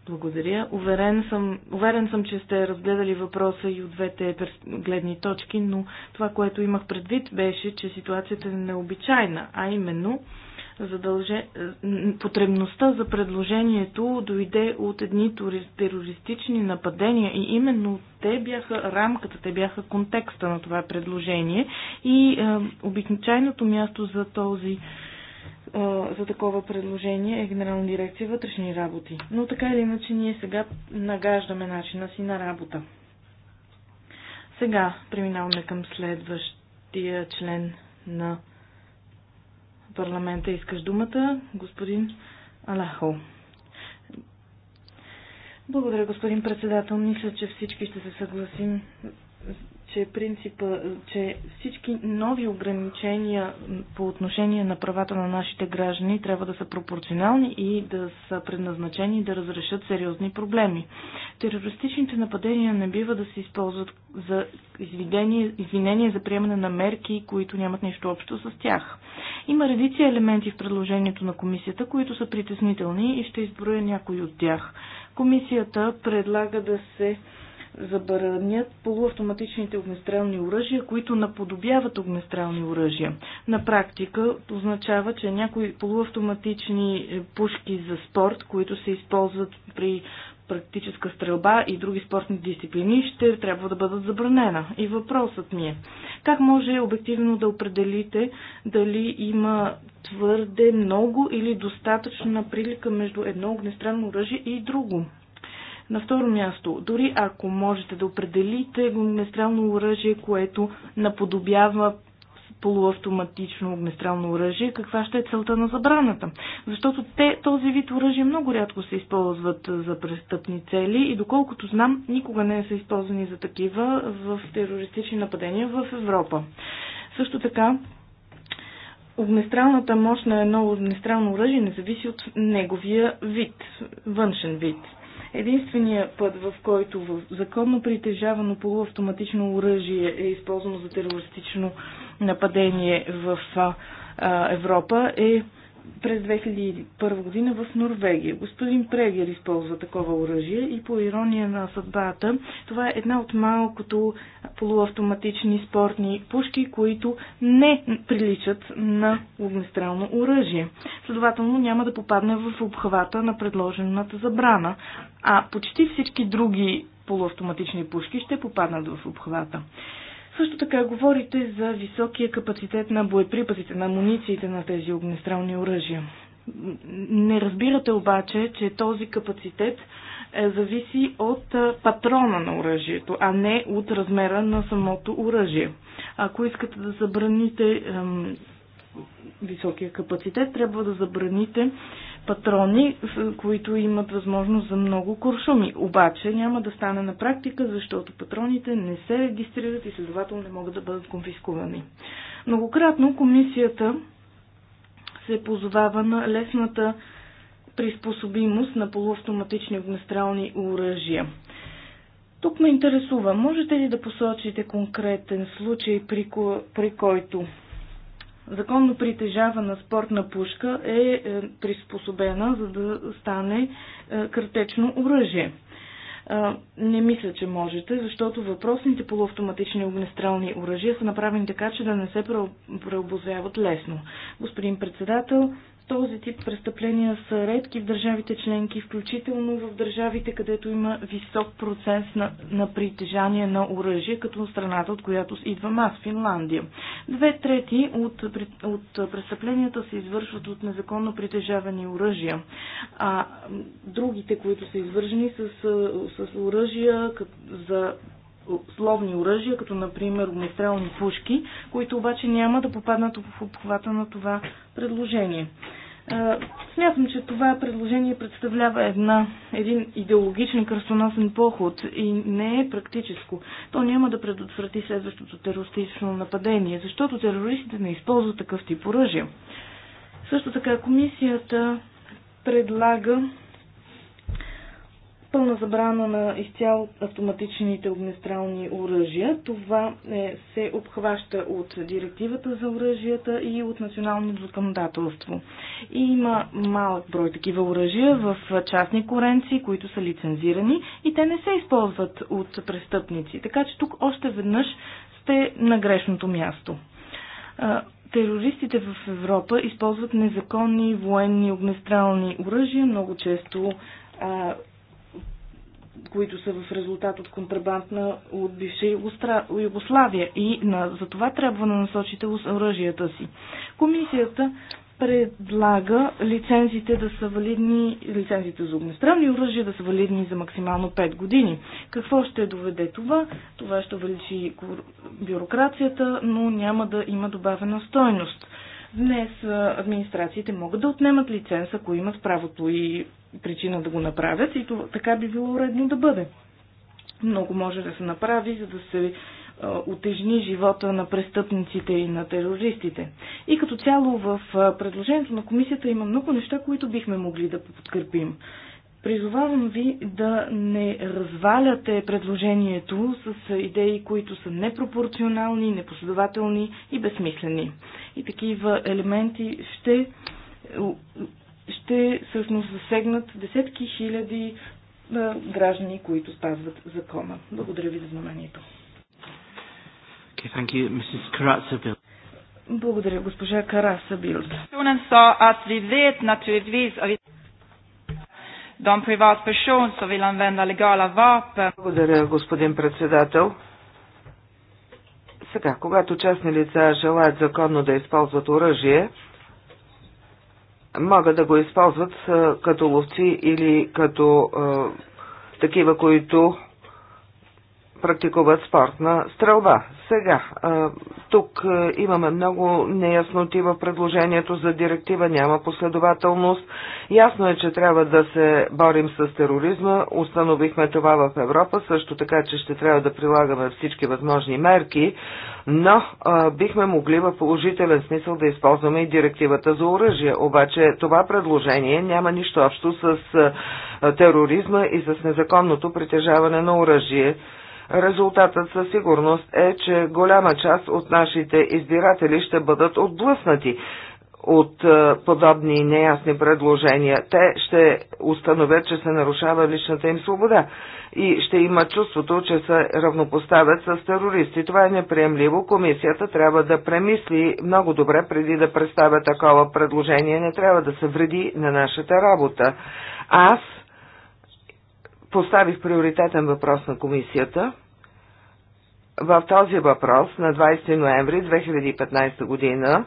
Благодаря. Уверен съм, уверен съм, че сте разгледали въпроса и от двете гледни точки, но това, което имах предвид, беше, че ситуацията е необичайна, а именно задълже... потребността за предложението дойде от едни терористични нападения и именно те бяха рамката, те бяха контекста на това предложение и е, обичайното място за този е, за такова предложение е Генерална дирекция вътрешни работи. Но така или иначе ние сега нагаждаме начина си на работа. Сега преминаваме към следващия член на парламента искаш думата, господин Алахо. Благодаря, господин председател. Мисля, че всички ще се съгласим че принципа, че всички нови ограничения по отношение на правата на нашите граждани трябва да са пропорционални и да са предназначени да разрешат сериозни проблеми. Терористичните нападения не бива да се използват за извинение, извинение за приемане на мерки, които нямат нищо общо с тях. Има редици елементи в предложението на комисията, които са притеснителни и ще изброя някои от тях. Комисията предлага да се забранят полуавтоматичните огнестрелни оръжия, които наподобяват огнестрелни оръжия. На практика означава, че някои полуавтоматични е, пушки за спорт, които се използват при практическа стрелба и други спортни дисциплини ще трябва да бъдат забранена. И въпросът ми е, как може обективно да определите дали има твърде много или достатъчна прилика между едно огнестрелно оръжие и друго? На второ място, дори ако можете да определите огнестрелно оръжие, което наподобява полуавтоматично огнестрелно оръжие, каква ще е целта на забраната. Защото те, този вид оръжие много рядко се използват за престъпни цели и доколкото знам, никога не са използвани за такива в терористични нападения в Европа. Също така, огнестралната мощ на едно огнестрално оръжие не зависи от неговия вид, външен вид. Единствения път, в който в законно притежавано полуавтоматично оръжие е използвано за терористично нападение в Европа е през 2001 година в Норвегия. Господин Прегер използва такова оръжие и по ирония на съдбата, това е една от малкото полуавтоматични спортни пушки, които не приличат на огнестрелно оръжие. Следователно няма да попадне в обхвата на предложената забрана, а почти всички други полуавтоматични пушки ще попаднат в обхвата. Също така говорите за високия капацитет на боеприпасите, на амунициите на тези огнестрелни оръжия. Не разбирате обаче, че този капацитет е, зависи от е, патрона на оръжието, а не от размера на самото оръжие. Ако искате да забраните ем, високия капацитет, трябва да забраните патрони, които имат възможност за много куршуми. Обаче няма да стане на практика, защото патроните не се регистрират и следователно не могат да бъдат конфискувани. Многократно комисията се позовава на лесната приспособимост на полуавтоматични огнестрални оръжия. Тук ме интересува, можете ли да посочите конкретен случай, при, ко... при който законно притежавана спортна пушка е, е приспособена, за да стане е, картечно оръжие. Е, не мисля, че можете, защото въпросните полуавтоматични огнестрелни оръжия са направени така, че да не се преобозяват лесно. Господин председател, този тип престъпления са редки в държавите членки, включително в държавите, където има висок процент на, на притежание на оръжие, като страната, от която идвам аз, Финландия. Две трети от, от престъпленията се извършват от незаконно притежавани оръжия, а другите, които са извържени с, с оръжия за словни оръжия, като например огнестрелни пушки, които обаче няма да попаднат в обхвата на това предложение. Смятам, че това предложение представлява една, един идеологичен кръстоносен поход и не е практическо. То няма да предотврати следващото терористично нападение, защото терористите не използват такъв тип оръжия. Също така комисията предлага пълна забрана на изцяло автоматичните огнестрални оръжия. Това е, се обхваща от директивата за оръжията и от националното законодателство. И има малък брой такива оръжия в частни коренци, които са лицензирани и те не се използват от престъпници. Така че тук още веднъж сте на грешното място. Терористите в Европа използват незаконни военни огнестрални оръжия, много често които са в резултат от контрабандна от бивша Югостра... Югославия и на... за това трябва да насочите оръжията си. Комисията предлага лицензите да са валидни, лицензите за огнестрелни оръжия да са валидни за максимално 5 години. Какво ще доведе това? Това ще увеличи бюрокрацията, но няма да има добавена стойност. Днес администрациите могат да отнемат лиценз, ако имат правото и причина да го направят и това, така би било редно да бъде. Много може да се направи, за да се отежни живота на престъпниците и на терористите. И като цяло в предложението на комисията има много неща, които бихме могли да подкрепим. Призовавам ви да не разваляте предложението с идеи, които са непропорционални, непоследователни и безсмислени. И такива елементи ще, ще всъщност засегнат десетки хиляди е, граждани, които спазват закона. Благодаря ви за вниманието. Okay, thank you, Mrs. bild Благодаря, госпожа Караса Билд de privatperson som vill använda legala vapen. Благодаря, господин председател. Сега, когато частни лица желаят законно да използват оръжие, могат да го използват като ловци или като е, такива, които практикуват спортна стрелба. Сега, тук имаме много неясноти в предложението за директива, няма последователност. Ясно е, че трябва да се борим с тероризма. Установихме това в Европа, също така, че ще трябва да прилагаме всички възможни мерки, но бихме могли в положителен смисъл да използваме и директивата за оръжие. Обаче това предложение няма нищо общо с тероризма и с незаконното притежаване на оръжие. Резултатът със сигурност е, че голяма част от нашите избиратели ще бъдат отблъснати от е, подобни неясни предложения. Те ще установят, че се нарушава личната им свобода и ще има чувството, че се равнопоставят с терористи. Това е неприемливо. Комисията трябва да премисли много добре преди да представя такова предложение. Не трябва да се вреди на нашата работа. Аз поставих приоритетен въпрос на комисията. В този въпрос на 20 ноември 2015 година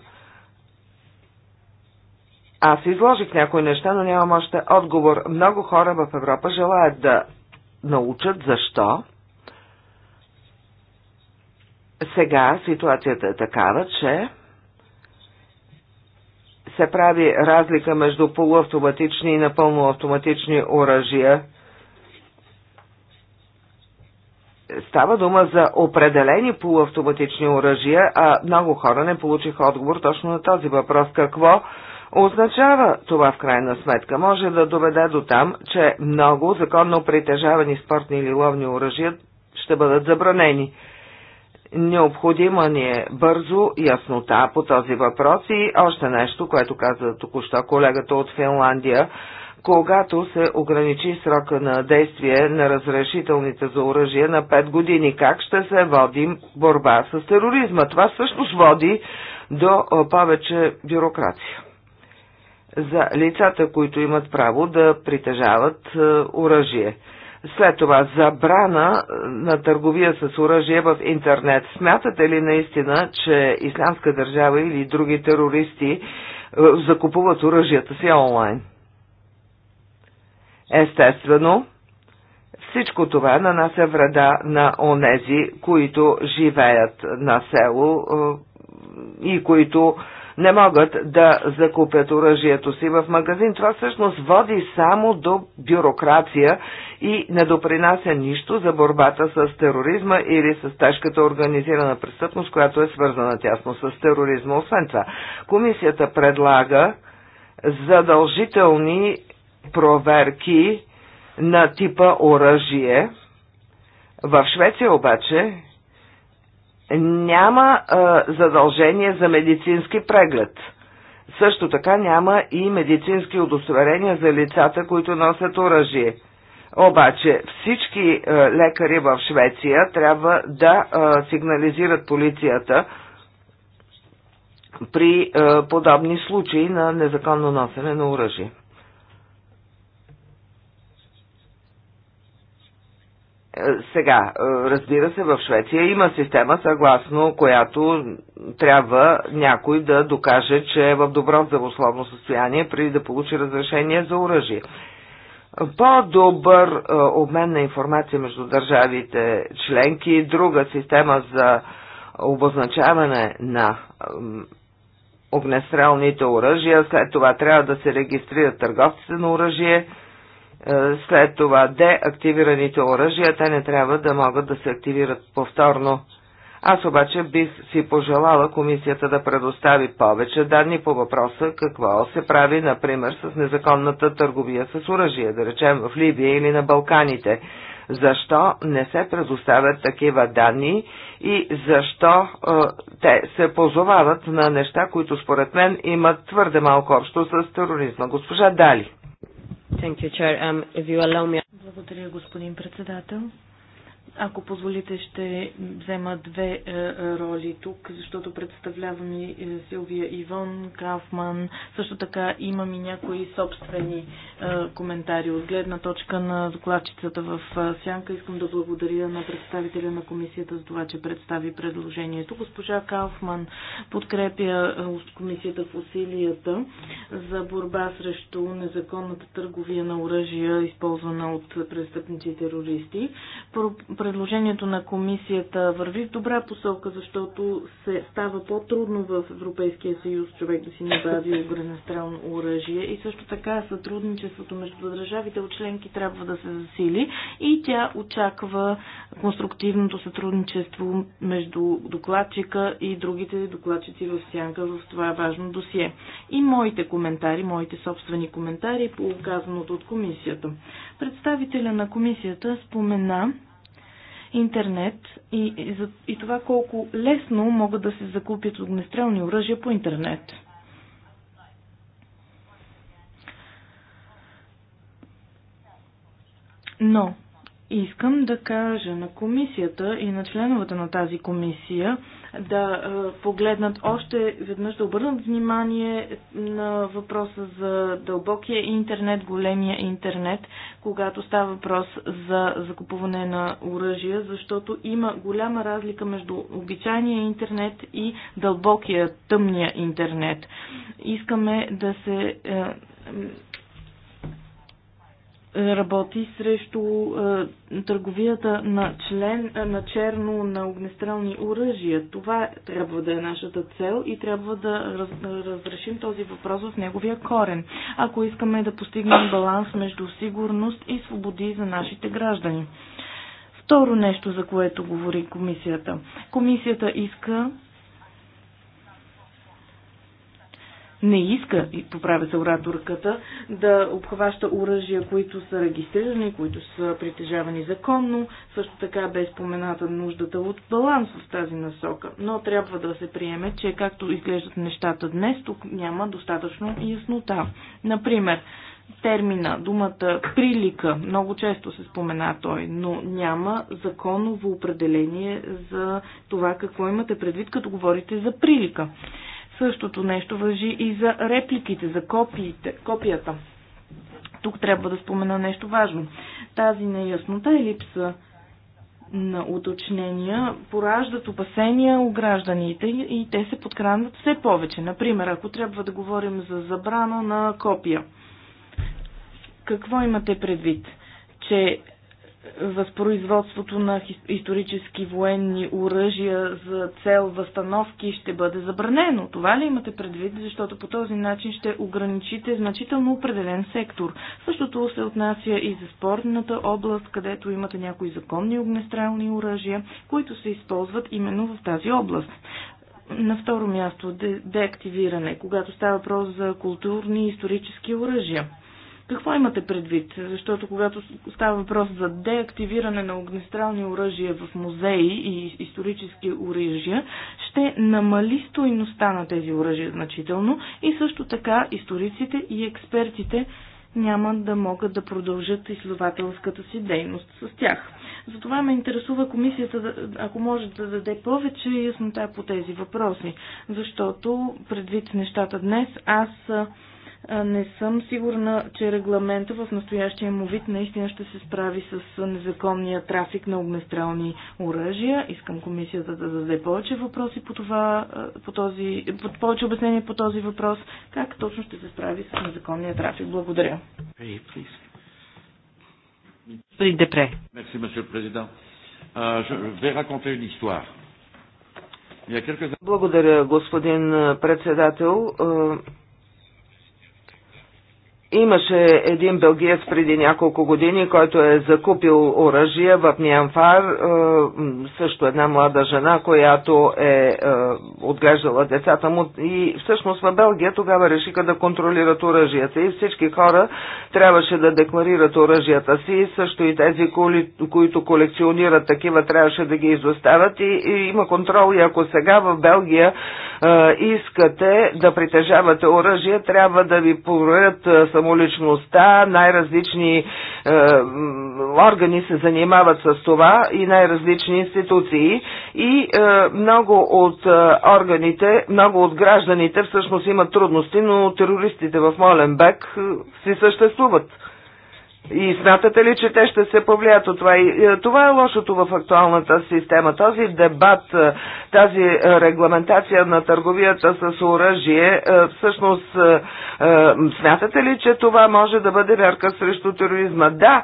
аз изложих някои неща, но нямам още отговор. Много хора в Европа желаят да научат защо. Сега ситуацията е такава, че се прави разлика между полуавтоматични и напълно автоматични оръжия – става дума за определени полуавтоматични оръжия, а много хора не получиха отговор точно на този въпрос. Какво означава това в крайна сметка? Може да доведе до там, че много законно притежавани спортни или ловни оръжия ще бъдат забранени. Необходима ни е бързо яснота по този въпрос и още нещо, което каза току-що колегата от Финландия когато се ограничи срока на действие на разрешителните за оръжие на 5 години. Как ще се водим борба с тероризма? Това всъщност води до повече бюрокрация. За лицата, които имат право да притежават оръжие. След това забрана на търговия с оръжие в интернет. Смятате ли наистина, че исламска държава или други терористи закупуват оръжията си онлайн? Естествено, всичко това нанася вреда на онези, които живеят на село е, и които не могат да закупят оръжието си в магазин. Това всъщност води само до бюрокрация и не допринася нищо за борбата с тероризма или с тежката организирана престъпност, която е свързана тясно с тероризма. Освен това, комисията предлага задължителни проверки на типа оръжие. В Швеция обаче няма а, задължение за медицински преглед. Също така няма и медицински удостоверения за лицата, които носят оръжие. Обаче всички а, лекари в Швеция трябва да а, сигнализират полицията при а, подобни случаи на незаконно носене на оръжие. Е, сега, е, разбира се, в Швеция има система, съгласно която трябва някой да докаже, че е в добро здравословно състояние, преди да получи разрешение за оръжие. По-добър е, обмен на информация между държавите членки, друга система за обозначаване на огнестрелните оръжия, след това трябва да се регистрират търговците на оръжие – е, след това деактивираните оръжия, те не трябва да могат да се активират повторно. Аз обаче бих си пожелала комисията да предостави повече данни по въпроса какво се прави, например, с незаконната търговия с оръжие, да речем в Либия или на Балканите. Защо не се предоставят такива данни и защо е, те се позовават на неща, които според мен имат твърде малко общо с тероризма. Госпожа Дали. Thank you, Chair. Um, if you allow me... Благодаря, господин председател. Ако позволите, ще взема две е, е, роли тук, защото представлявам и е, Силвия Ивон Кафман. Също така имам и някои собствени коментари от гледна точка на докладчицата в Сянка. Искам да благодаря на представителя на комисията за това, че представи предложението. Госпожа Кафман подкрепя комисията в усилията за борба срещу незаконната търговия на оръжия, използвана от престъпните терористи предложението на комисията върви в добра посока, защото се става по-трудно в Европейския съюз човек да си набави огнестрелно оръжие и също така сътрудничеството между държавите от членки трябва да се засили и тя очаква конструктивното сътрудничество между докладчика и другите докладчици в сянка в това важно досие. И моите коментари, моите собствени коментари по казаното от комисията. Представителя на комисията спомена, интернет и, и, за, и това колко лесно могат да се закупят огнестрелни оръжия по интернет. Но искам да кажа на комисията и на членовете на тази комисия, да е, погледнат още веднъж да обърнат внимание на въпроса за дълбокия интернет, големия интернет, когато става въпрос за закупуване на оръжия, защото има голяма разлика между обичайния интернет и дълбокия, тъмния интернет. Искаме да се е, работи срещу а, е, търговията на, член, е, на черно на огнестрелни оръжия. Това трябва да е нашата цел и трябва да раз, разрешим този въпрос в неговия корен, ако искаме да постигнем баланс между сигурност и свободи за нашите граждани. Второ нещо, за което говори комисията. Комисията иска не иска, и поправя се ораторката, да обхваща оръжия, които са регистрирани, които са притежавани законно. Също така бе спомената нуждата от баланс в тази насока. Но трябва да се приеме, че както изглеждат нещата днес, тук няма достатъчно яснота. Например, термина, думата прилика, много често се спомена той, но няма законово определение за това какво имате предвид, като говорите за прилика. Същото нещо въжи и за репликите, за копиите, копията. Тук трябва да спомена нещо важно. Тази неяснота и липса на уточнения пораждат опасения у гражданите и те се подхранват все повече. Например, ако трябва да говорим за забрана на копия. Какво имате предвид? Че възпроизводството на исторически военни оръжия за цел възстановки ще бъде забранено. Това ли имате предвид? Защото по този начин ще ограничите значително определен сектор. Същото се отнася и за спортната област, където имате някои законни огнестрелни оръжия, които се използват именно в тази област. На второ място, де- деактивиране, когато става въпрос за културни и исторически оръжия. Какво имате предвид? Защото когато става въпрос за деактивиране на огнестрални оръжия в музеи и исторически оръжия, ще намали стойността на тези оръжия значително и също така историците и експертите няма да могат да продължат изследователската си дейност с тях. Затова ме интересува комисията, ако може да даде повече яснота по тези въпроси, защото предвид нещата днес аз не съм сигурна, че регламента в настоящия му вид наистина ще се справи с незаконния трафик на огнестрелни оръжия. Искам комисията да даде повече въпроси по това, по този, по повече обяснение по този въпрос. Как точно ще се справи с незаконния трафик? Благодаря. Господин Депре. Мерси, месье президент. Благодаря, господин председател. Е, Имаше един белгиец преди няколко години, който е закупил оръжие в Миянфар, е, също една млада жена, която е, е отглеждала децата му. И всъщност в Белгия тогава решиха да контролират оръжията и всички хора трябваше да декларират оръжията си, също и тези, които колекционират такива, трябваше да ги изоставят и, и има контрол. И ако сега в Белгия е, искате да притежавате оръжие, трябва да ви проверят самоличността, най-различни е, органи се занимават с това и най-различни институции и е, много от е, органите, много от гражданите всъщност имат трудности, но терористите в Моленбек е, си съществуват. И смятате ли, че те ще се повлият от това? И, е, това е лошото в актуалната система. Този дебат, е, тази е, регламентация на търговията с оръжие, всъщност смятате ли, че това може да бъде мерка срещу тероризма? Да,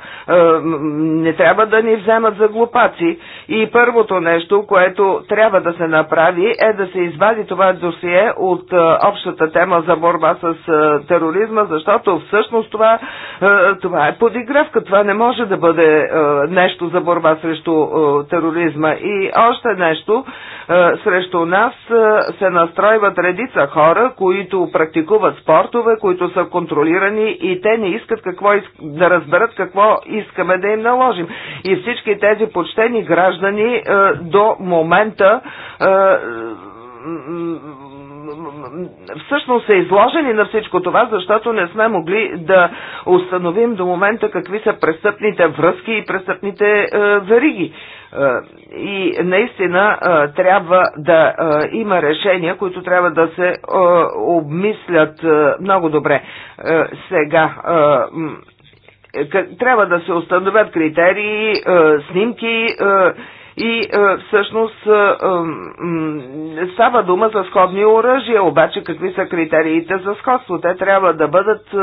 не трябва да ни вземат за глупаци. И първото нещо, което трябва да се направи, е да се извади това досие от общата тема за борба с тероризма, защото всъщност това, това е подигравка. Това не може да бъде е, нещо за борба срещу е, тероризма. И още нещо, е, срещу нас е, се настройват редица хора, които практикуват спортове, които са контролирани и те не искат какво иск... да разберат какво искаме да им наложим. И всички тези почтени граждани е, до момента е, всъщност са изложени на всичко това, защото не сме могли да установим до момента какви са престъпните връзки и престъпните е, вериги. Е, и наистина е, трябва да има решения, които трябва да се обмислят много добре. Сега трябва да се установят критерии, снимки, и е, всъщност е, е, става дума за сходни оръжия, обаче какви са критериите за сходство? Те трябва да бъдат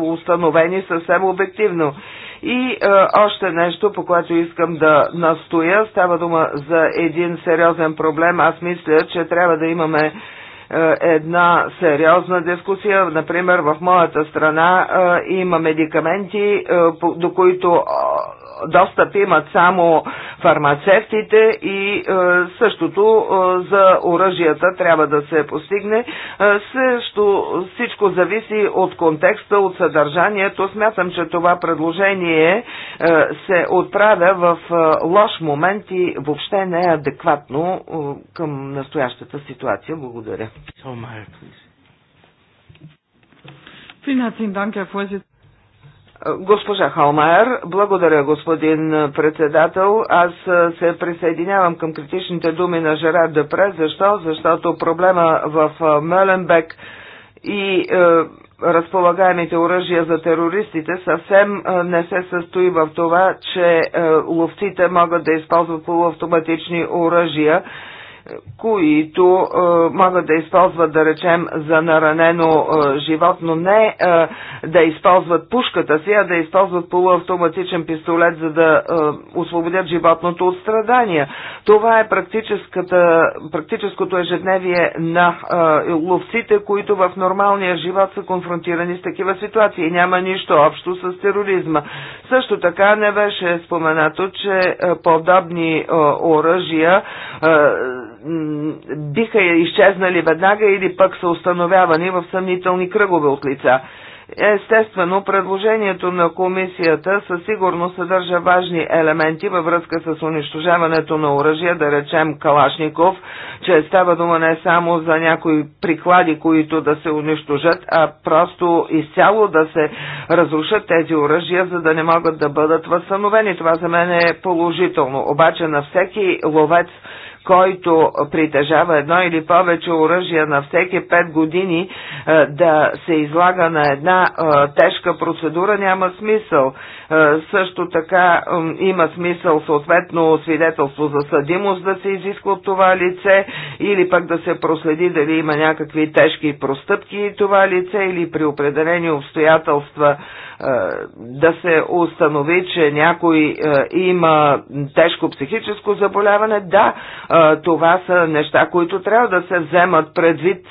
установени съвсем обективно. И е, още нещо, по което искам да настоя, става дума за един сериозен проблем. Аз мисля, че трябва да имаме е, една сериозна дискусия. Например, в моята страна е, има медикаменти, е, до които достъп имат само фармацевтите и същото за оръжията трябва да се постигне. Също всичко зависи от контекста, от съдържанието. Смятам, че това предложение се отправя в лош момент и въобще не е адекватно към настоящата ситуация. Благодаря. Vorsitzender. Госпожа Халмайер, благодаря господин председател. Аз се присъединявам към критичните думи на Жерар Депре. Защо? Защото проблема в Меленбек и разполагаемите оръжия за терористите съвсем не се състои в това, че ловците могат да използват полуавтоматични оръжия които а, е, могат да използват, да речем, за наранено а, е, животно, не а, е, да използват пушката си, а да използват полуавтоматичен пистолет, за да а, освободят животното от страдания. Това е практическото ежедневие на а, ловците, които в нормалния живот са конфронтирани с такива ситуации. Няма нищо общо с тероризма. Също така не беше споменато, че а, подобни оръжия биха изчезнали веднага или пък са установявани в съмнителни кръгове от лица. Естествено, предложението на комисията със сигурност съдържа важни елементи във връзка с унищожаването на оръжия, да речем Калашников, че става дума не само за някои приклади, които да се унищожат, а просто изцяло да се разрушат тези оръжия, за да не могат да бъдат възстановени. Това за мен е положително. Обаче на всеки ловец който притежава едно или повече оръжия на всеки 5 години да се излага на една тежка процедура, няма смисъл. Е, също така има смисъл съответно свидетелство за съдимост да се изисква от това лице или пък да се проследи дали има някакви тежки простъпки това лице или при определени обстоятелства е, да се установи, че някой е, има тежко психическо заболяване. Да, това са неща, които трябва да се вземат предвид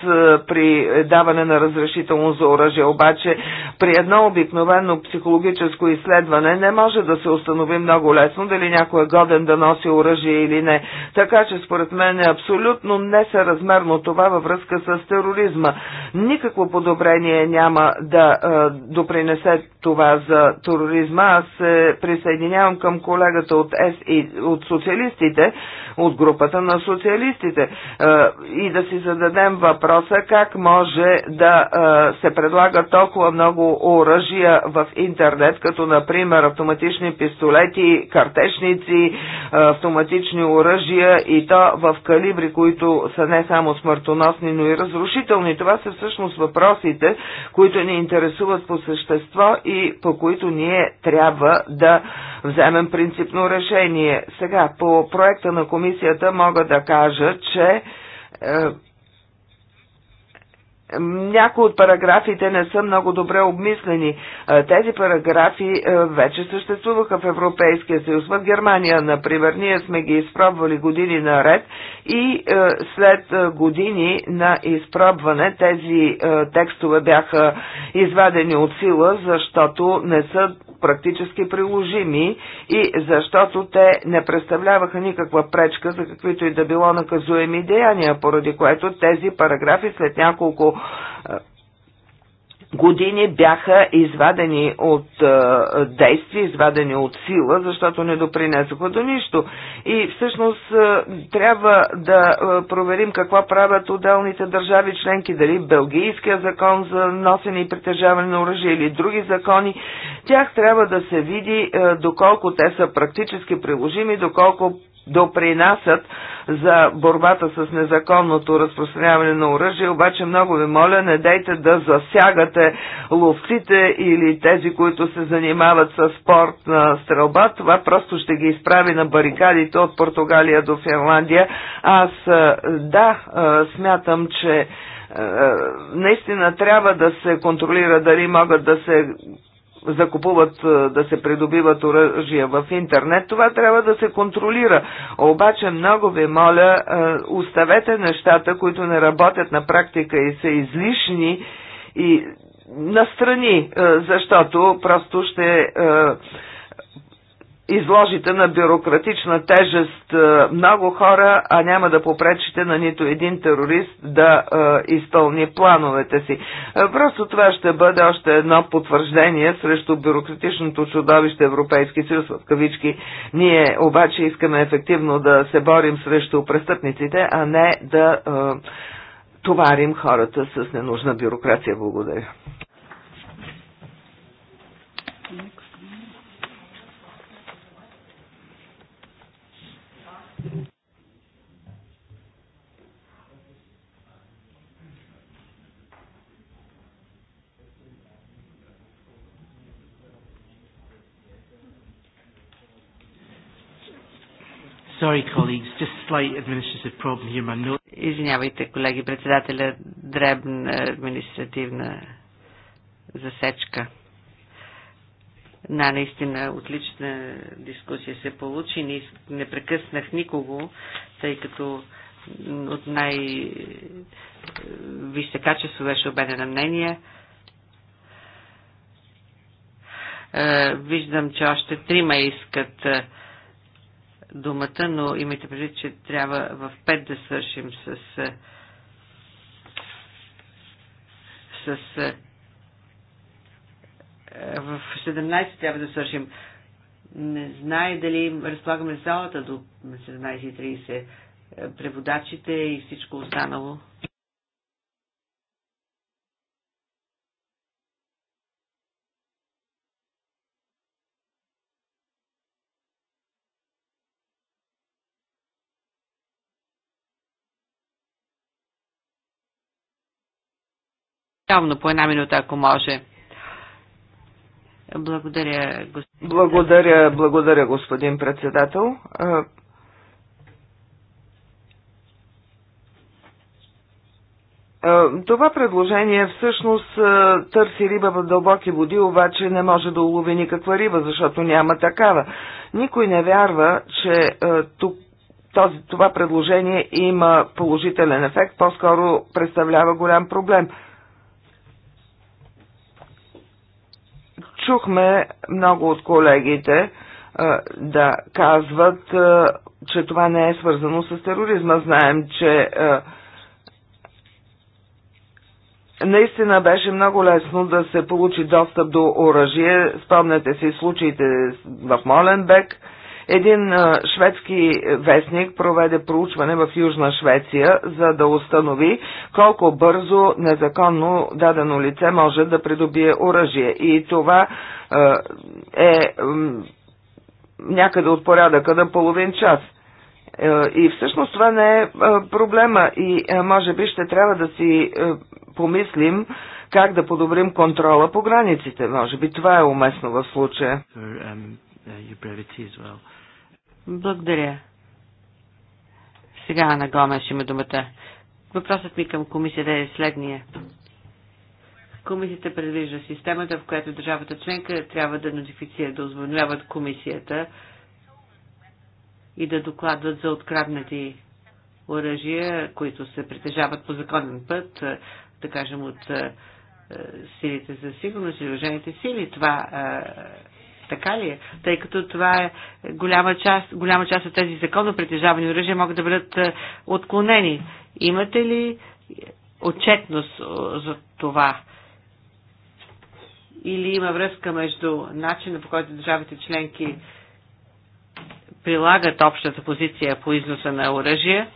при даване на разрешително за оръжие. Обаче при едно обикновено психологическо изследване разследване не може да се установи много лесно дали някой е годен да носи оръжие или не. Така че според мен е абсолютно несъразмерно това във връзка с тероризма. Никакво подобрение няма да е, допринесе това за тероризма. Аз се присъединявам към колегата от, С и, от социалистите, от групата на социалистите е, и да си зададем въпроса как може да е, се предлага толкова много оръжия в интернет, като например например автоматични пистолети, картечници, е, автоматични оръжия и то в калибри, които са не само смъртоносни, но и разрушителни. Това са всъщност въпросите, които ни интересуват по същество и по които ние трябва да вземем принципно решение. Сега, по проекта на комисията мога да кажа, че е, някои от параграфите не са много добре обмислени. Е, тези параграфи е, вече съществуваха в Европейския съюз. В Германия, например, ние сме ги изпробвали години наред и е, след години на изпробване тези текстове бяха извадени от сила, защото не са практически приложими и защото те не представляваха никаква пречка за каквито и да било наказуеми деяния, поради което тези параграфи след няколко е, години бяха извадени от е, действие, извадени от сила, защото не допринесоха до нищо. И всъщност е, трябва да е, проверим какво правят отделните държави членки, дали Белгийския закон за носене и притежаване на оръжие или други закони. Тях трябва да се види е, доколко те са практически приложими, доколко допринасят за борбата с незаконното разпространяване на оръжие, обаче много ви моля, не дайте да засягате ловците или тези, които се занимават с спорт на стрелба. Това просто ще ги изправи на барикадите от Португалия до Финландия. Аз е, да, е, смятам, че е, наистина трябва да се контролира дали могат да се закупуват, е, да се придобиват оръжия в интернет, това трябва да се контролира. Обаче много ви моля, е, оставете нещата, които не работят на практика и са излишни и настрани, е, защото просто ще изложите на бюрократична тежест е, много хора, а няма да попречите на нито един терорист да е, изпълни плановете си. Е, просто това ще бъде още едно потвърждение срещу бюрократичното чудовище Европейски съюз в кавички. Ние обаче искаме ефективно да се борим срещу престъпниците, а не да е, товарим хората с ненужна бюрокрация. Благодаря. Sorry, colleagues, just slight administrative problem here. My note. Извинявайте, колеги, председателя, дребна административна засечка. Една наистина отлична дискусия се получи. Не, не прекъснах никого, тъй като от най-висше качество беше обеден на мнения. Е, виждам, че още трима искат е, думата, но имайте предвид, че трябва в пет да свършим с е, с в 17 трябва да свършим. Не знае дали разполагаме залата до 17.30, е, преводачите и всичко останало. Явно по една минута, ако може. Благодаря, господин. Благодаря, благодаря, господин председател. Това предложение всъщност търси риба в дълбоки води, обаче не може да улови никаква риба, защото няма такава. Никой не вярва, че тук този, това предложение има положителен ефект, по-скоро представлява голям проблем – Чухме много от колегите да казват, че това не е свързано с тероризма. Знаем, че наистина беше много лесно да се получи достъп до оръжие. Спомнете си случаите в Моленбек – един шведски вестник проведе проучване в Южна Швеция, за да установи колко бързо незаконно дадено лице може да придобие оръжие. И това е някъде от порядъка на половин час. И всъщност това не е проблема и може би ще трябва да си помислим как да подобрим контрола по границите. Може би това е уместно в случая. Um, Uh, your brevity as well. Благодаря. Сега Ана Гомеш има думата. Въпросът ми към комисията е следния. Комисията предвижда системата, в която държавата членка трябва да нотифицира, да озвъняват комисията и да докладват за откраднати оръжия, които се притежават по законен път, да кажем от силите за сигурност и въжените сили. Това така ли е? Тъй като това е голяма част, голяма част от тези законно притежавани оръжия могат да бъдат е, отклонени. Имате ли отчетност е, за това? Или има връзка между начина по който държавите членки прилагат общата позиция по износа на оръжия?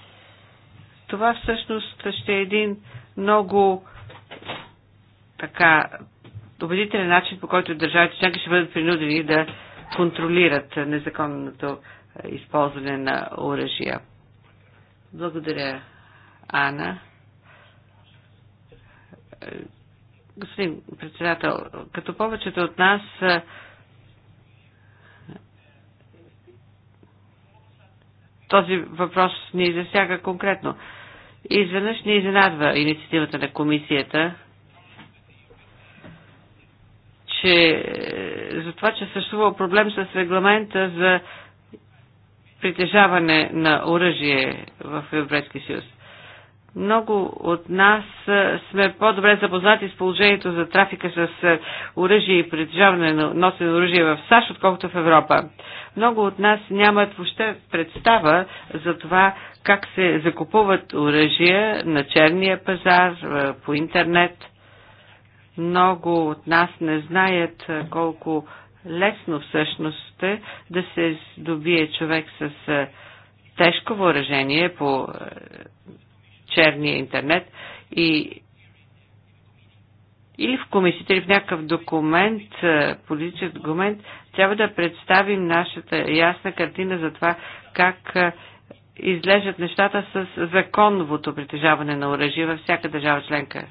Това всъщност ще е един много така убедителен начин, по който държавите членки ще бъдат принудени да контролират незаконното е, използване на оръжия. Благодаря, Ана. Е, господин председател, като повечето от нас е, този въпрос ни засяга конкретно. Изведнъж ни изненадва инициативата на комисията че, е, за това, че съществува проблем с регламента за притежаване на оръжие в Европейския съюз. Много от нас е, сме по-добре запознати с положението за трафика с е, оръжие и притежаване на носено оръжие в САЩ, отколкото в Европа. Много от нас нямат въобще представа за това как се закупуват оръжия на черния пазар, по интернет – много от нас не знаят колко лесно всъщност е да се добие човек с тежко въоръжение по черния интернет и или в комисията, или в някакъв документ, политически документ, трябва да представим нашата ясна картина за това как излежат нещата с законовото притежаване на оръжие във всяка държава членка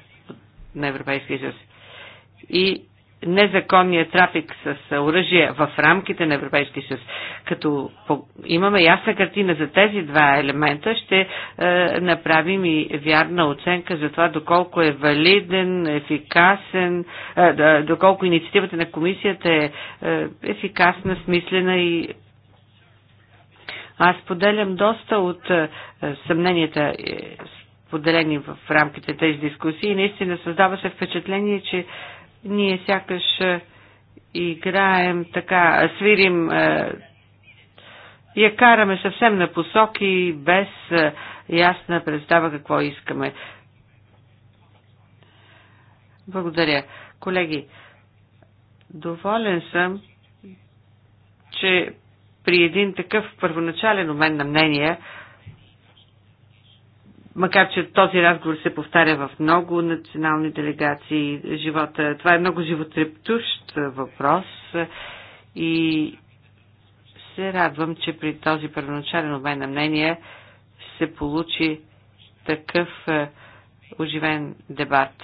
на Европейския съюз и незаконния трафик с оръжие в рамките на Европейския съюз. Като имаме ясна картина за тези два елемента, ще е, направим и вярна оценка за това доколко е валиден, ефикасен, е, доколко инициативата на комисията е, е ефикасна, смислена и аз поделям доста от е, съмненията, е, споделени в рамките тези дискусии. Наистина създава се впечатление, че е, ние сякаш е, играем така, свирим, е, я караме съвсем на посоки, без е, ясна представа какво искаме. Благодаря. Колеги, доволен съм, че при един такъв първоначален обмен на мнения макар че този разговор се повтаря в много национални делегации, живота, това е много животрептущ въпрос и се радвам, че при този първоначален обмен на мнение се получи такъв е, оживен дебат.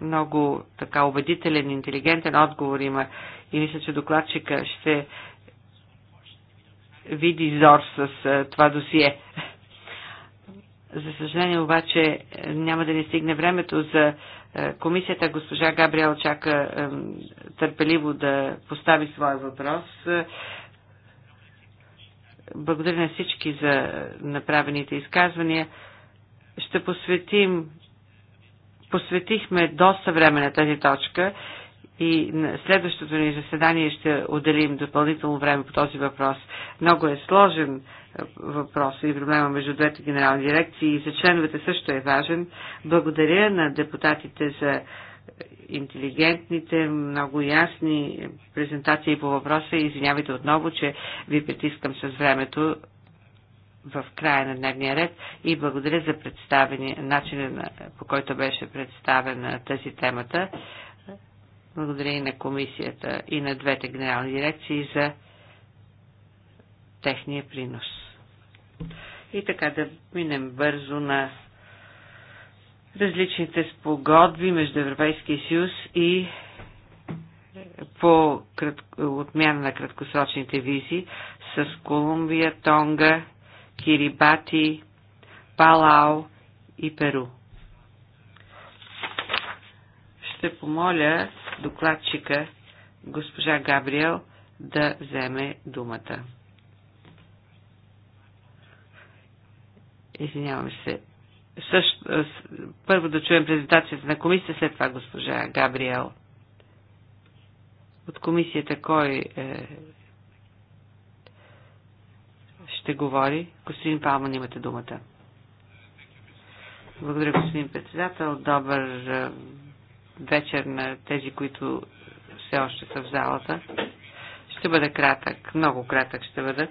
Много така убедителен, интелигентен отговор има и мисля, че докладчика ще види зор с е, това досие. За съжаление обаче е, няма да ни стигне времето за е, комисията. Госпожа Габриел чака е, търпеливо да постави своя въпрос. Благодаря на всички за направените изказвания. Ще посветим, посветихме доста време на тази точка и на следващото ни заседание ще отделим допълнително време по този въпрос. Много е сложен въпроса и проблема между двете генерални дирекции и за членовете също е важен. Благодаря на депутатите за интелигентните, много ясни презентации по въпроса и извинявайте отново, че ви притискам с времето в края на дневния ред и благодаря за представени, начина по който беше представена тази темата. Благодаря и на комисията и на двете генерални дирекции за техния принос. И така да минем бързо на различните спогодби между Европейския съюз и по отмяна на краткосрочните визи с Колумбия, Тонга, Кирибати, Палао и Перу. Ще помоля докладчика госпожа Габриел да вземе думата. Извинявам се. Също, първо да чуем презентацията на комисията, след това госпожа Габриел. От комисията кой е, ще говори? Господин Палман, имате думата. Благодаря, господин председател. Добър е, вечер на тези, които все още са в залата. Ще бъда кратък, много кратък ще бъда.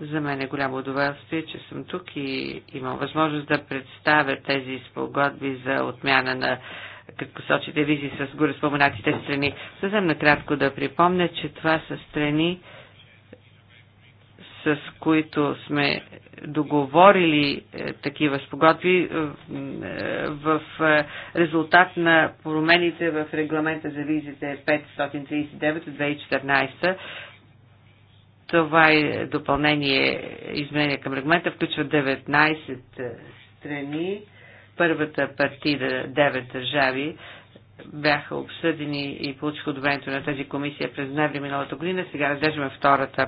За мен е голямо удоволствие, че съм тук и имам възможност да представя тези спогодби за отмяна на краткосочите визи с горе споменатите страни. Съвсем накратко да припомня, че това са страни, с които сме договорили е, такива спогодби е, в е, резултат на промените в регламента за визите 539 от 2014 това е допълнение, изменение към регламента, включва 19 е, страни. Първата партида, 9 държави, бяха обсъдени и получиха одобрението на тази комисия през ноември миналата година. Сега разглеждаме втората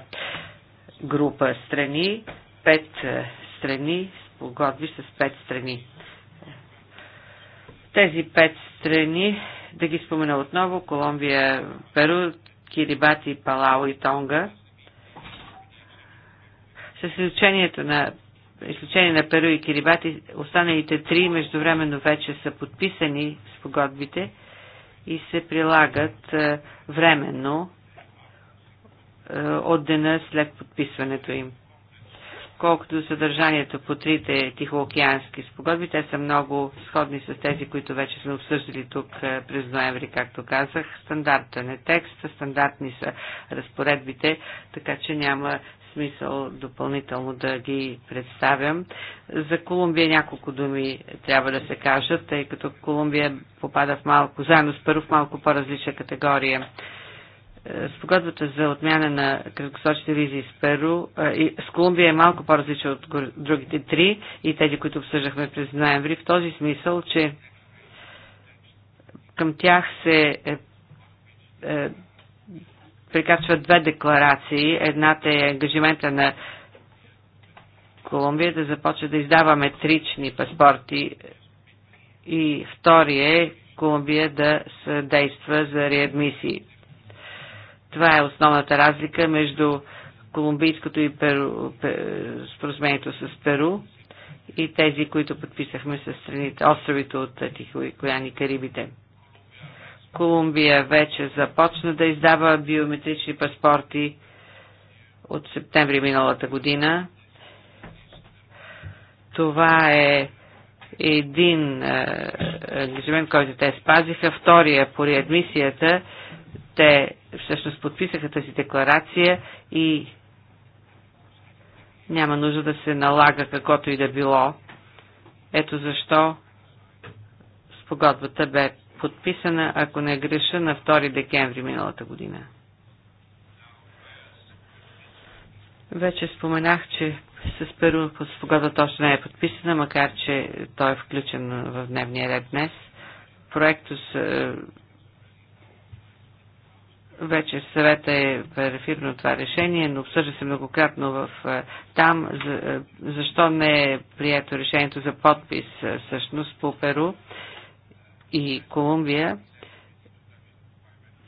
група страни. Пет е, страни спогодби с пет страни. Тези пет страни, да ги спомена отново, Колумбия, Перу, Кирибати, Палао и Тонга, с изключението на изключение на Перу и Кирибати, останалите три междувременно вече са подписани с погодбите и се прилагат е, временно е, от дена след подписването им. Колкото съдържанието по трите тихоокеански спогодби, те са много сходни с тези, които вече сме обсъждали тук е, през ноември, както казах. Стандартен е текст, стандартни са разпоредбите, така че няма смисъл допълнително да ги представям. За Колумбия няколко думи трябва да се кажат, тъй като Колумбия попада в малко, заедно с Перу в малко по-различна категория. Е, спогодбата за отмяна на краткосрочни визи с Перу, е, с Колумбия е малко по-различна от другите три и тези, които обсъждахме през ноември, в този смисъл, че към тях се е, е, прикачват две декларации. Едната е ангажимента на Колумбия да започне да издава метрични паспорти и втория е Колумбия да съдейства за реадмисии. Това е основната разлика между колумбийското и Перу, споразумението с Перу и тези, които подписахме с страните, островите от Тихоокеан и Карибите. Колумбия вече започна да издава биометрични паспорти от септември миналата година. Това е един е, ангажимент, който те спазиха. Втория по реадмисията, те всъщност подписаха тази декларация и няма нужда да се налага каквото и да било. Ето защо спогодбата бе подписана, ако не греша, на 2 декември миналата година. Вече споменах, че с първо спогодбата още не е подписана, макар че той е включен в дневния ред днес. с е, вече в съвета е верифирано това решение, но обсъжда се многократно в, е, там, за, е, защо не е прието решението за подпис всъщност по Перу и Колумбия.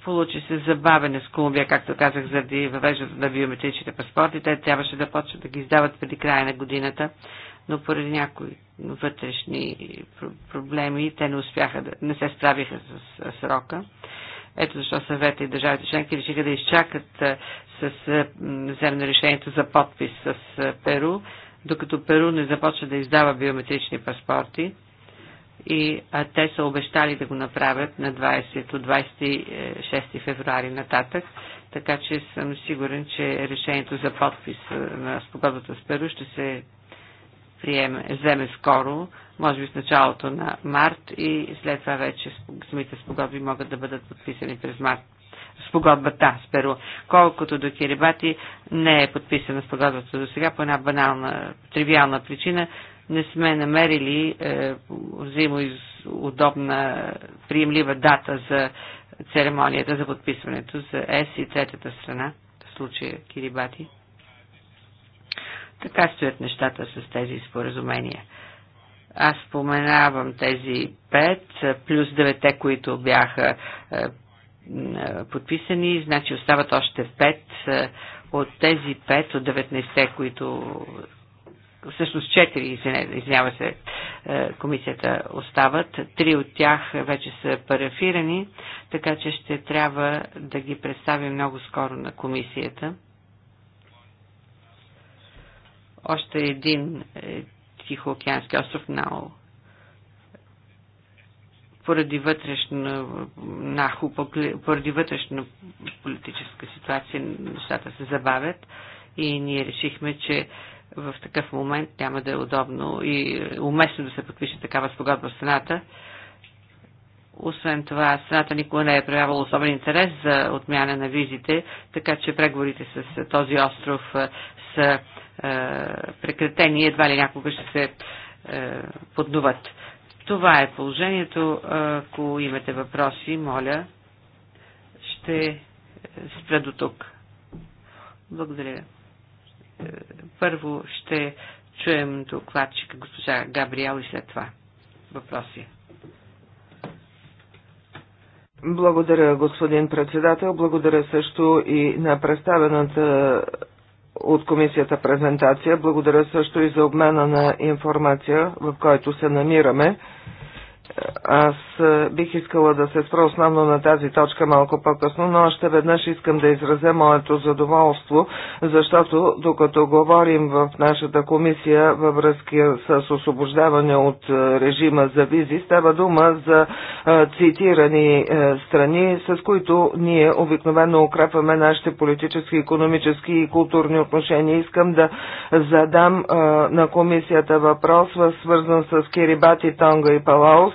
Получи се забавене с Колумбия, както казах, заради въвеждането на биометричните паспорти. Те трябваше да почнат да ги издават преди края на годината, но поради някои вътрешни проблеми те не успяха да, не се справиха с срока. Ето защо съвета и държавите членки решиха да изчакат с вземане решението за подпис с Перу, докато Перу не започва да издава биометрични паспорти и а те са обещали да го направят на 20 от 26 февруари нататък, така че съм сигурен, че решението за подпис на спогодбата с Перу ще се приеме, вземе скоро, може би в началото на март и след това вече самите спогодби могат да бъдат подписани през март. Спогодбата с Перу. Колкото до Кирибати не е подписана спогодбата до сега по една банална, тривиална причина, не сме намерили е, взаимоудобна, приемлива дата за церемонията за подписването за ЕС и третата страна, в случая Кирибати. Така стоят нещата с тези споразумения. Аз споменавам тези пет, плюс девете, които бяха е, е, подписани, значи остават още пет. Е, от тези пет, от 19-те, които всъщност четири, извинява се, е, комисията остават. Три от тях вече са парафирани, така че ще трябва да ги представим много скоро на комисията. Още един е, Тихоокеански остров Нао. Поради вътрешно, наху, поради вътрешна политическа ситуация нещата се забавят и ние решихме, че в такъв момент няма да е удобно и уместно да се подпише такава спогодба в Сената. Освен това, страната никога не е проявявала особен интерес за отмяна на визите, така че преговорите с този остров е, са е, прекратени и едва ли някога ще се е, поднуват. Това е положението. Ако имате въпроси, моля, ще спра до тук. Благодаря първо ще чуем докладчика госпожа Габриел и след това въпроси. Благодаря, господин председател. Благодаря също и на представената от комисията презентация. Благодаря също и за обмена на информация, в който се намираме. Аз бих искала да се спра основно на тази точка малко по-късно, но още веднъж искам да изразя моето задоволство, защото докато говорим в нашата комисия във връзка с освобождаване от режима за визи, става дума за цитирани страни, с които ние обикновено укрепваме нашите политически, економически и културни отношения. Искам да задам на комисията въпрос, свързан с Кирибати, Тонга и Палаус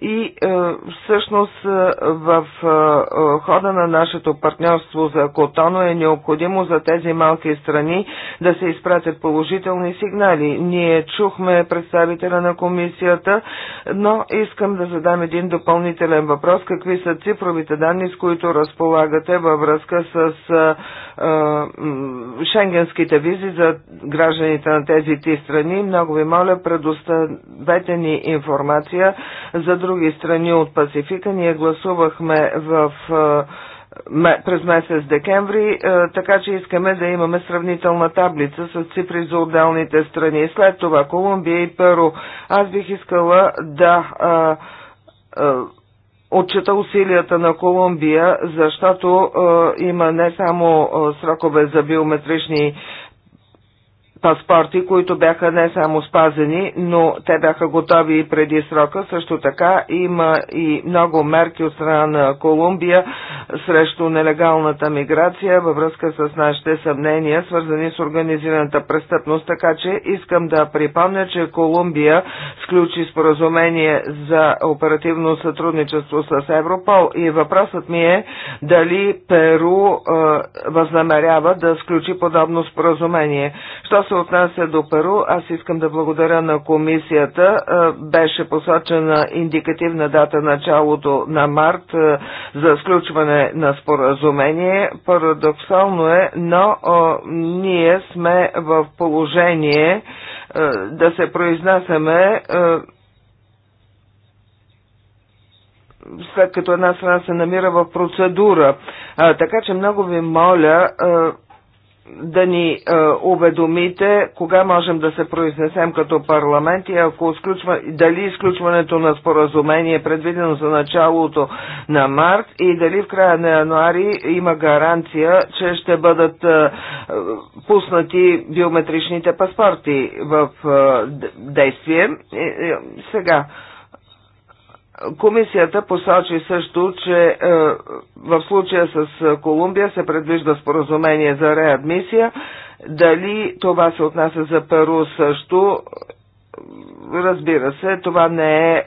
и е, всъщност е, в е, е, хода на нашето партньорство за Котоно е необходимо за тези малки страни да се изпратят положителни сигнали. Ние чухме представителя на комисията, но искам да задам един допълнителен въпрос. Какви са цифровите данни, с които разполагате във връзка с е, е шенгенските визи за гражданите на тези ти страни? Много ви моля, предоставете ни информация за други страни от Пасифика. Ние гласувахме в, през месец декември, така че искаме да имаме сравнителна таблица с цифри за отделните страни. След това Колумбия и Перу. Аз бих искала да отчета усилията на Колумбия, защото има не само срокове за биометрични паспорти, които бяха не само спазени, но те бяха готови и преди срока. Също така има и много мерки от страна на Колумбия срещу нелегалната миграция във връзка с нашите съмнения, свързани с организираната престъпност. Така че искам да припомня, че Колумбия сключи споразумение за оперативно сътрудничество с Европол и въпросът ми е дали Перу е, възнамерява да сключи подобно споразумение. Що се отнася до Перу, аз искам да благодаря на комисията. Е, беше посочена индикативна дата началото на март е, за сключване на споразумение. Парадоксално е, но ние сме в положение е, да се произнасяме след като една страна се намира в процедура. А, така че много ви моля да ни е, уведомите кога можем да се произнесем като парламент и ако изключва, дали изключването на споразумение е предвидено за началото на март и дали в края на януари има гаранция, че ще бъдат е, пуснати биометричните паспорти в е, действие. Е, е, сега, Комисията посочи също, че е, в случая с е, Колумбия се предвижда споразумение за реадмисия. Дали това се отнася за Перу също, разбира се, това не е, е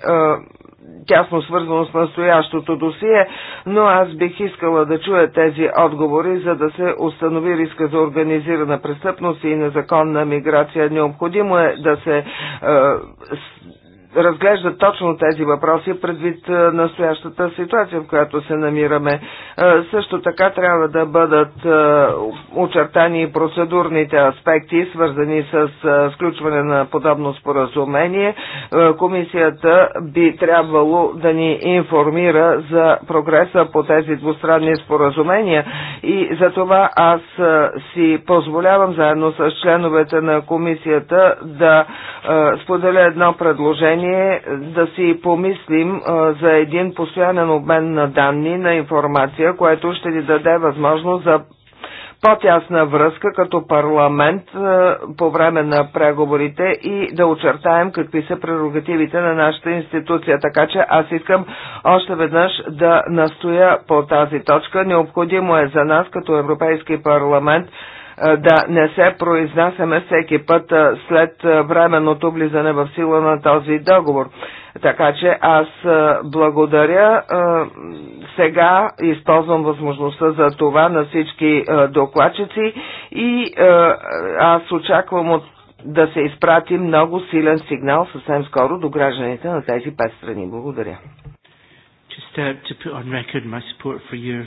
тясно свързано с настоящото досие, но аз бих искала да чуя тези отговори, за да се установи риска за организирана престъпност и незаконна миграция. Необходимо е да се е, разглеждат точно тези въпроси предвид настоящата ситуация, в която се намираме. Също така трябва да бъдат очертани процедурните аспекти, свързани с сключване на подобно споразумение. Комисията би трябвало да ни информира за прогреса по тези двустранни споразумения и за това аз си позволявам заедно с членовете на комисията да споделя едно предложение предложение да си помислим за един постоянен обмен на данни, на информация, което ще ни даде възможност за по-тясна връзка като парламент по време на преговорите и да очертаем какви са прерогативите на нашата институция. Така че аз искам още веднъж да настоя по тази точка. Необходимо е за нас като Европейски парламент да не се произнасяме всеки път след временното влизане в сила на този договор. Така че аз благодаря. Сега използвам възможността за това на всички докладчици и аз очаквам от да се изпрати много силен сигнал съвсем скоро до гражданите на тези пет страни. Благодаря. Uh,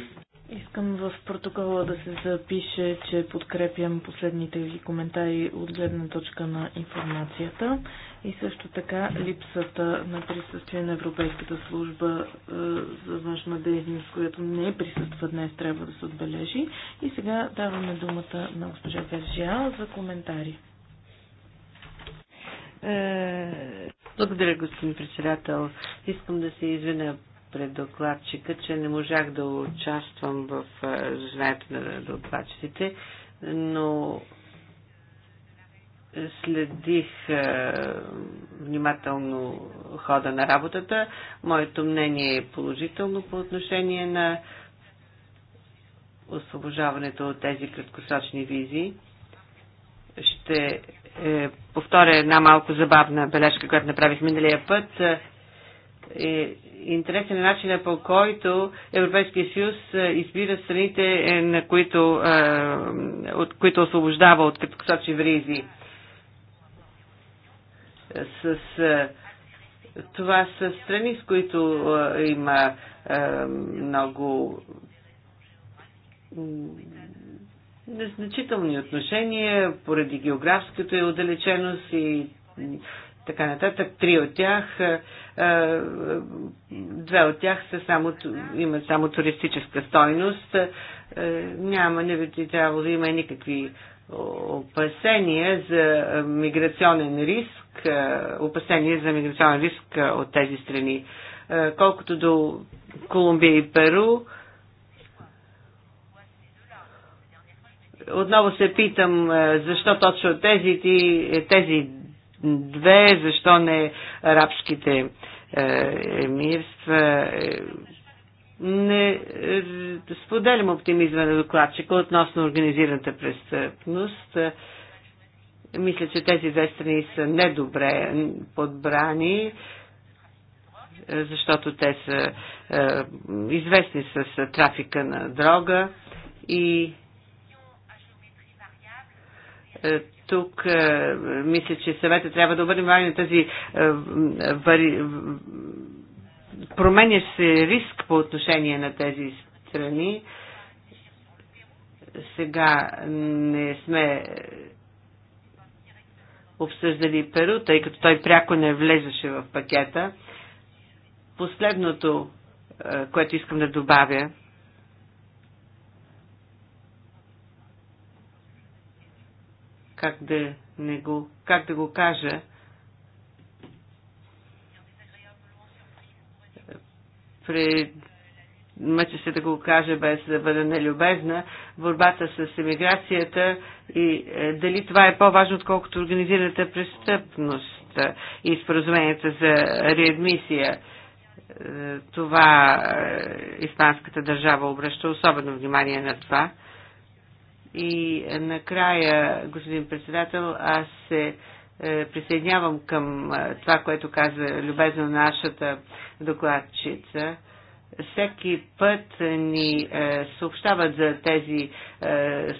Искам в протокола да се запише, че подкрепям последните ви коментари от гледна точка на информацията и също така липсата на присъствие на Европейската служба е, за външна дейност, която не присъства днес, трябва да се отбележи. И сега даваме думата на госпожа Вержия за коментари. Е, Благодаря, господин председател. Искам да се извиня пред докладчика, че не можах да участвам в заседанието на докладчиците, но следих внимателно хода на работата. Моето мнение е положително по отношение на освобождаването от тези краткосрочни визи. Ще е, повторя една малко забавна бележка, която направих миналия път е интересен начинът по който Европейския съюз е, избира страните, е, на които, е, от които освобождава от краткосрочни вризи. С, това са страни, с които има много незначителни отношения поради географската и отдалеченост и така нататък. Три от тях, е, е, две от тях са само, имат само туристическа стойност. Е, няма, не би трябвало да има никакви опасения за миграционен риск, опасения за миграционен риск от тези страни. Колкото до Колумбия и Перу, отново се питам защо точно тези, тези две, защо не арабските е, емирства. Е, не е, споделям оптимизма на докладчика относно организираната престъпност. Мисля, че тези две страни са недобре подбрани защото те са е, известни с трафика на дрога и тук е, мисля, че съвета трябва да обърне внимание на тази е, вари, променящ се риск по отношение на тези страни. Сега не сме обсъждали Перу, тъй като той пряко не влезеше в пакета. Последното, е, което искам да добавя, как да, не го, как да го кажа. При мъча се да го кажа без да бъда нелюбезна, борбата с емиграцията и е, дали това е по-важно, отколкото организираната престъпност и споразуменията за реадмисия. Е, това е, испанската държава обръща особено внимание на това. Е, и е, накрая, господин председател, аз се е, присъединявам към е, това, което каза любезно нашата докладчица всеки път ни съобщават за тези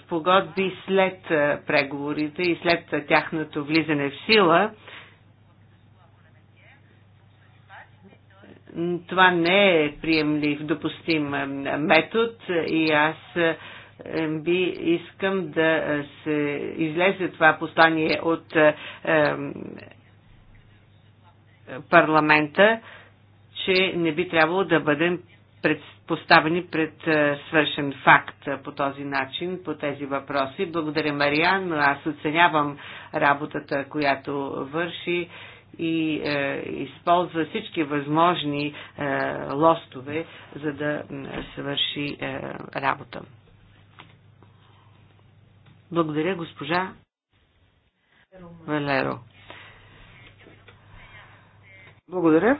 спогодби след преговорите и след тяхното влизане в сила. Това не е приемлив, допустим метод и аз би искам да е, се излезе това послание от е, парламента, че не би трябвало да бъдем поставени пред е, свършен факт по този начин, по тези въпроси. Благодаря, Мариан. Аз оценявам работата, която върши и е, използва всички възможни е, лостове, за да свърши е, работа. Благодаря, госпожа Валеро. Благодаря.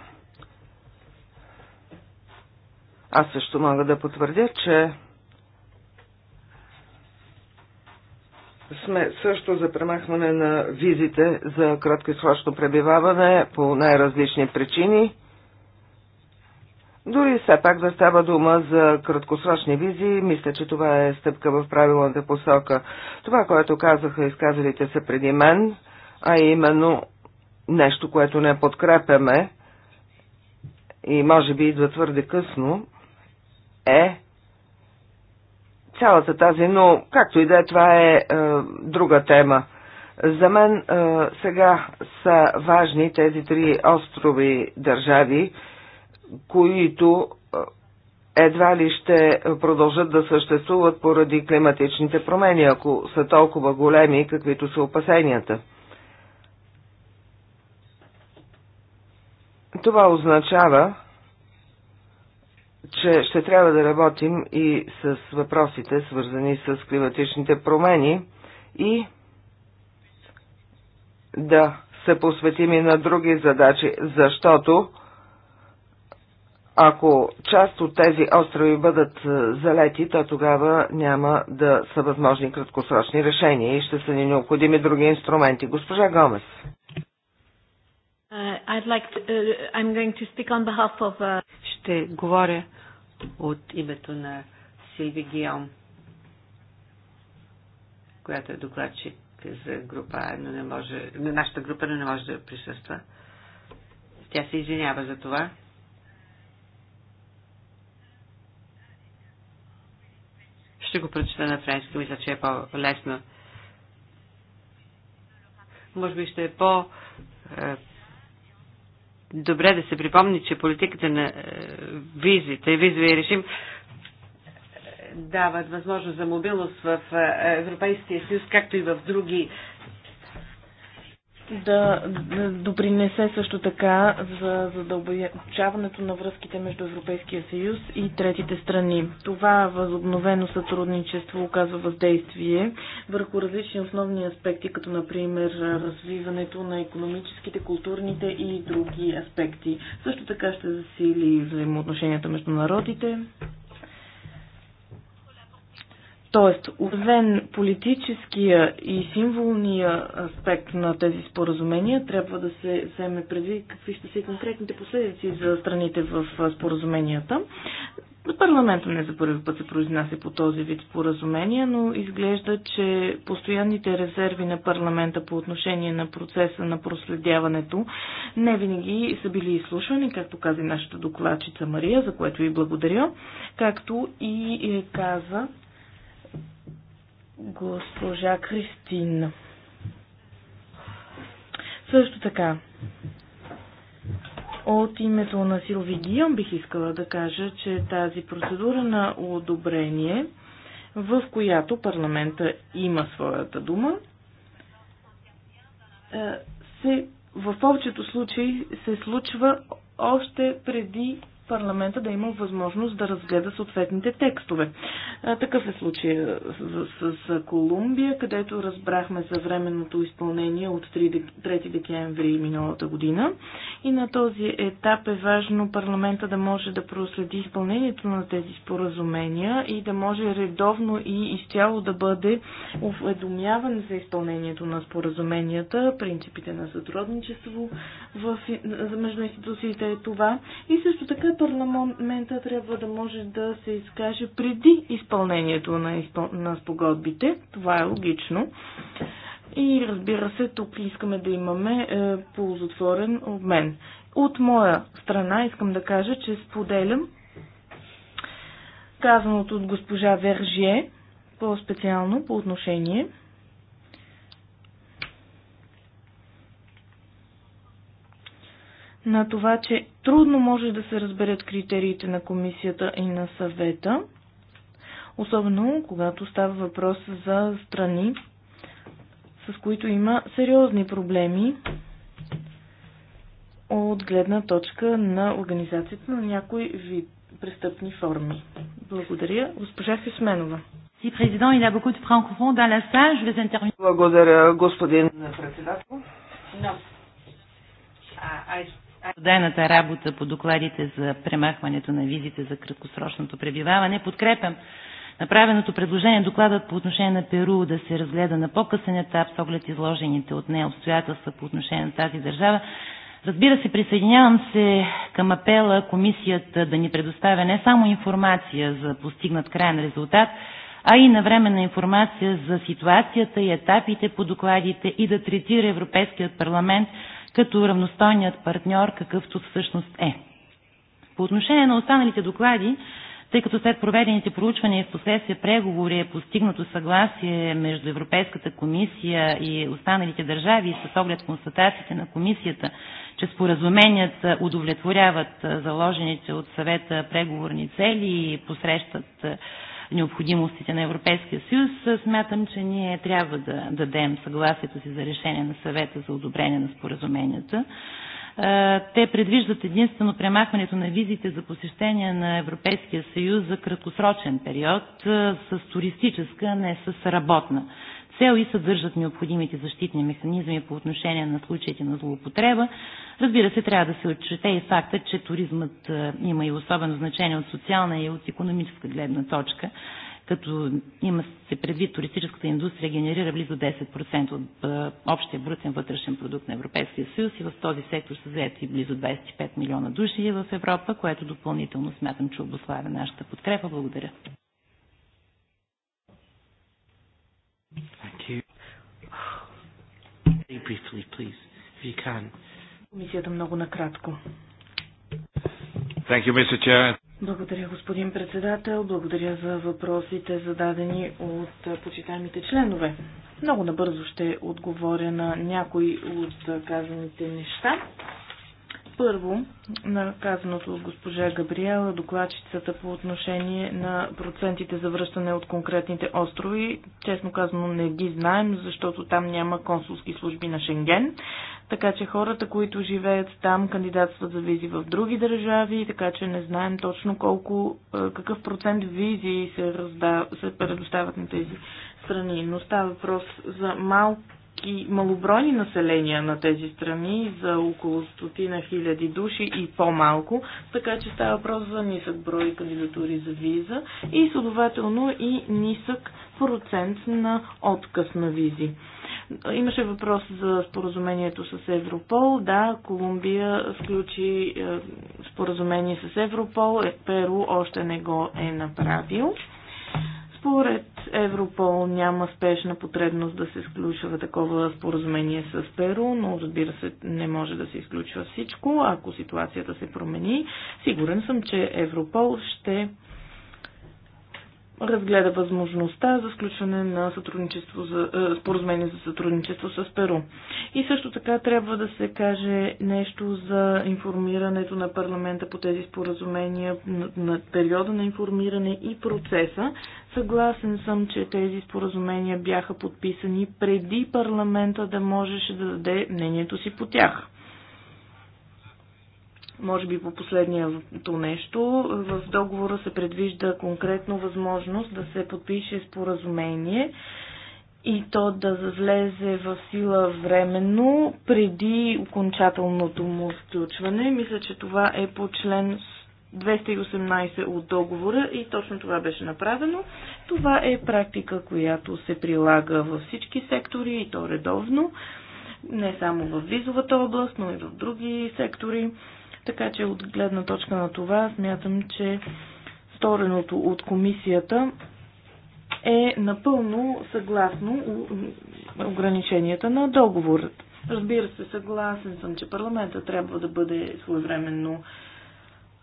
Аз също мога да потвърдя, че сме също за премахване на визите за краткосрочно пребиваване по най-различни причини. Дори все пак да става дума за краткосрочни визии, мисля, че това е стъпка в правилната посока. Това, което казаха изказалите се преди мен, а именно нещо, което не подкрепяме и може би идва твърде късно, е цялата тази, но както и да е, това е, е друга тема. За мен е, сега са важни тези три острови държави, които едва ли ще продължат да съществуват поради климатичните промени, ако са толкова големи, каквито са опасенията. Това означава, че ще трябва да работим и с въпросите, свързани с климатичните промени и да се посветим и на други задачи, защото ако част от тези острови бъдат е, залети, то тогава няма да са възможни краткосрочни решения и ще са ни необходими други инструменти. Госпожа Гомес. Е, е, ще говоря от името на Силви Гион, която е докладчик за група, но не може, нашата група но не може да присъства. Тя се извинява за това. Ще го прочета на френски, мисля, че е по-лесно. Може би ще е по- е, добре да се припомни, че политиката на е, визите визовия режим е, дават възможност за мобилност в Европейския съюз, както и в други да, да допринесе също така за задълбочаването на връзките между Европейския съюз и третите страни. Това възобновено сътрудничество оказва въздействие върху различни основни аспекти, като например развиването на економическите, културните и други аспекти. Също така ще засили взаимоотношенията между народите, Тоест, освен политическия и символния аспект на тези споразумения, трябва да се вземе предвид какви ще са и конкретните последици за страните в споразуменията. Парламентът не за първи път се произнася по този вид споразумения, но изглежда, че постоянните резерви на парламента по отношение на процеса на проследяването не винаги са били изслушвани, както каза нашата докладчица Мария, за което и благодаря, както и е, каза госпожа Кристин. Също така, от името на Силви Гион бих искала да кажа, че тази процедура на одобрение, в която парламента има своята дума, е, се, в повечето случаи се случва още преди парламента да има възможност да разгледа съответните текстове. Такъв е случай с, с Колумбия, където разбрахме за временното изпълнение от 3 декември миналата година. И на този етап е важно парламента да може да проследи изпълнението на тези споразумения и да може редовно и изцяло да бъде уведомяван за изпълнението на споразуменията, принципите на сътрудничество в, между институциите е това. И също така че парламента трябва да може да се изкаже преди изпълнението на, изпъл... на спогодбите. Това е логично. И разбира се, тук искаме да имаме е, ползотворен обмен. От моя страна искам да кажа, че споделям казаното от госпожа Вержие, по-специално по отношение на това, че трудно може да се разберат критериите на комисията и на съвета, особено когато става въпрос за страни, с които има сериозни проблеми от гледна точка на организацията на някои вид престъпни форми. Благодаря. Госпожа Хисменова. Благодаря, господин председател. No. Ah, I, дайната работа по докладите за премахването на визите за краткосрочното пребиваване. Подкрепям направеното предложение докладът по отношение на Перу да се разгледа на по-късен етап с оглед изложените от нея обстоятелства по отношение на тази държава. Разбира се, присъединявам се към апела комисията да ни предоставя не само информация за постигнат крайен резултат, а и навременна информация за ситуацията и етапите по докладите и да третира Европейският парламент като равностойният партньор, какъвто всъщност е. По отношение на останалите доклади, тъй като след проведените проучвания и в последствие преговори е постигнато съгласие между Европейската комисия и останалите държави и с оглед констатациите на комисията, че споразуменията удовлетворяват заложените от съвета преговорни цели и посрещат необходимостите на Европейския съюз, смятам, че ние трябва да дадем съгласието си за решение на съвета за одобрение на споразуменията. Те предвиждат единствено премахването на визите за посещение на Европейския съюз за краткосрочен период с туристическа, не с работна цел и съдържат необходимите защитни механизми по отношение на случаите на злоупотреба. Разбира се, трябва да се отчете и факта, че туризмът е, има и особено значение от социална и от економическа гледна точка, като има се предвид туристическата индустрия генерира близо 10% от е, общия брутен вътрешен продукт на Европейския съюз и в този сектор са заети близо 25 милиона души в Европа, което допълнително смятам, че обославя нашата подкрепа. Благодаря. briefly, please, if you can. Комисията много накратко. Thank you, Mr. Chair. Благодаря, господин председател. Благодаря за въпросите, зададени от почитаемите членове. Много набързо ще отговоря на някои от казаните неща. Първо, на казаното от госпожа Габриела, докладчицата по отношение на процентите за връщане от конкретните острови. Честно казано не ги знаем, защото там няма консулски служби на Шенген. Така че хората, които живеят там, кандидатстват за визи в други държави, така че не знаем точно колко, е, какъв процент визи се, разда, се предоставят на тези страни. Но става въпрос за малко малобройни населения на тези страни за около стотина хиляди души и по-малко, така че става въпрос за нисък брой кандидатури за виза и следователно и нисък процент на отказ на визи. Имаше въпрос за споразумението с Европол. Да, Колумбия включи е, споразумение с Европол. Е, Перу още не го е направил. Според Европол няма спешна потребност да се изключва такова споразумение с Перу, но разбира се не може да се изключва всичко. Ако ситуацията се промени, сигурен съм, че Европол ще разгледа възможността за сключване на сътрудничество за, е, споразумение за сътрудничество с Перу. И също така трябва да се каже нещо за информирането на парламента по тези споразумения, на, на периода на информиране и процеса. Съгласен съм, че тези споразумения бяха подписани преди парламента да можеше да даде мнението си по тях. Може би по последното нещо, в договора се предвижда конкретно възможност да се подпише споразумение и то да завлезе в сила временно преди окончателното му включване. Мисля, че това е по член 218 от договора и точно това беше направено. Това е практика, която се прилага във всички сектори и то редовно, не само в визовата област, но и в други сектори. Така че от гледна точка на това смятам, че стореното от комисията е напълно съгласно ограниченията на договорът. Разбира се, съгласен съм, че парламента трябва да бъде своевременно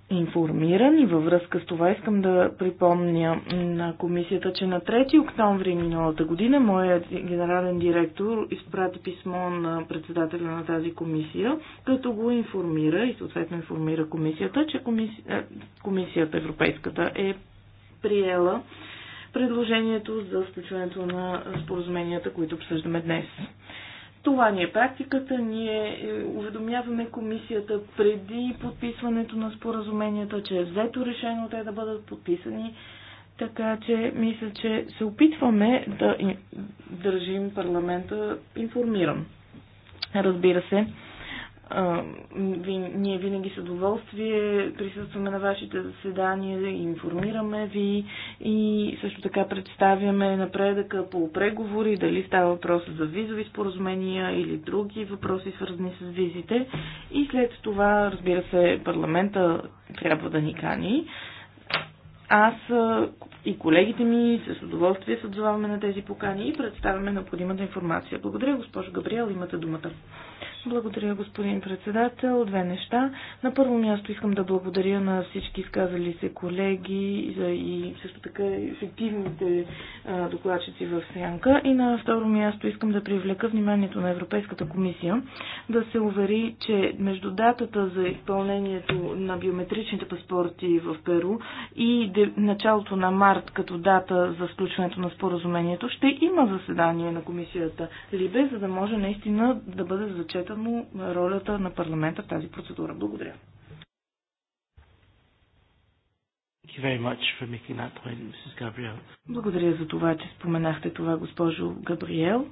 информиран и във връзка с това искам да припомня на комисията, че на 3 октомври миналата година моят генерален директор изпрати писмо на председателя на тази комисия, като го информира и съответно информира комисията, че комисията, е, комисията европейската е приела предложението за включването на споразуменията, които обсъждаме днес. Това ни е практиката. Ние е, уведомяваме комисията преди подписването на споразуменията, че е взето решено те да бъдат подписани. Така че мисля, че се опитваме да държим парламента информиран. Разбира се, ние винаги с удоволствие присъстваме на вашите заседания, информираме ви и също така представяме напредъка по преговори, дали става въпрос за визови споразумения или други въпроси, свързани с визите. И след това, разбира се, парламента трябва да ни кани. Аз и колегите ми с удоволствие се отзоваваме на тези покани и представяме необходимата информация. Благодаря, госпожо Габриел, имате думата. Благодаря, господин председател. Две неща. На първо място искам да благодаря на всички изказали се колеги за и също така ефективните докладчици в Сянка. И на второ място искам да привлека вниманието на Европейската комисия да се увери, че между датата за изпълнението на биометричните паспорти в Перу и началото на март като дата за сключването на споразумението, ще има заседание на комисията Либе, за да може наистина да бъде зачетано ролята на парламента в тази процедура. Благодаря. Благодаря за това, че споменахте това, госпожо Габриел.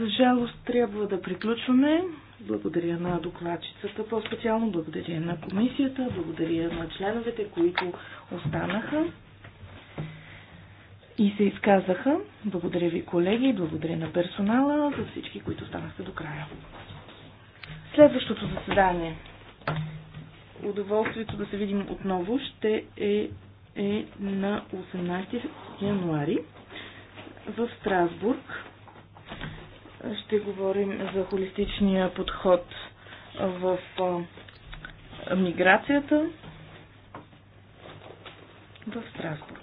За жалост трябва да приключваме. Благодаря на докладчицата, по-специално благодаря на комисията, благодаря на членовете, които останаха и се изказаха. Благодаря ви, колеги, благодаря на персонала, за всички, които останахте до края. Следващото заседание. Удоволствието да се видим отново ще е, е на 18 януари в Страсбург ще говорим за холистичния подход в миграцията в Страсбург.